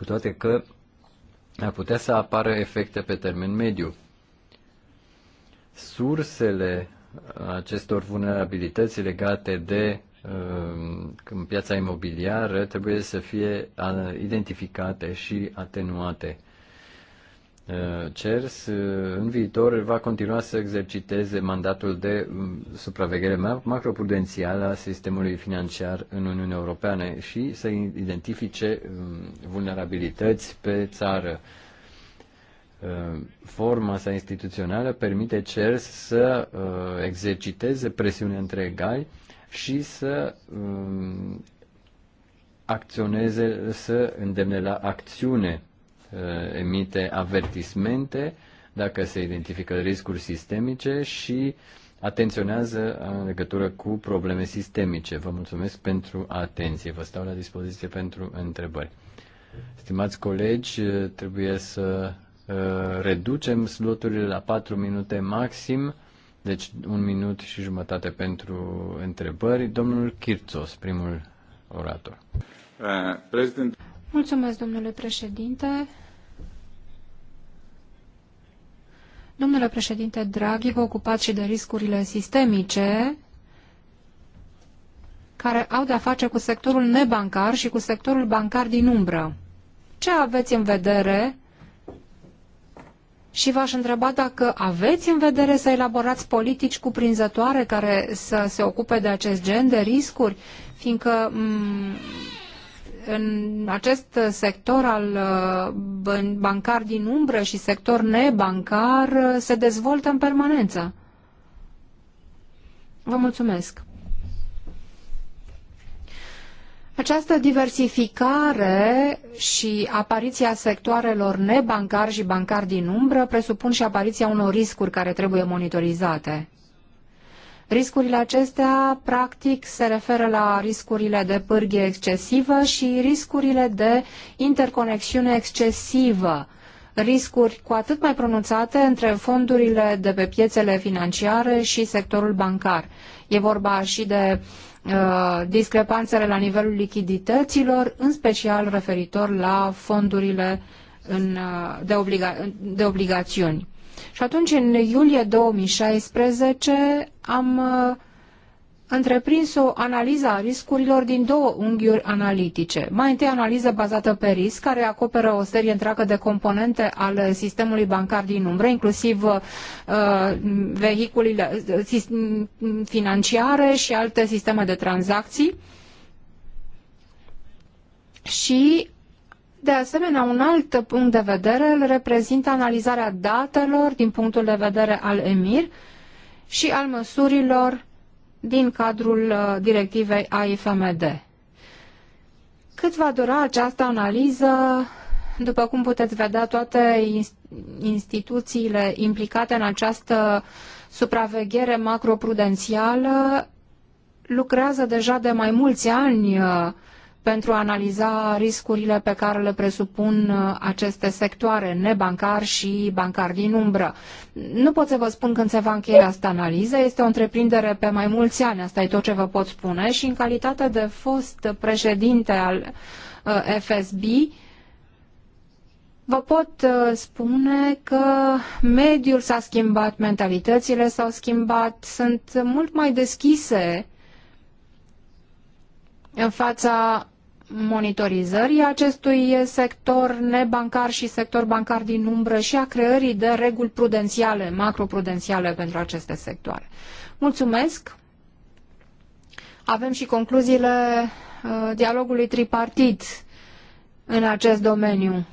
[SPEAKER 6] cu toate că ar putea să apară efecte pe termen mediu. Sursele acestor vulnerabilități legate de um, în piața imobiliară trebuie să fie uh, identificate și atenuate. Uh, CERS în viitor va continua să exerciteze mandatul de mm, supraveghere macroprudențială a sistemului financiar în Uniunea Europeană și să identifice mm, vulnerabilități pe țară. Uh, forma sa instituțională permite CERS să uh, exerciteze presiune între egali și să mm, acționeze, să îndemne la acțiune Uh, emite avertismente dacă se identifică riscuri sistemice și atenționează în legătură cu probleme sistemice. Vă mulțumesc pentru atenție. Vă stau la dispoziție pentru întrebări. Stimați colegi, uh, trebuie să uh, reducem sloturile la 4 minute maxim, deci un minut și jumătate pentru întrebări. Domnul Kirțos, primul orator. Uh, president...
[SPEAKER 2] Mulțumesc, domnule președinte. Domnule președinte Draghi, vă ocupați și de riscurile sistemice care au de-a face cu sectorul nebancar și cu sectorul bancar din umbră. Ce aveți în vedere? Și v-aș întreba dacă aveți în vedere să elaborați politici cuprinzătoare care să se ocupe de acest gen de riscuri, fiindcă în acest sector al uh, bancar din umbră și sector nebancar uh, se dezvoltă în permanență. Vă mulțumesc! Această diversificare și apariția sectoarelor nebancari și bancari din umbră presupun și apariția unor riscuri care trebuie monitorizate. Riscurile acestea, practic, se referă la riscurile de pârghie excesivă și riscurile de interconexiune excesivă riscuri cu atât mai pronunțate între fondurile de pe piețele financiare și sectorul bancar. E vorba și de uh, discrepanțele la nivelul lichidităților, în special referitor la fondurile în, uh, de, obliga, de obligațiuni. Și atunci, în iulie 2016, am uh, întreprins o analiză a riscurilor din două unghiuri analitice. Mai întâi analiză bazată pe risc, care acoperă o serie întreagă de componente ale sistemului bancar din umbră, inclusiv uh, vehiculile uh, financiare și alte sisteme de tranzacții. Și de asemenea, un alt punct de vedere îl reprezintă analizarea datelor din punctul de vedere al EMIR și al măsurilor din cadrul uh, directivei AIFMD. Cât va dura această analiză? După cum puteți vedea, toate instituțiile implicate în această supraveghere macroprudențială lucrează deja de mai mulți ani uh, pentru a analiza riscurile pe care le presupun uh, aceste sectoare, nebancar și bancar din umbră. Nu pot să vă spun când se va încheia asta analiză, este o întreprindere pe mai mulți ani, asta e tot ce vă pot spune și în calitate de fost președinte al uh, FSB, Vă pot uh, spune că mediul s-a schimbat, mentalitățile s-au schimbat, sunt mult mai deschise în fața monitorizării acestui sector nebancar și sector bancar din umbră și a creării de reguli prudențiale, macroprudențiale pentru aceste sectoare. Mulțumesc! Avem și concluziile uh, dialogului tripartit în acest domeniu.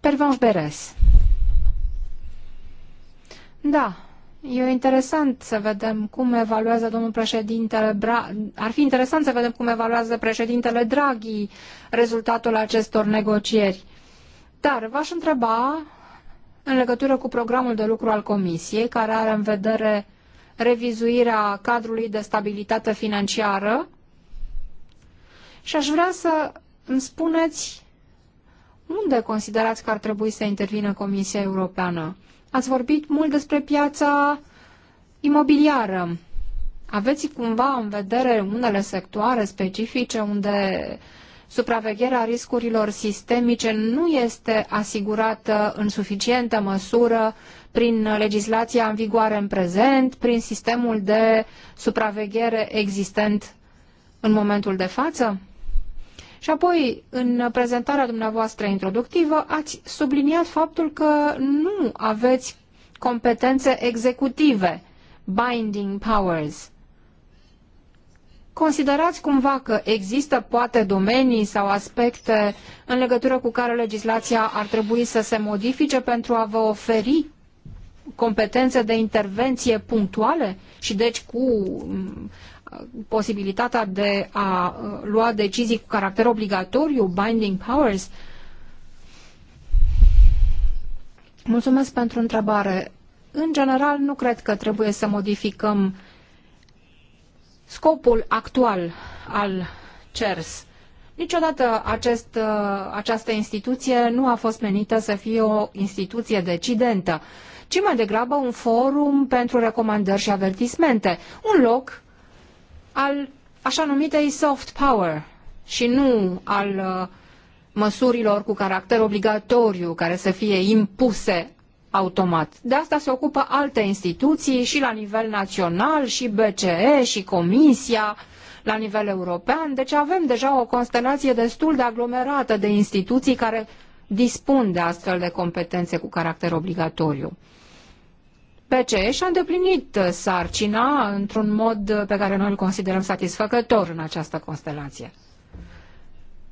[SPEAKER 2] Pervenș Beres. Da, E interesant să vedem cum evaluează domnul președintele Bra- ar fi interesant să vedem cum evaluează președintele Draghi rezultatul acestor negocieri. Dar v-aș întreba în legătură cu programul de lucru al Comisiei, care are în vedere revizuirea cadrului de stabilitate financiară și aș vrea să îmi spuneți unde considerați că ar trebui să intervină Comisia Europeană. Ați vorbit mult despre piața imobiliară. Aveți cumva în vedere unele sectoare specifice unde supravegherea riscurilor sistemice nu este asigurată în suficientă măsură prin legislația în vigoare în prezent, prin sistemul de supraveghere existent în momentul de față? Și apoi, în prezentarea dumneavoastră introductivă, ați subliniat faptul că nu aveți competențe executive, binding powers. Considerați cumva că există poate domenii sau aspecte în legătură cu care legislația ar trebui să se modifice pentru a vă oferi competențe de intervenție punctuale și deci cu posibilitatea de a uh, lua decizii cu caracter obligatoriu, binding powers? Mulțumesc pentru întrebare. În general, nu cred că trebuie să modificăm scopul actual al CERS. Niciodată acest, uh, această instituție nu a fost menită să fie o instituție decidentă, ci mai degrabă un forum pentru recomandări și avertismente, un loc al așa numitei soft power și nu al uh, măsurilor cu caracter obligatoriu care să fie impuse automat. De asta se ocupă alte instituții și la nivel național, și BCE, și Comisia, la nivel european. Deci avem deja o constelație destul de aglomerată de instituții care dispun de astfel de competențe cu caracter obligatoriu. PCE și-a îndeplinit uh, sarcina într-un mod uh, pe care noi îl considerăm satisfăcător în această constelație.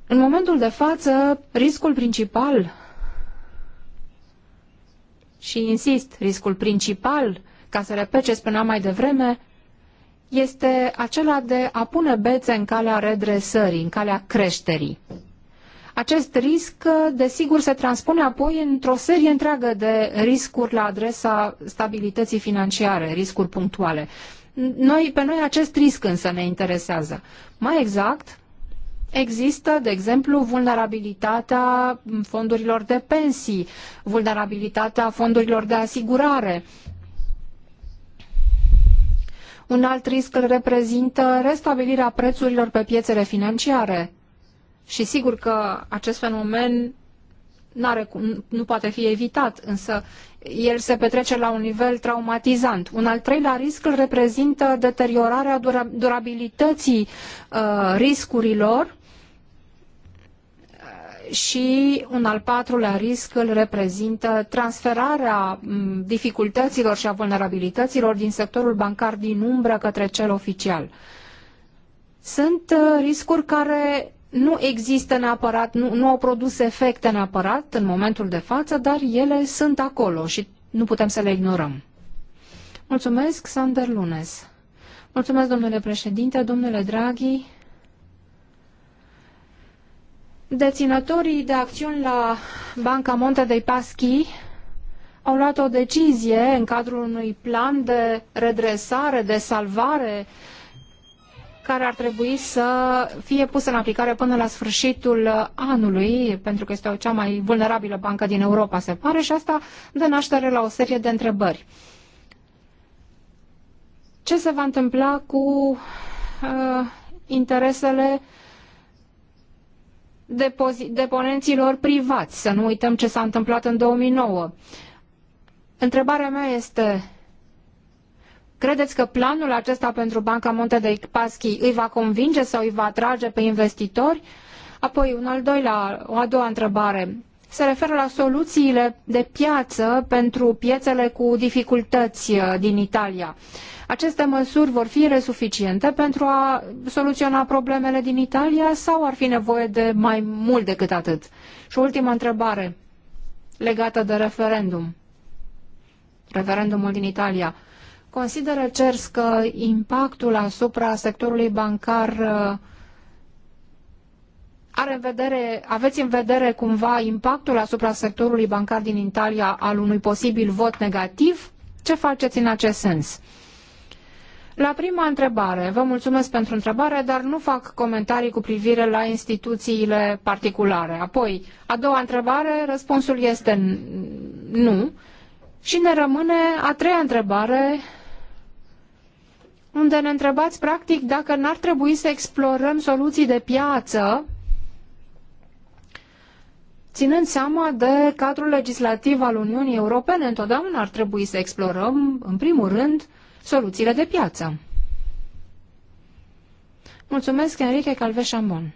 [SPEAKER 2] În momentul de față, riscul principal și insist, riscul principal, ca să repet ce spuneam mai devreme, este acela de a pune bețe în calea redresării, în calea creșterii acest risc, uh, desigur, se transpune apoi într-o serie întreagă de riscuri la adresa stabilității financiare, riscuri punctuale. Noi, pe noi acest risc însă ne interesează. Mai exact, Există, de exemplu, vulnerabilitatea fondurilor de pensii, vulnerabilitatea fondurilor de asigurare. Un alt risc îl reprezintă restabilirea prețurilor pe piețele financiare. Și sigur că acest fenomen -are, nu poate fi evitat, însă el se petrece la un nivel traumatizant. Un al treilea risc îl reprezintă deteriorarea durabilității uh, riscurilor uh, și un al patrulea risc îl reprezintă transferarea mm, dificultăților și a vulnerabilităților din sectorul bancar din umbră către cel oficial. Sunt uh, riscuri care nu există neapărat, nu, nu au produs efecte neapărat în momentul de față, dar ele sunt acolo și nu putem să le ignorăm. Mulțumesc, Sander Lunes. Mulțumesc, domnule președinte, domnule Draghi. Deținătorii de acțiuni la Banca Monte dei Paschi au luat o decizie în cadrul unui plan de redresare, de salvare uh, care ar trebui să fie pusă în aplicare până la sfârșitul anului, pentru că este o cea mai vulnerabilă bancă din Europa, se pare, și asta dă naștere la o serie de întrebări. Ce se va întâmpla cu uh, interesele deponenților privați? Să nu uităm ce s-a întâmplat în 2009. Întrebarea mea este, Credeți că planul acesta pentru Banca Monte dei Paschi îi va convinge sau îi va atrage pe investitori? Apoi, un al doilea, o a doua întrebare se referă la soluțiile de piață pentru piețele cu dificultăți uh, din Italia. Aceste măsuri vor fi ele suficiente pentru a soluționa problemele din Italia sau ar fi nevoie de mai mult decât atât? Și ultima întrebare legată de referendum. Referendumul din Italia. Consideră CERS că impactul asupra sectorului bancar uh, are în vedere, aveți în vedere cumva impactul asupra sectorului bancar din Italia al unui posibil vot negativ? Ce faceți în acest sens? La prima întrebare, vă mulțumesc pentru întrebare, dar nu fac comentarii cu privire la instituțiile particulare. Apoi, a doua întrebare, răspunsul este nu. Și ne rămâne a treia întrebare, unde ne întrebați practic dacă n-ar trebui să explorăm soluții de piață Ținând seama de cadrul legislativ al Uniunii Europene, întotdeauna ar trebui să explorăm, în primul rând, soluțiile de piață. Mulțumesc, Enrique Calveșambon.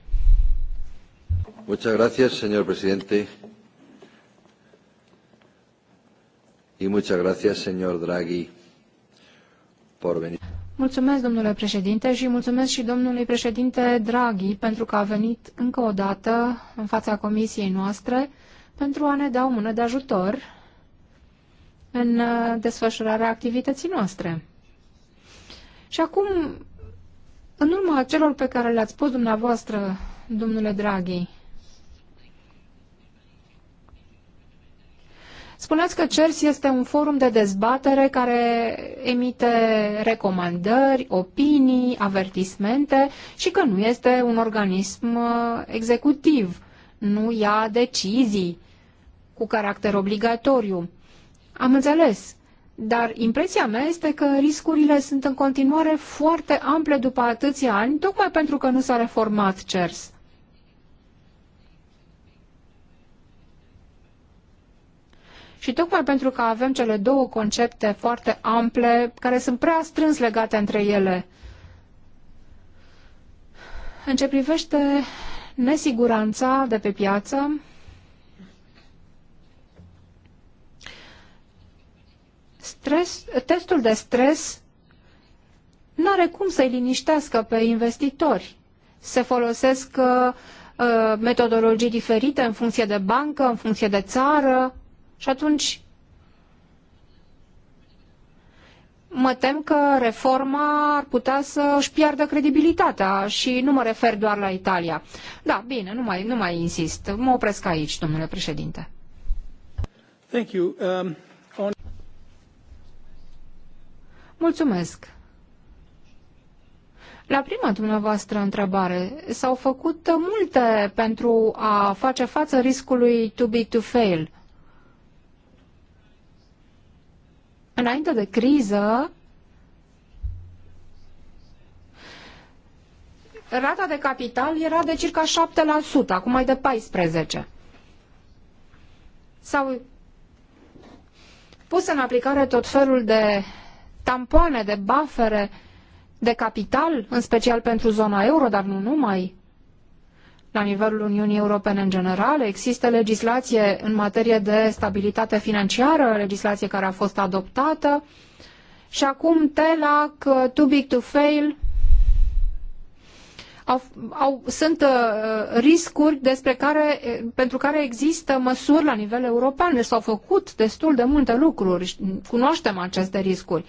[SPEAKER 6] Muchas gracias, señor presidente. Y muchas gracias, señor Draghi, por venir.
[SPEAKER 2] Mulțumesc, domnule președinte, și mulțumesc și domnului președinte Draghi pentru că a venit încă o dată în fața comisiei noastre pentru a ne da o mână de ajutor în uh, desfășurarea activității noastre. Și acum, în urma celor pe care le-ați spus dumneavoastră, domnule Draghi, Spuneți că CERS este un forum de dezbatere care emite recomandări, opinii, avertismente și că nu este un organism uh, executiv, nu ia decizii cu caracter obligatoriu. Am înțeles, dar impresia mea este că riscurile sunt în continuare foarte ample după atâția ani, tocmai pentru că nu s-a reformat CERS. Și tocmai pentru că avem cele două concepte foarte ample, care sunt prea strâns legate între ele, în ce privește nesiguranța de pe piață, stres, testul de stres nu are cum să-i liniștească pe investitori. Se folosesc uh, uh, metodologii diferite în funcție de bancă, în funcție de țară. Și atunci mă tem că reforma ar putea să își piardă credibilitatea și nu mă refer doar la Italia. Da, bine, nu mai, nu mai insist. Mă opresc aici, domnule președinte.
[SPEAKER 1] Thank you. Um, on...
[SPEAKER 2] Mulțumesc. La prima dumneavoastră întrebare, s-au făcut multe pentru a face față riscului too big to fail. Înainte de criză, rata de capital era de circa 7%, acum mai de 14%. S-au pus în aplicare tot felul de tampoane, de bafere de capital, în special pentru zona euro, dar nu numai la nivelul Uniunii Europene în general. Există legislație în materie de stabilitate financiară, legislație care a fost adoptată. Și acum TELAC, Too Big to Fail, au, au, sunt uh, riscuri despre care, uh, pentru care există măsuri la nivel european. Deci s-au făcut destul de multe lucruri. Cunoaștem aceste riscuri. Uh,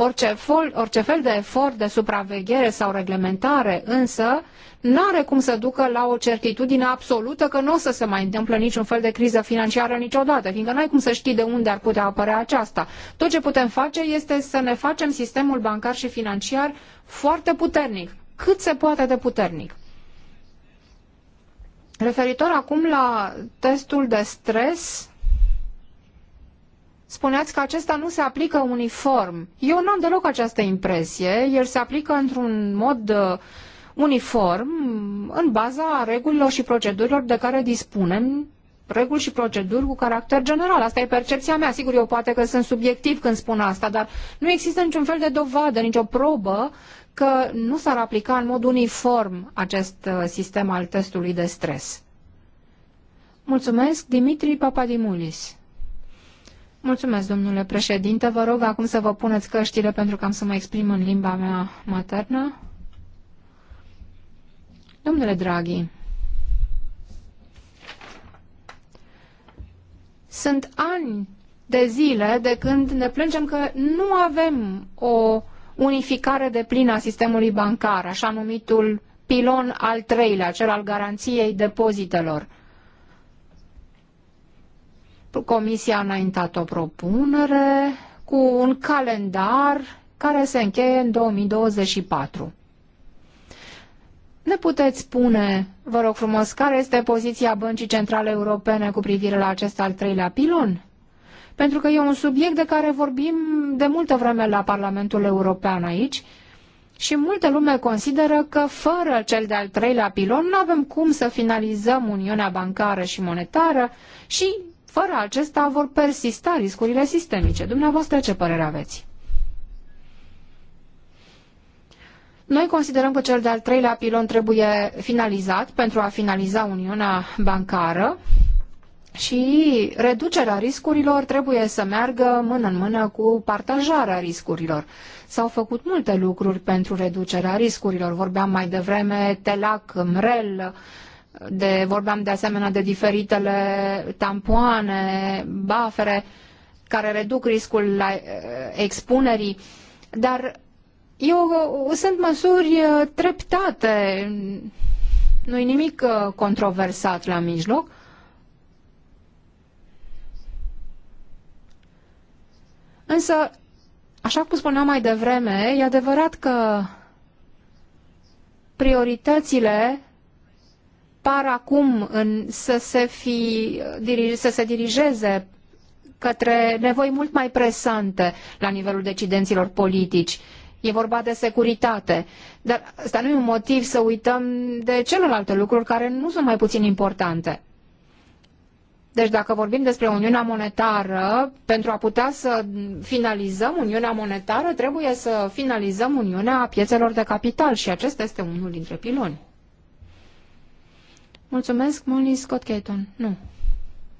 [SPEAKER 2] Orice, fol, orice fel de efort de supraveghere sau reglementare însă nu are cum să ducă la o certitudine absolută că nu o să se mai întâmple niciun fel de criză financiară niciodată, fiindcă nu ai cum să știi de unde ar putea apărea aceasta. Tot ce putem face este să ne facem sistemul bancar și financiar foarte puternic, cât se poate de puternic. Referitor acum la testul de stres, spuneați că acesta nu se aplică uniform. Eu nu am deloc această impresie. El se aplică într-un mod uh, uniform în baza regulilor și procedurilor de care dispunem reguli și proceduri cu caracter general. Asta e percepția mea. Sigur, eu poate că sunt subiectiv când spun asta, dar nu există niciun fel de dovadă, nicio probă că nu s-ar aplica în mod uniform acest uh, sistem al testului de stres. Mulțumesc, Dimitri Papadimulis. Mulțumesc, domnule președinte. Vă rog acum să vă puneți căștile pentru că am să mă exprim în limba mea maternă. Domnule Draghi, sunt ani de zile de când ne plângem că nu avem o unificare de plină a sistemului bancar, așa numitul pilon al treilea, cel al garanției depozitelor. Comisia a înaintat o propunere cu un calendar care se încheie în 2024. Ne puteți spune, vă rog frumos, care este poziția Băncii Centrale Europene cu privire la acest al treilea pilon? Pentru că e un subiect de care vorbim de multă vreme la Parlamentul European aici și multă lume consideră că fără cel de-al treilea pilon nu avem cum să finalizăm Uniunea Bancară și Monetară și fără acesta vor persista riscurile sistemice. Dumneavoastră ce părere aveți? Noi considerăm că cel de-al treilea pilon trebuie finalizat pentru a finaliza Uniunea Bancară și reducerea riscurilor trebuie să meargă mână în mână cu partajarea riscurilor. S-au făcut multe lucruri pentru reducerea riscurilor. Vorbeam mai devreme TELAC, MREL, uh, de, vorbeam de asemenea de diferitele tampoane, bafere, care reduc riscul la, eh, expunerii, dar eu uh, sunt măsuri uh, treptate, nu-i nimic uh, controversat la mijloc. Însă, așa cum spuneam mai devreme, e adevărat că prioritățile par acum în, să, se fi, să se dirigeze către nevoi mult mai presante la nivelul decidenților politici. E vorba de securitate. Dar asta nu e un motiv să uităm de celelalte lucruri care nu sunt mai puțin importante. Deci dacă vorbim despre Uniunea Monetară, pentru a putea să finalizăm Uniunea Monetară, trebuie să finalizăm Uniunea Piețelor de Capital și acesta este unul dintre piloni. Mulțumesc, Molly Scott Caton. Nu.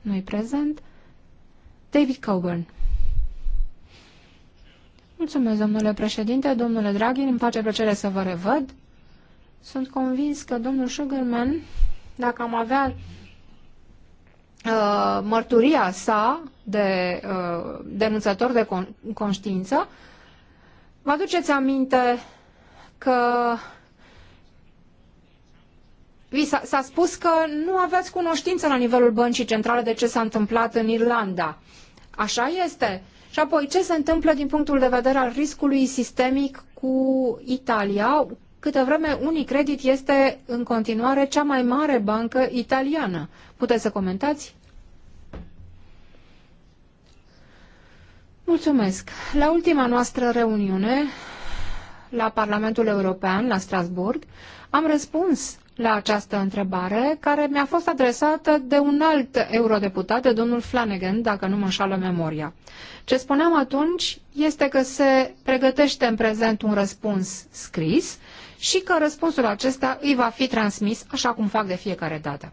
[SPEAKER 2] nu e prezent. David Coburn. Mulțumesc, domnule președinte, domnule Draghi, îmi face plăcere să vă revăd. Sunt convins că domnul Sugarman, dacă am avea uh, mărturia sa de uh, denunțător de con conștiință, vă aduceți aminte că vi s-a spus că nu aveți cunoștință la nivelul băncii centrale de ce s-a întâmplat în Irlanda. Așa este. Și apoi, ce se întâmplă din punctul de vedere al riscului sistemic cu Italia? Câte vreme Unicredit este în continuare cea mai mare bancă italiană. Puteți să comentați? Mulțumesc. La ultima noastră reuniune la Parlamentul European, la Strasbourg, am răspuns la această întrebare, care mi-a fost adresată de un alt eurodeputat, de domnul Flanagan, dacă nu mă înșală memoria. Ce spuneam atunci este că se pregătește în prezent un răspuns scris și că răspunsul acesta îi va fi transmis așa cum fac de fiecare dată.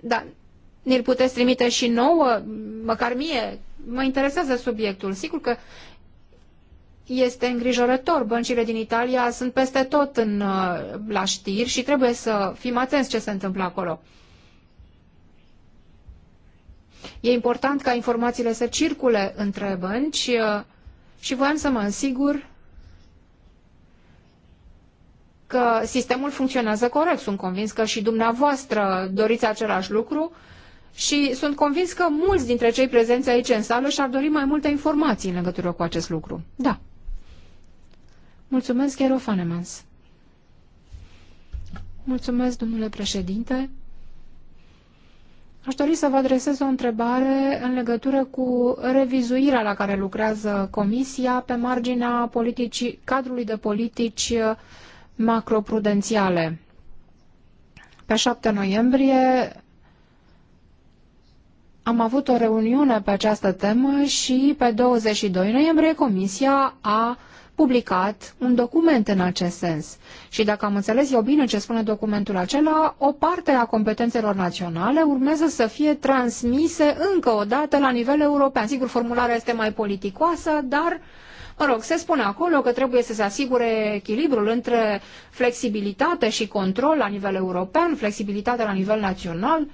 [SPEAKER 2] Da, ne-l puteți trimite și nouă, măcar mie, mă interesează subiectul. Sigur că este îngrijorător. Băncile din Italia sunt peste tot în, uh, la știri și trebuie să fim atenți ce se întâmplă acolo. E important ca informațiile să circule între bănci uh, și voiam să mă asigur că sistemul funcționează corect. Sunt convins că și dumneavoastră doriți același lucru și sunt convins că mulți dintre cei prezenți aici în sală și-ar dori mai multe informații în legătură cu acest lucru. Da. Mulțumesc, Gero Fanemans. Mulțumesc, domnule președinte. Aș dori să vă adresez o întrebare în legătură cu revizuirea la care lucrează Comisia pe marginea politicii, cadrului de politici macroprudențiale. Pe 7 noiembrie am avut o reuniune pe această temă și pe 22 noiembrie Comisia a publicat un document în acest sens. Și dacă am înțeles eu bine ce spune documentul acela, o parte a competențelor naționale urmează să fie transmise încă o dată la nivel european. Sigur, formularea este mai politicoasă, dar Mă rog, se spune acolo că trebuie să se asigure echilibrul între flexibilitate și control la nivel european, flexibilitate la nivel național.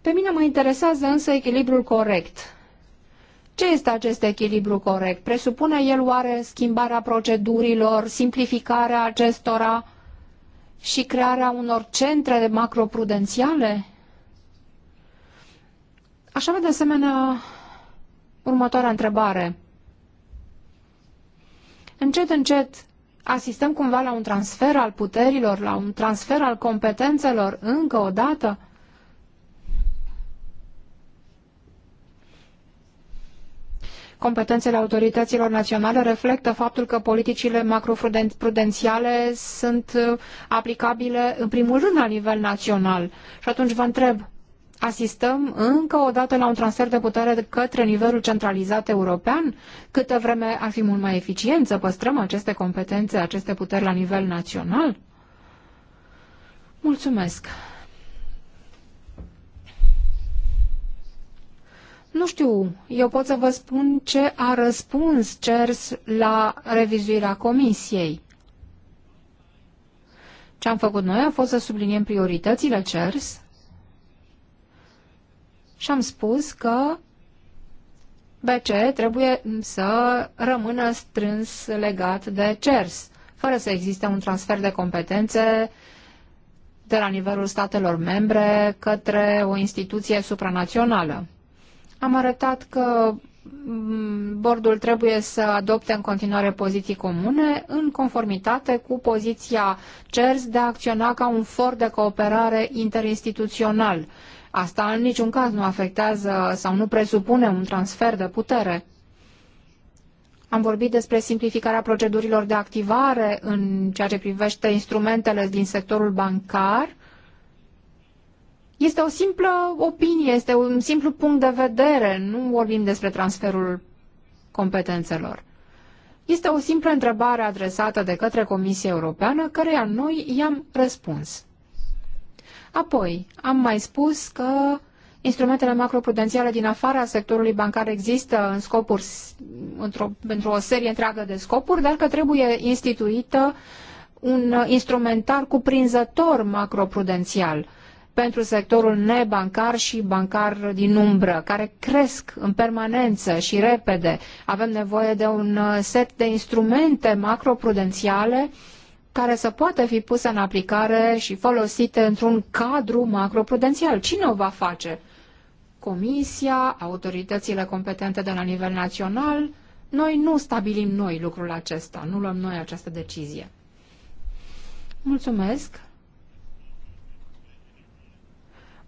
[SPEAKER 2] Pe mine mă interesează însă echilibrul corect ce este acest echilibru corect? Presupune el oare schimbarea procedurilor, simplificarea acestora și crearea unor centre macroprudențiale? Așa avea de asemenea următoarea întrebare. Încet, încet, asistăm cumva la un transfer al puterilor, la un transfer al competențelor încă o dată? Competențele autorităților naționale reflectă faptul că politicile macroprudențiale sunt uh, aplicabile în primul rând la nivel național. Și atunci vă întreb, asistăm încă o dată la un transfer de putere către nivelul centralizat european? Câtă vreme ar fi mult mai eficient să păstrăm aceste competențe, aceste puteri la nivel național? Mulțumesc! Nu știu, eu pot să vă spun ce a răspuns CERS la revizuirea comisiei. Ce am făcut noi a fost să subliniem prioritățile CERS și am spus că BC trebuie să rămână strâns legat de CERS, fără să existe un transfer de competențe de la nivelul statelor membre către o instituție supranațională. Am arătat că mm, bordul trebuie să adopte în continuare poziții comune în conformitate cu poziția CERS de a acționa ca un for de cooperare interinstituțional. Asta în niciun caz nu afectează sau nu presupune un transfer de putere. Am vorbit despre simplificarea procedurilor de activare în ceea ce privește instrumentele din sectorul bancar, este o simplă opinie, este un simplu punct de vedere, nu vorbim despre transferul competențelor. Este o simplă întrebare adresată de către Comisia Europeană, căreia noi i-am răspuns. Apoi, am mai spus că instrumentele macroprudențiale din afara sectorului bancar există în scopuri, într-o, pentru o serie întreagă de scopuri, dar că trebuie instituită un instrumentar cuprinzător macroprudențial – pentru sectorul nebancar și bancar din umbră, care cresc în permanență și repede. Avem nevoie de un uh, set de instrumente macroprudențiale care să poată fi puse în aplicare și folosite într-un cadru macroprudențial. Cine o va face? Comisia, autoritățile competente de la nivel național? Noi nu stabilim noi lucrul acesta, nu luăm noi această decizie. Mulțumesc!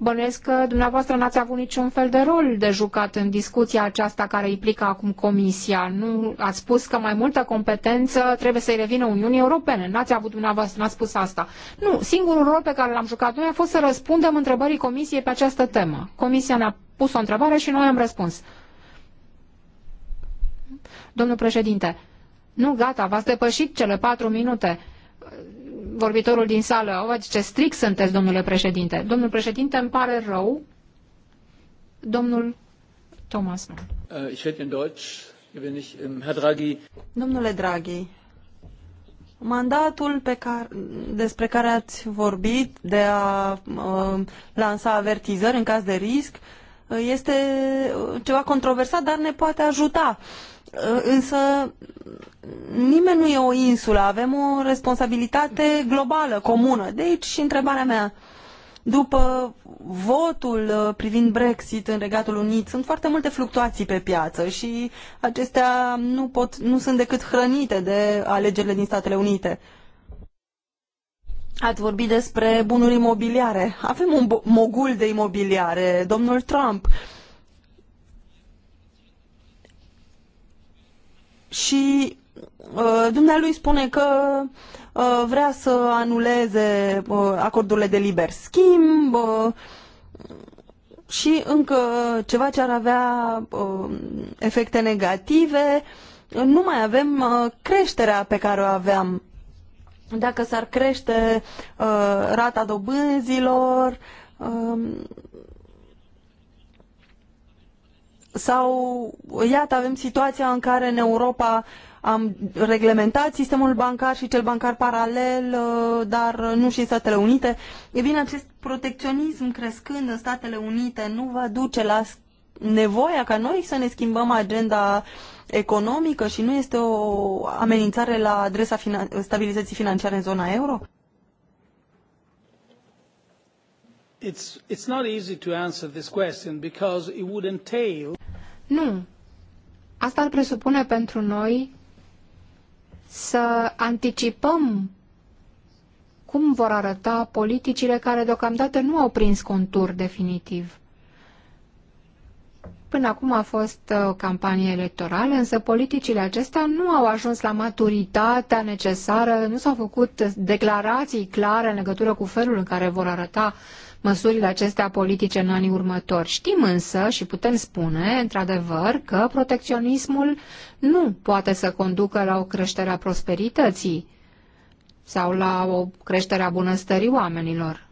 [SPEAKER 2] Bănuiesc că dumneavoastră n-ați avut niciun fel de rol de jucat în discuția aceasta care implică acum Comisia. Nu ați spus că mai multă competență trebuie să-i revină Uniunii Europene. N-ați avut dumneavoastră, n-ați spus asta. Nu, singurul rol pe care l-am jucat noi a fost să răspundem întrebării Comisiei pe această temă. Comisia ne-a pus o întrebare și noi am răspuns. Domnul președinte, nu, gata, v-ați depășit cele patru minute vorbitorul din sală, o, ce strict sunteți, domnule președinte. Domnul președinte, îmi pare rău. Domnul Thomas. Äh,
[SPEAKER 6] ich in Deutsch, wenn ich, Herr Draghi.
[SPEAKER 2] Domnule Draghi,
[SPEAKER 3] mandatul pe care, despre care ați vorbit de a uh, lansa avertizări în caz de risc uh, este uh, ceva controversat, dar ne poate ajuta. Uh, însă nimeni nu e o insulă, avem o responsabilitate globală, comună. De aici și întrebarea mea. După votul uh, privind Brexit în Regatul Unit, sunt foarte multe fluctuații pe piață și acestea nu, pot, nu sunt decât hrănite de alegerile din Statele Unite. Ați vorbit despre bunuri imobiliare. Avem un mogul de imobiliare, domnul Trump. Și uh, dumnealui spune că uh, vrea să anuleze uh, acordurile de liber schimb uh, și încă ceva ce ar avea uh, efecte negative. Nu mai avem uh, creșterea pe care o aveam dacă s-ar crește uh, rata dobânzilor uh, sau, iată, avem situația în care în Europa am reglementat sistemul bancar și cel bancar paralel, uh, dar nu și în Statele Unite. E bine, acest protecționism crescând în Statele Unite nu va duce la nevoia ca noi să ne schimbăm agenda economică și nu este o amenințare la adresa finan- stabilității financiare în zona euro?
[SPEAKER 1] It's, it's not easy to answer this question because it would entail...
[SPEAKER 2] Nu. Asta ar presupune pentru noi să anticipăm cum vor arăta politicile care deocamdată nu au prins contur definitiv. Până acum a fost uh, o campanie electorală, însă politicile acestea nu au ajuns la maturitatea necesară, nu s-au făcut declarații clare în legătură cu felul în care vor arăta măsurile acestea politice în anii următori. Știm însă și putem spune, într-adevăr, că protecționismul nu poate să conducă la o creștere a prosperității sau la o creștere a bunăstării oamenilor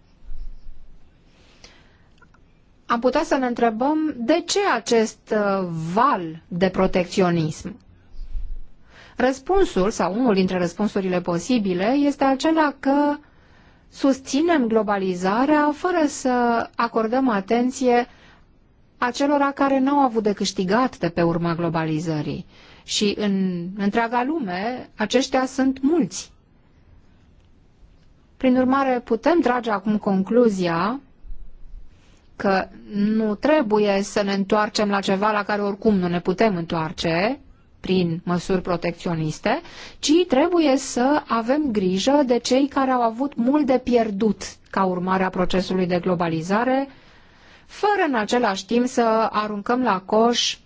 [SPEAKER 2] am putea să ne întrebăm de ce acest uh, val de protecționism. Răspunsul, sau unul dintre răspunsurile posibile, este acela că susținem globalizarea fără să acordăm atenție acelora care n-au avut de câștigat de pe urma globalizării. Și în întreaga lume, aceștia sunt mulți. Prin urmare, putem trage acum concluzia că nu trebuie să ne întoarcem la ceva la care oricum nu ne putem întoarce prin măsuri protecționiste, ci trebuie să avem grijă de cei care au avut mult de pierdut ca urmare a procesului de globalizare, fără în același timp să aruncăm la coș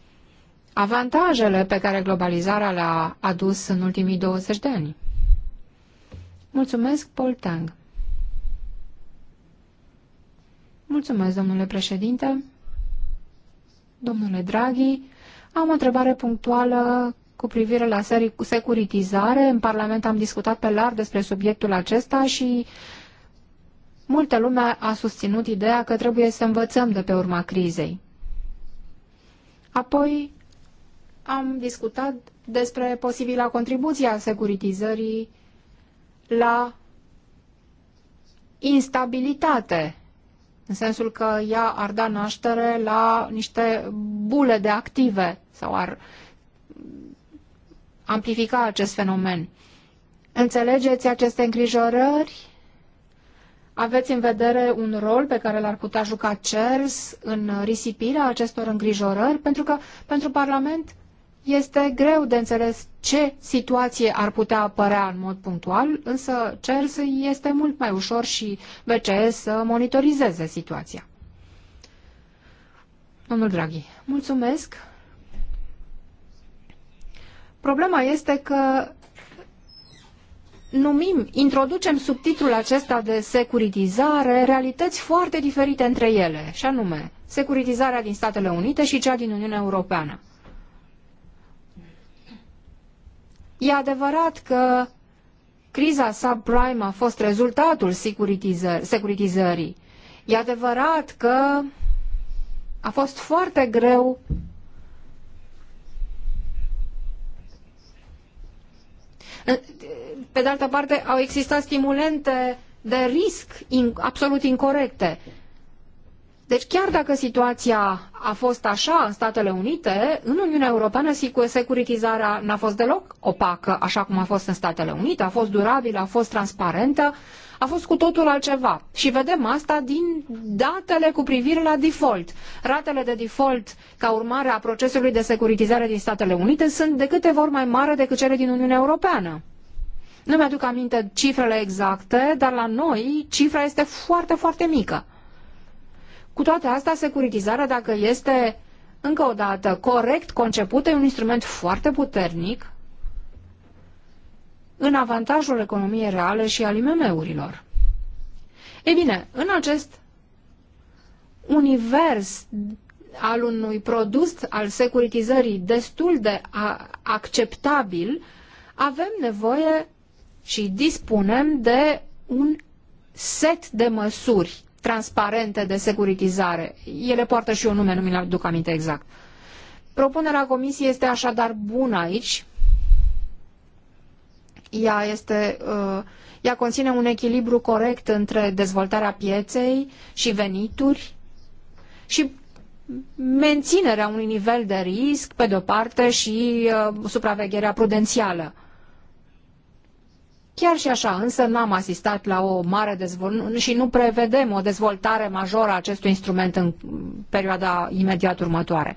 [SPEAKER 2] avantajele pe care globalizarea le-a adus în ultimii 20 de ani. Mulțumesc, Paul Tang. Mulțumesc, domnule președinte. Domnule Draghi, am o întrebare punctuală cu privire la securitizare. În Parlament am discutat pe larg despre subiectul acesta și multă lume a susținut ideea că trebuie să învățăm de pe urma crizei. Apoi am discutat despre posibila contribuție a securitizării la instabilitate în sensul că ea ar da naștere la niște bule de active sau ar amplifica acest fenomen. Înțelegeți aceste îngrijorări? Aveți în vedere un rol pe care l-ar putea juca CERS în risipirea acestor îngrijorări? Pentru că pentru Parlament este greu de înțeles ce situație ar putea apărea în mod punctual, însă CERS este mult mai ușor și BCS să monitorizeze situația. Domnul Draghi, mulțumesc. Problema este că numim, introducem subtitrul acesta de securitizare realități foarte diferite între ele, și anume securitizarea din Statele Unite și cea din Uniunea Europeană. E adevărat că criza subprime a fost rezultatul securitizării. E adevărat că a fost foarte greu Pe de altă parte, au existat stimulente de risc absolut incorrecte. Deci chiar dacă situația a fost așa în Statele Unite, în Uniunea Europeană securitizarea n-a fost deloc opacă, așa cum a fost în Statele Unite, a fost durabilă, a fost transparentă, a fost cu totul altceva. Și vedem asta din datele cu privire la default. Ratele de default ca urmare a procesului de securitizare din Statele Unite sunt de câteva ori mai mari decât cele din Uniunea Europeană. Nu mi-aduc aminte cifrele exacte, dar la noi cifra este foarte, foarte mică. Cu toate astea, securitizarea, dacă este încă o dată corect concepută, e un instrument foarte puternic în avantajul economiei reale și al IMM-urilor. Ei bine, în acest univers al unui produs al securitizării destul de acceptabil, avem nevoie și dispunem de un set de măsuri transparente de securitizare. Ele poartă și un nume, nu mi-l aduc aminte exact. Propunerea comisiei este așadar bună aici. Ea, este, uh, ea conține un echilibru corect între dezvoltarea pieței și venituri și menținerea unui nivel de risc, pe de-o parte, și uh, supravegherea prudențială. Chiar și așa, însă n-am asistat la o mare dezvoltare și nu prevedem o dezvoltare majoră a acestui instrument în perioada imediat următoare.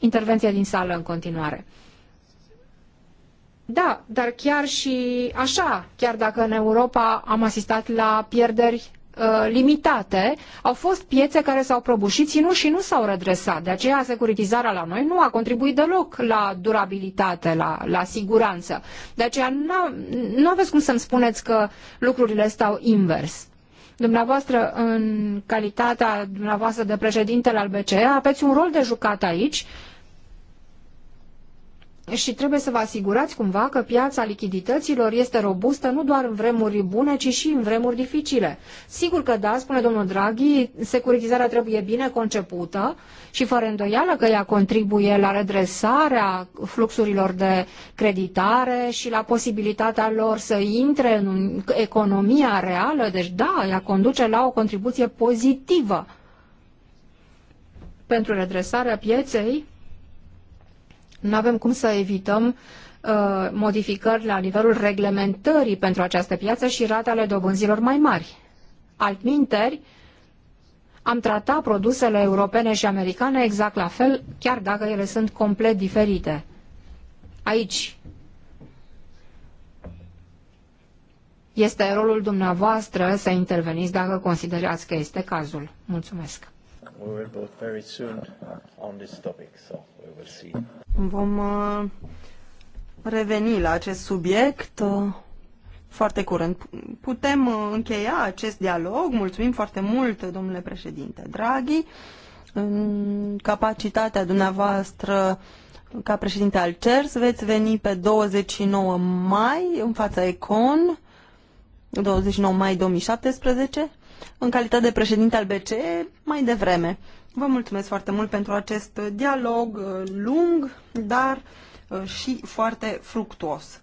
[SPEAKER 2] Intervenția din sală în continuare. Da, dar chiar și așa, chiar dacă în Europa am asistat la pierderi Uh, limitate, au fost piețe care s-au prăbușit ținut și nu s-au redresat. De aceea securitizarea la noi nu a contribuit deloc la durabilitate, la, la siguranță. De aceea nu aveți cum să-mi spuneți că lucrurile stau invers. Dumneavoastră, în calitatea dumneavoastră de președintele al BCE, aveți un rol de jucat aici și trebuie să vă asigurați cumva că piața lichidităților este robustă nu doar în vremuri bune, ci și în vremuri dificile. Sigur că da, spune domnul Draghi, securitizarea trebuie bine concepută și fără îndoială că ea contribuie la redresarea fluxurilor de creditare și la posibilitatea lor să intre în economia reală, deci da, ea conduce la o contribuție pozitivă pentru redresarea pieței nu avem cum să evităm uh, modificări la nivelul reglementării pentru această piață și ratele dobânzilor mai mari. Altminteri, am tratat produsele europene și americane exact la fel, chiar dacă ele sunt complet diferite. Aici este rolul dumneavoastră să interveniți dacă considerați că este cazul. Mulțumesc.
[SPEAKER 1] We will
[SPEAKER 3] Vom uh, reveni la acest subiect uh, foarte curând. Putem uh, încheia acest dialog. Mulțumim foarte mult, domnule președinte Draghi. În capacitatea dumneavoastră ca președinte al CERS veți veni pe 29 mai în fața ECON, 29 mai 2017, în calitate de președinte al BCE mai devreme. Vă mulțumesc foarte mult pentru acest dialog uh, lung, dar uh, și foarte fructuos.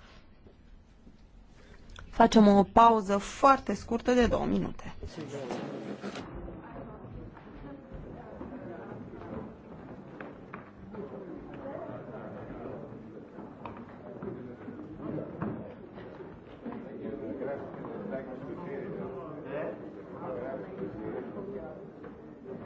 [SPEAKER 3] Facem o pauză foarte scurtă de două minute.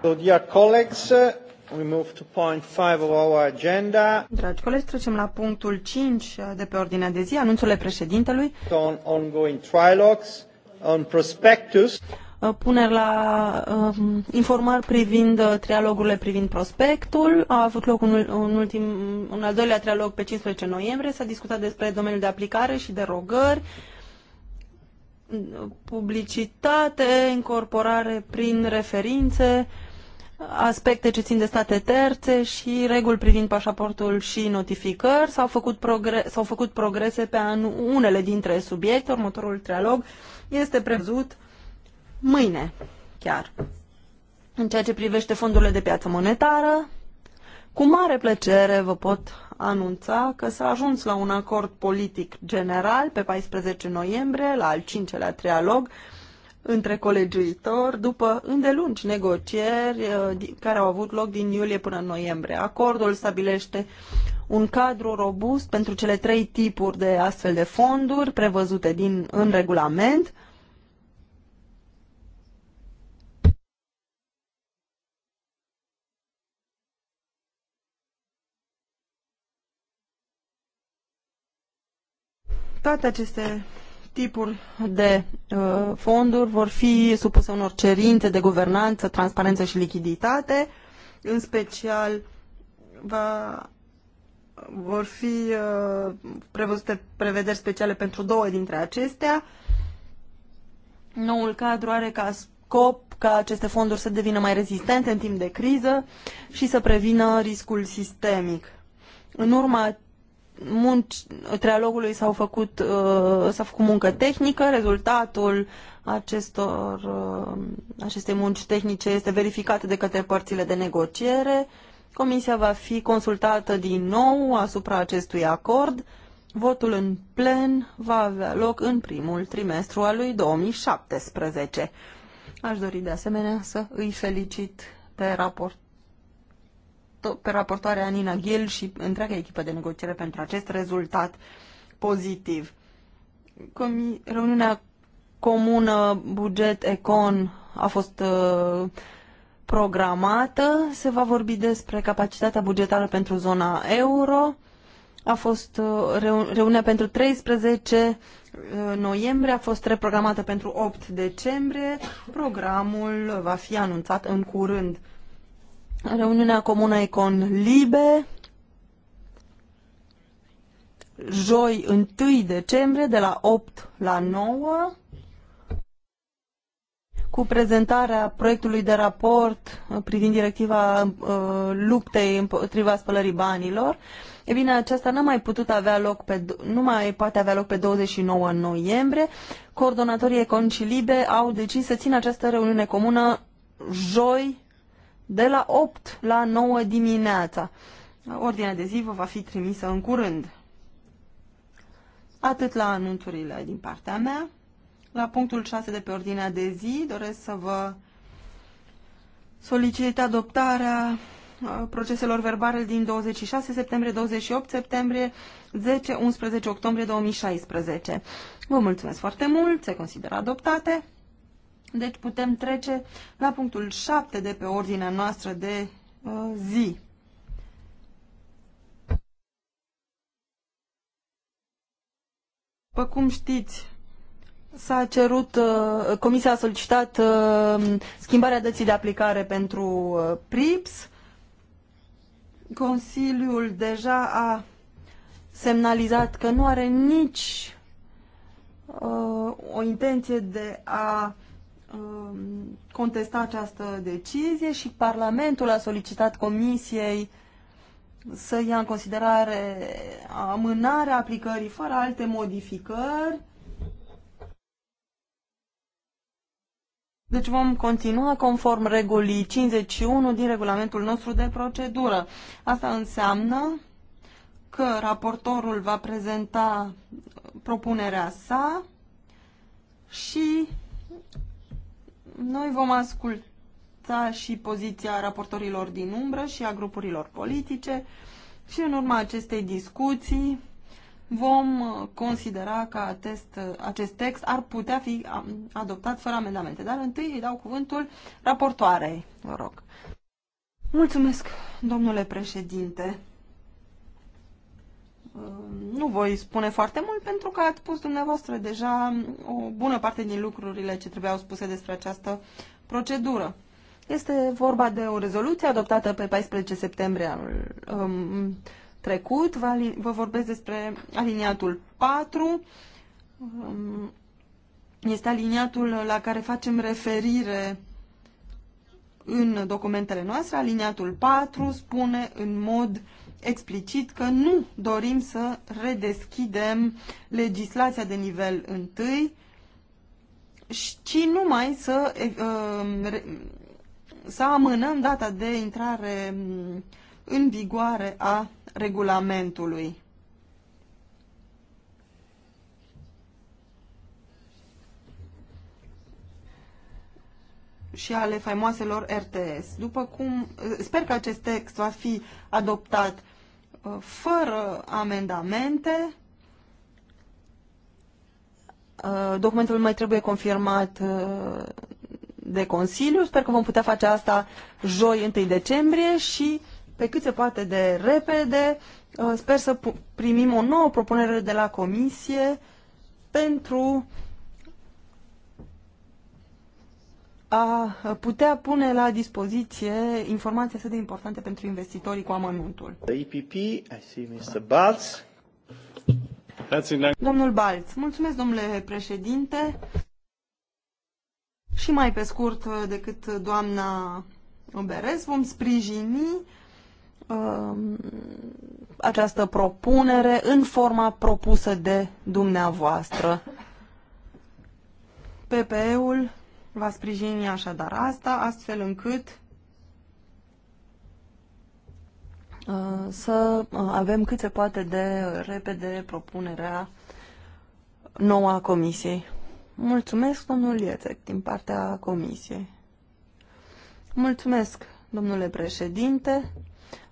[SPEAKER 1] Dragi colegi, trecem la punctul
[SPEAKER 3] 5 de pe ordinea de zi, anunțurile președintelui. On ongoing trilogues, on
[SPEAKER 1] prospectus.
[SPEAKER 3] Uh, puneri la um, informări privind uh, trialogurile privind prospectul. A avut loc un, un, ultim, un al doilea trialog pe 15 noiembrie. S-a discutat despre domeniul de aplicare și de rogări, publicitate, incorporare prin referințe, aspecte ce țin de state terțe și reguli privind pașaportul și notificări. S-au făcut, progre- s-au făcut progrese pe an unele dintre subiecte. Următorul trialog este prevăzut mâine chiar. În ceea ce privește fondurile de piață monetară, cu mare plăcere vă pot anunța că s-a ajuns la un acord politic general pe 14 noiembrie, la al cincelea trialog, între colegiuitori, după îndelungi negocieri uh, care au avut loc din iulie până în noiembrie. Acordul stabilește un cadru robust pentru cele trei tipuri de astfel de fonduri prevăzute din, în regulament, Toate aceste tipuri de uh, fonduri vor fi supuse unor cerințe de guvernanță, transparență și lichiditate, în special va, vor fi uh, prevăzute prevederi speciale pentru două dintre acestea. Noul cadru are ca scop ca aceste fonduri să devină mai rezistente în timp de criză și să prevină riscul sistemic. În urma munci, trialogului s-au făcut, uh, s-a făcut muncă tehnică, rezultatul acestor, uh, acestei munci tehnice este verificat de către părțile de negociere. Comisia va fi consultată din nou asupra acestui acord. Votul în plen va avea loc în primul trimestru al lui 2017. Aș dori de asemenea să îi felicit pe raport pe raportoarea Nina Gil și întreaga echipă de negociere pentru acest rezultat pozitiv. Comi reuniunea comună buget-econ a fost uh, programată. Se va vorbi despre capacitatea bugetară pentru zona euro. A fost uh, reuniunea pentru 13 uh, noiembrie, a fost reprogramată pentru 8 decembrie. Programul va fi anunțat în curând reuniunea comună Econ Libe, joi 1 decembrie de la 8 la 9 cu prezentarea proiectului de raport privind directiva uh, luptei împotriva spălării banilor. E bine, aceasta nu mai putut avea loc pe, nu mai poate avea loc pe 29 noiembrie. Coordonatorii Econ și Libe au decis să țină această reuniune comună joi de la 8 la 9 dimineața. Ordinea de zi vă va fi trimisă în curând. Atât la anunțurile din partea mea. La punctul 6 de pe ordinea de zi doresc să vă solicit adoptarea uh, proceselor verbale din 26 septembrie, 28 septembrie, 10, 11 octombrie 2016. Vă mulțumesc foarte mult, se consideră adoptate. Deci putem trece la punctul 7 de pe ordinea noastră de uh, zi. După cum știți, s-a cerut, uh, Comisia a solicitat uh, schimbarea dății de aplicare pentru uh, PRIPS. Consiliul deja a semnalizat că nu are nici uh, o intenție de a Um, contesta această decizie și Parlamentul a solicitat Comisiei să ia în considerare amânarea aplicării fără alte modificări. Deci vom continua conform regulii 51 din regulamentul nostru de procedură. Asta înseamnă că raportorul va prezenta propunerea sa și noi vom asculta și poziția raportorilor din umbră și a grupurilor politice și în urma acestei discuții vom uh, considera că acest, uh, acest text ar putea fi um, adoptat fără amendamente. Dar întâi îi dau cuvântul raportoarei, vă rog. Mulțumesc, domnule președinte. Ehm, nu voi spune foarte mult pentru că ați spus dumneavoastră deja o bună parte din lucrurile ce trebuiau spuse despre această procedură. Este vorba de o rezoluție adoptată pe 14 septembrie anul um, trecut. Vă, vă vorbesc despre aliniatul 4. Um, ehm, este aliniatul la care facem referire în documentele noastre. Aliniatul 4 spune în mod uh, explicit că nu dorim să redeschidem legislația de nivel întâi, ci numai să, um, să amânăm data de intrare mm, în vigoare a regulamentului. și ale faimoaselor RTS. După cum, sper că acest text va fi adoptat Uh, fără amendamente. Uh, documentul mai trebuie confirmat uh, de Consiliu. Sper că vom putea face asta joi 1 decembrie și pe cât se poate de repede sper să primim o nouă propunere de la Comisie pentru a putea pune la dispoziție informații atât de importante pentru investitorii cu amănuntul.
[SPEAKER 1] EPP, I see Mr. Balz.
[SPEAKER 3] Domnul Balț, mulțumesc domnule președinte. Și mai pe scurt uh, decât doamna Berez, vom sprijini uh, această propunere în forma propusă de dumneavoastră. PPE-ul va sprijini așadar asta, astfel încât uh, să uh, avem cât se poate de repede propunerea noua Comisiei. Mulțumesc, domnul Iețec, din partea Comisiei. Mulțumesc, domnule președinte.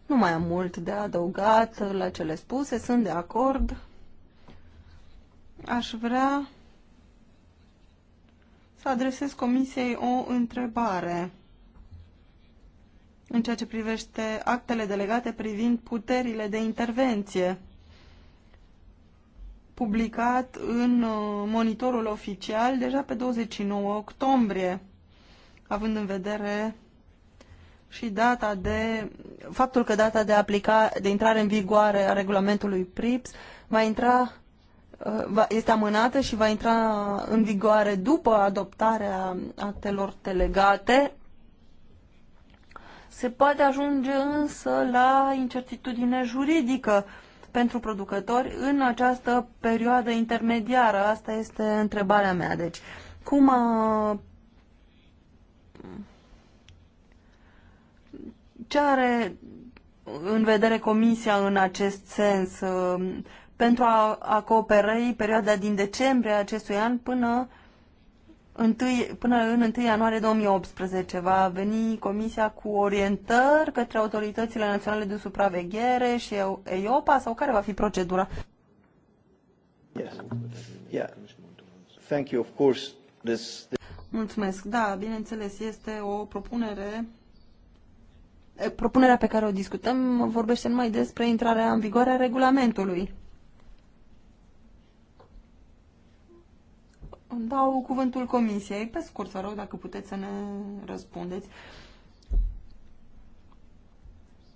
[SPEAKER 3] Nu mai am mult de adăugat la cele spuse, sunt de acord. Aș vrea să adresez Comisiei o întrebare în ceea ce privește actele delegate privind puterile de intervenție publicat în uh, monitorul oficial deja pe 29 octombrie, având în vedere și data de faptul că data de aplica de intrare în vigoare a regulamentului PRIPS va intra Uh, este amânată și va intra în vigoare după adoptarea actelor delegate. Se poate ajunge însă la incertitudine juridică pentru producători în această perioadă intermediară. Asta este întrebarea mea. Deci, cum a... ce are în vedere Comisia în acest sens? pentru a acoperi perioada din decembrie acestui an până, întâi, până în 1 ianuarie 2018. Va veni Comisia cu orientări către autoritățile naționale de supraveghere și EIOPA sau care va fi procedura?
[SPEAKER 1] Yes. Yeah. Thank you. Of course, this...
[SPEAKER 3] Mulțumesc. Da, bineînțeles, este o propunere propunerea pe care o discutăm vorbește numai despre intrarea în vigoare a regulamentului. Îmi dau cuvântul comisiei. Pe scurt, vă rog, dacă puteți să ne răspundeți.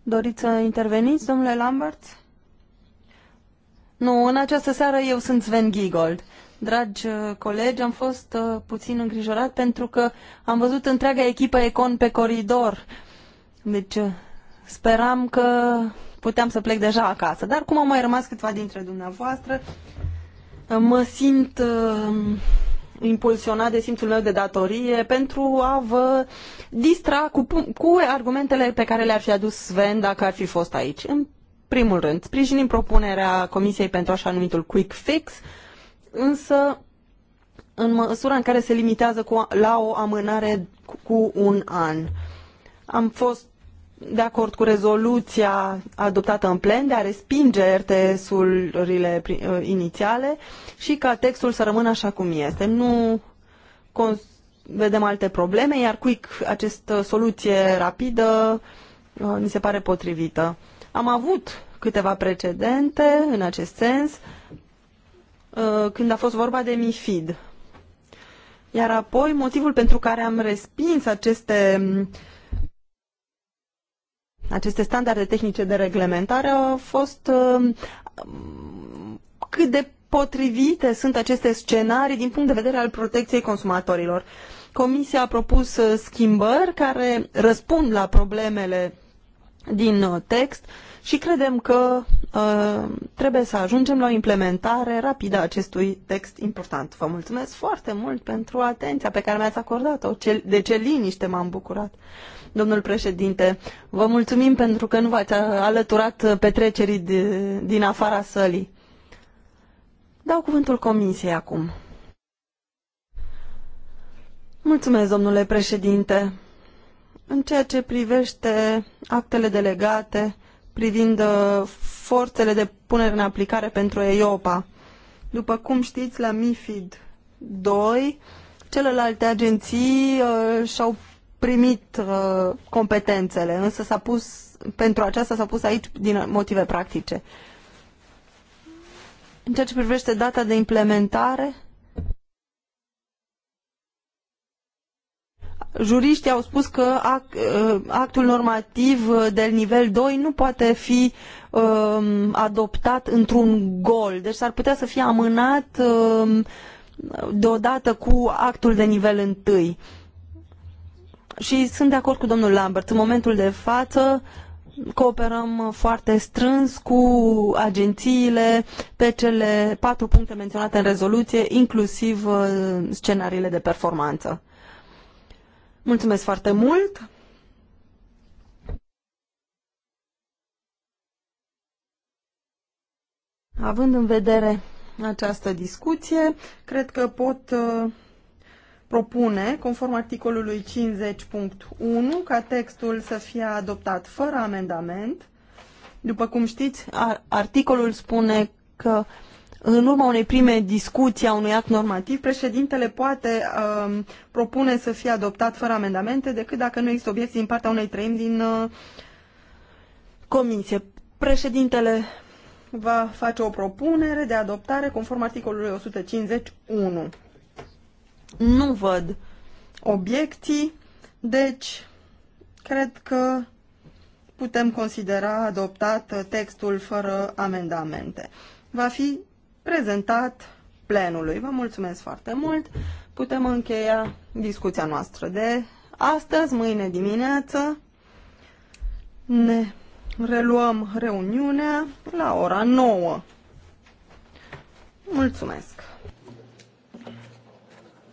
[SPEAKER 3] Doriți să interveniți, domnule Lambert? Nu, în această seară eu sunt Sven Giegold. Dragi uh, colegi, am fost uh, puțin îngrijorat pentru că am văzut întreaga echipă Econ pe coridor. Deci uh, speram că puteam să plec deja acasă. Dar cum au mai rămas câțiva dintre dumneavoastră, Mă simt uh, impulsionat de simțul meu de datorie pentru a vă distra cu, cu argumentele pe care le-ar fi adus Sven dacă ar fi fost aici. În primul rând, sprijinim propunerea Comisiei pentru așa numitul quick fix, însă în măsura în care se limitează cu, la o amânare cu, cu un an. Am fost de acord cu rezoluția adoptată în plen de a respinge RTS-urile uh, inițiale și ca textul să rămână așa cum este. Nu vedem alte probleme, iar quick, această soluție rapidă, uh, mi se pare potrivită. Am avut câteva precedente în acest sens uh, când a fost vorba de MIFID. Iar apoi, motivul pentru care am respins aceste uh, aceste standarde tehnice de reglementare au fost uh, cât de potrivite sunt aceste scenarii din punct de vedere al protecției consumatorilor. Comisia a propus uh, schimbări care răspund la problemele din uh, text și credem că uh, trebuie să ajungem la o implementare rapidă a acestui text important. Vă mulțumesc foarte mult pentru atenția pe care mi-ați acordat-o. De ce liniște m-am bucurat. Domnul președinte, vă mulțumim pentru că nu v-ați alăturat petrecerii din afara sălii. Dau cuvântul comisiei acum. Mulțumesc, domnule președinte. În ceea ce privește actele delegate privind uh, forțele de punere în aplicare pentru EIOPA, după cum știți, la MIFID 2, celelalte agenții uh, și-au primit uh, competențele, însă s-a pus, pentru aceasta s-a pus aici din motive practice. În ceea ce privește data de implementare, juriștii au spus că uh, actul normativ del nivel 2 nu poate fi um, adoptat într-un gol, deci s-ar putea să fie amânat um, deodată cu actul de nivel 1 și sunt de acord cu domnul Lambert. În momentul de față cooperăm foarte strâns cu agențiile pe cele patru puncte menționate în rezoluție, inclusiv uh, scenariile de performanță. Mulțumesc foarte mult! Având în vedere această discuție, cred că pot uh, propune, conform articolului 50.1, ca textul să fie adoptat fără amendament. După cum știți, articolul spune că în urma unei prime discuții a unui act normativ, președintele poate uh, propune să fie adoptat fără amendamente decât dacă nu există obiecții din partea unei treimi din uh, comisie. Președintele va face o propunere de adoptare conform articolului 151. Nu văd obiecții, deci cred că putem considera adoptat textul fără amendamente. Va fi prezentat plenului. Vă mulțumesc foarte mult. Putem încheia discuția noastră de astăzi, mâine dimineață. Ne reluăm reuniunea la ora 9. Mulțumesc!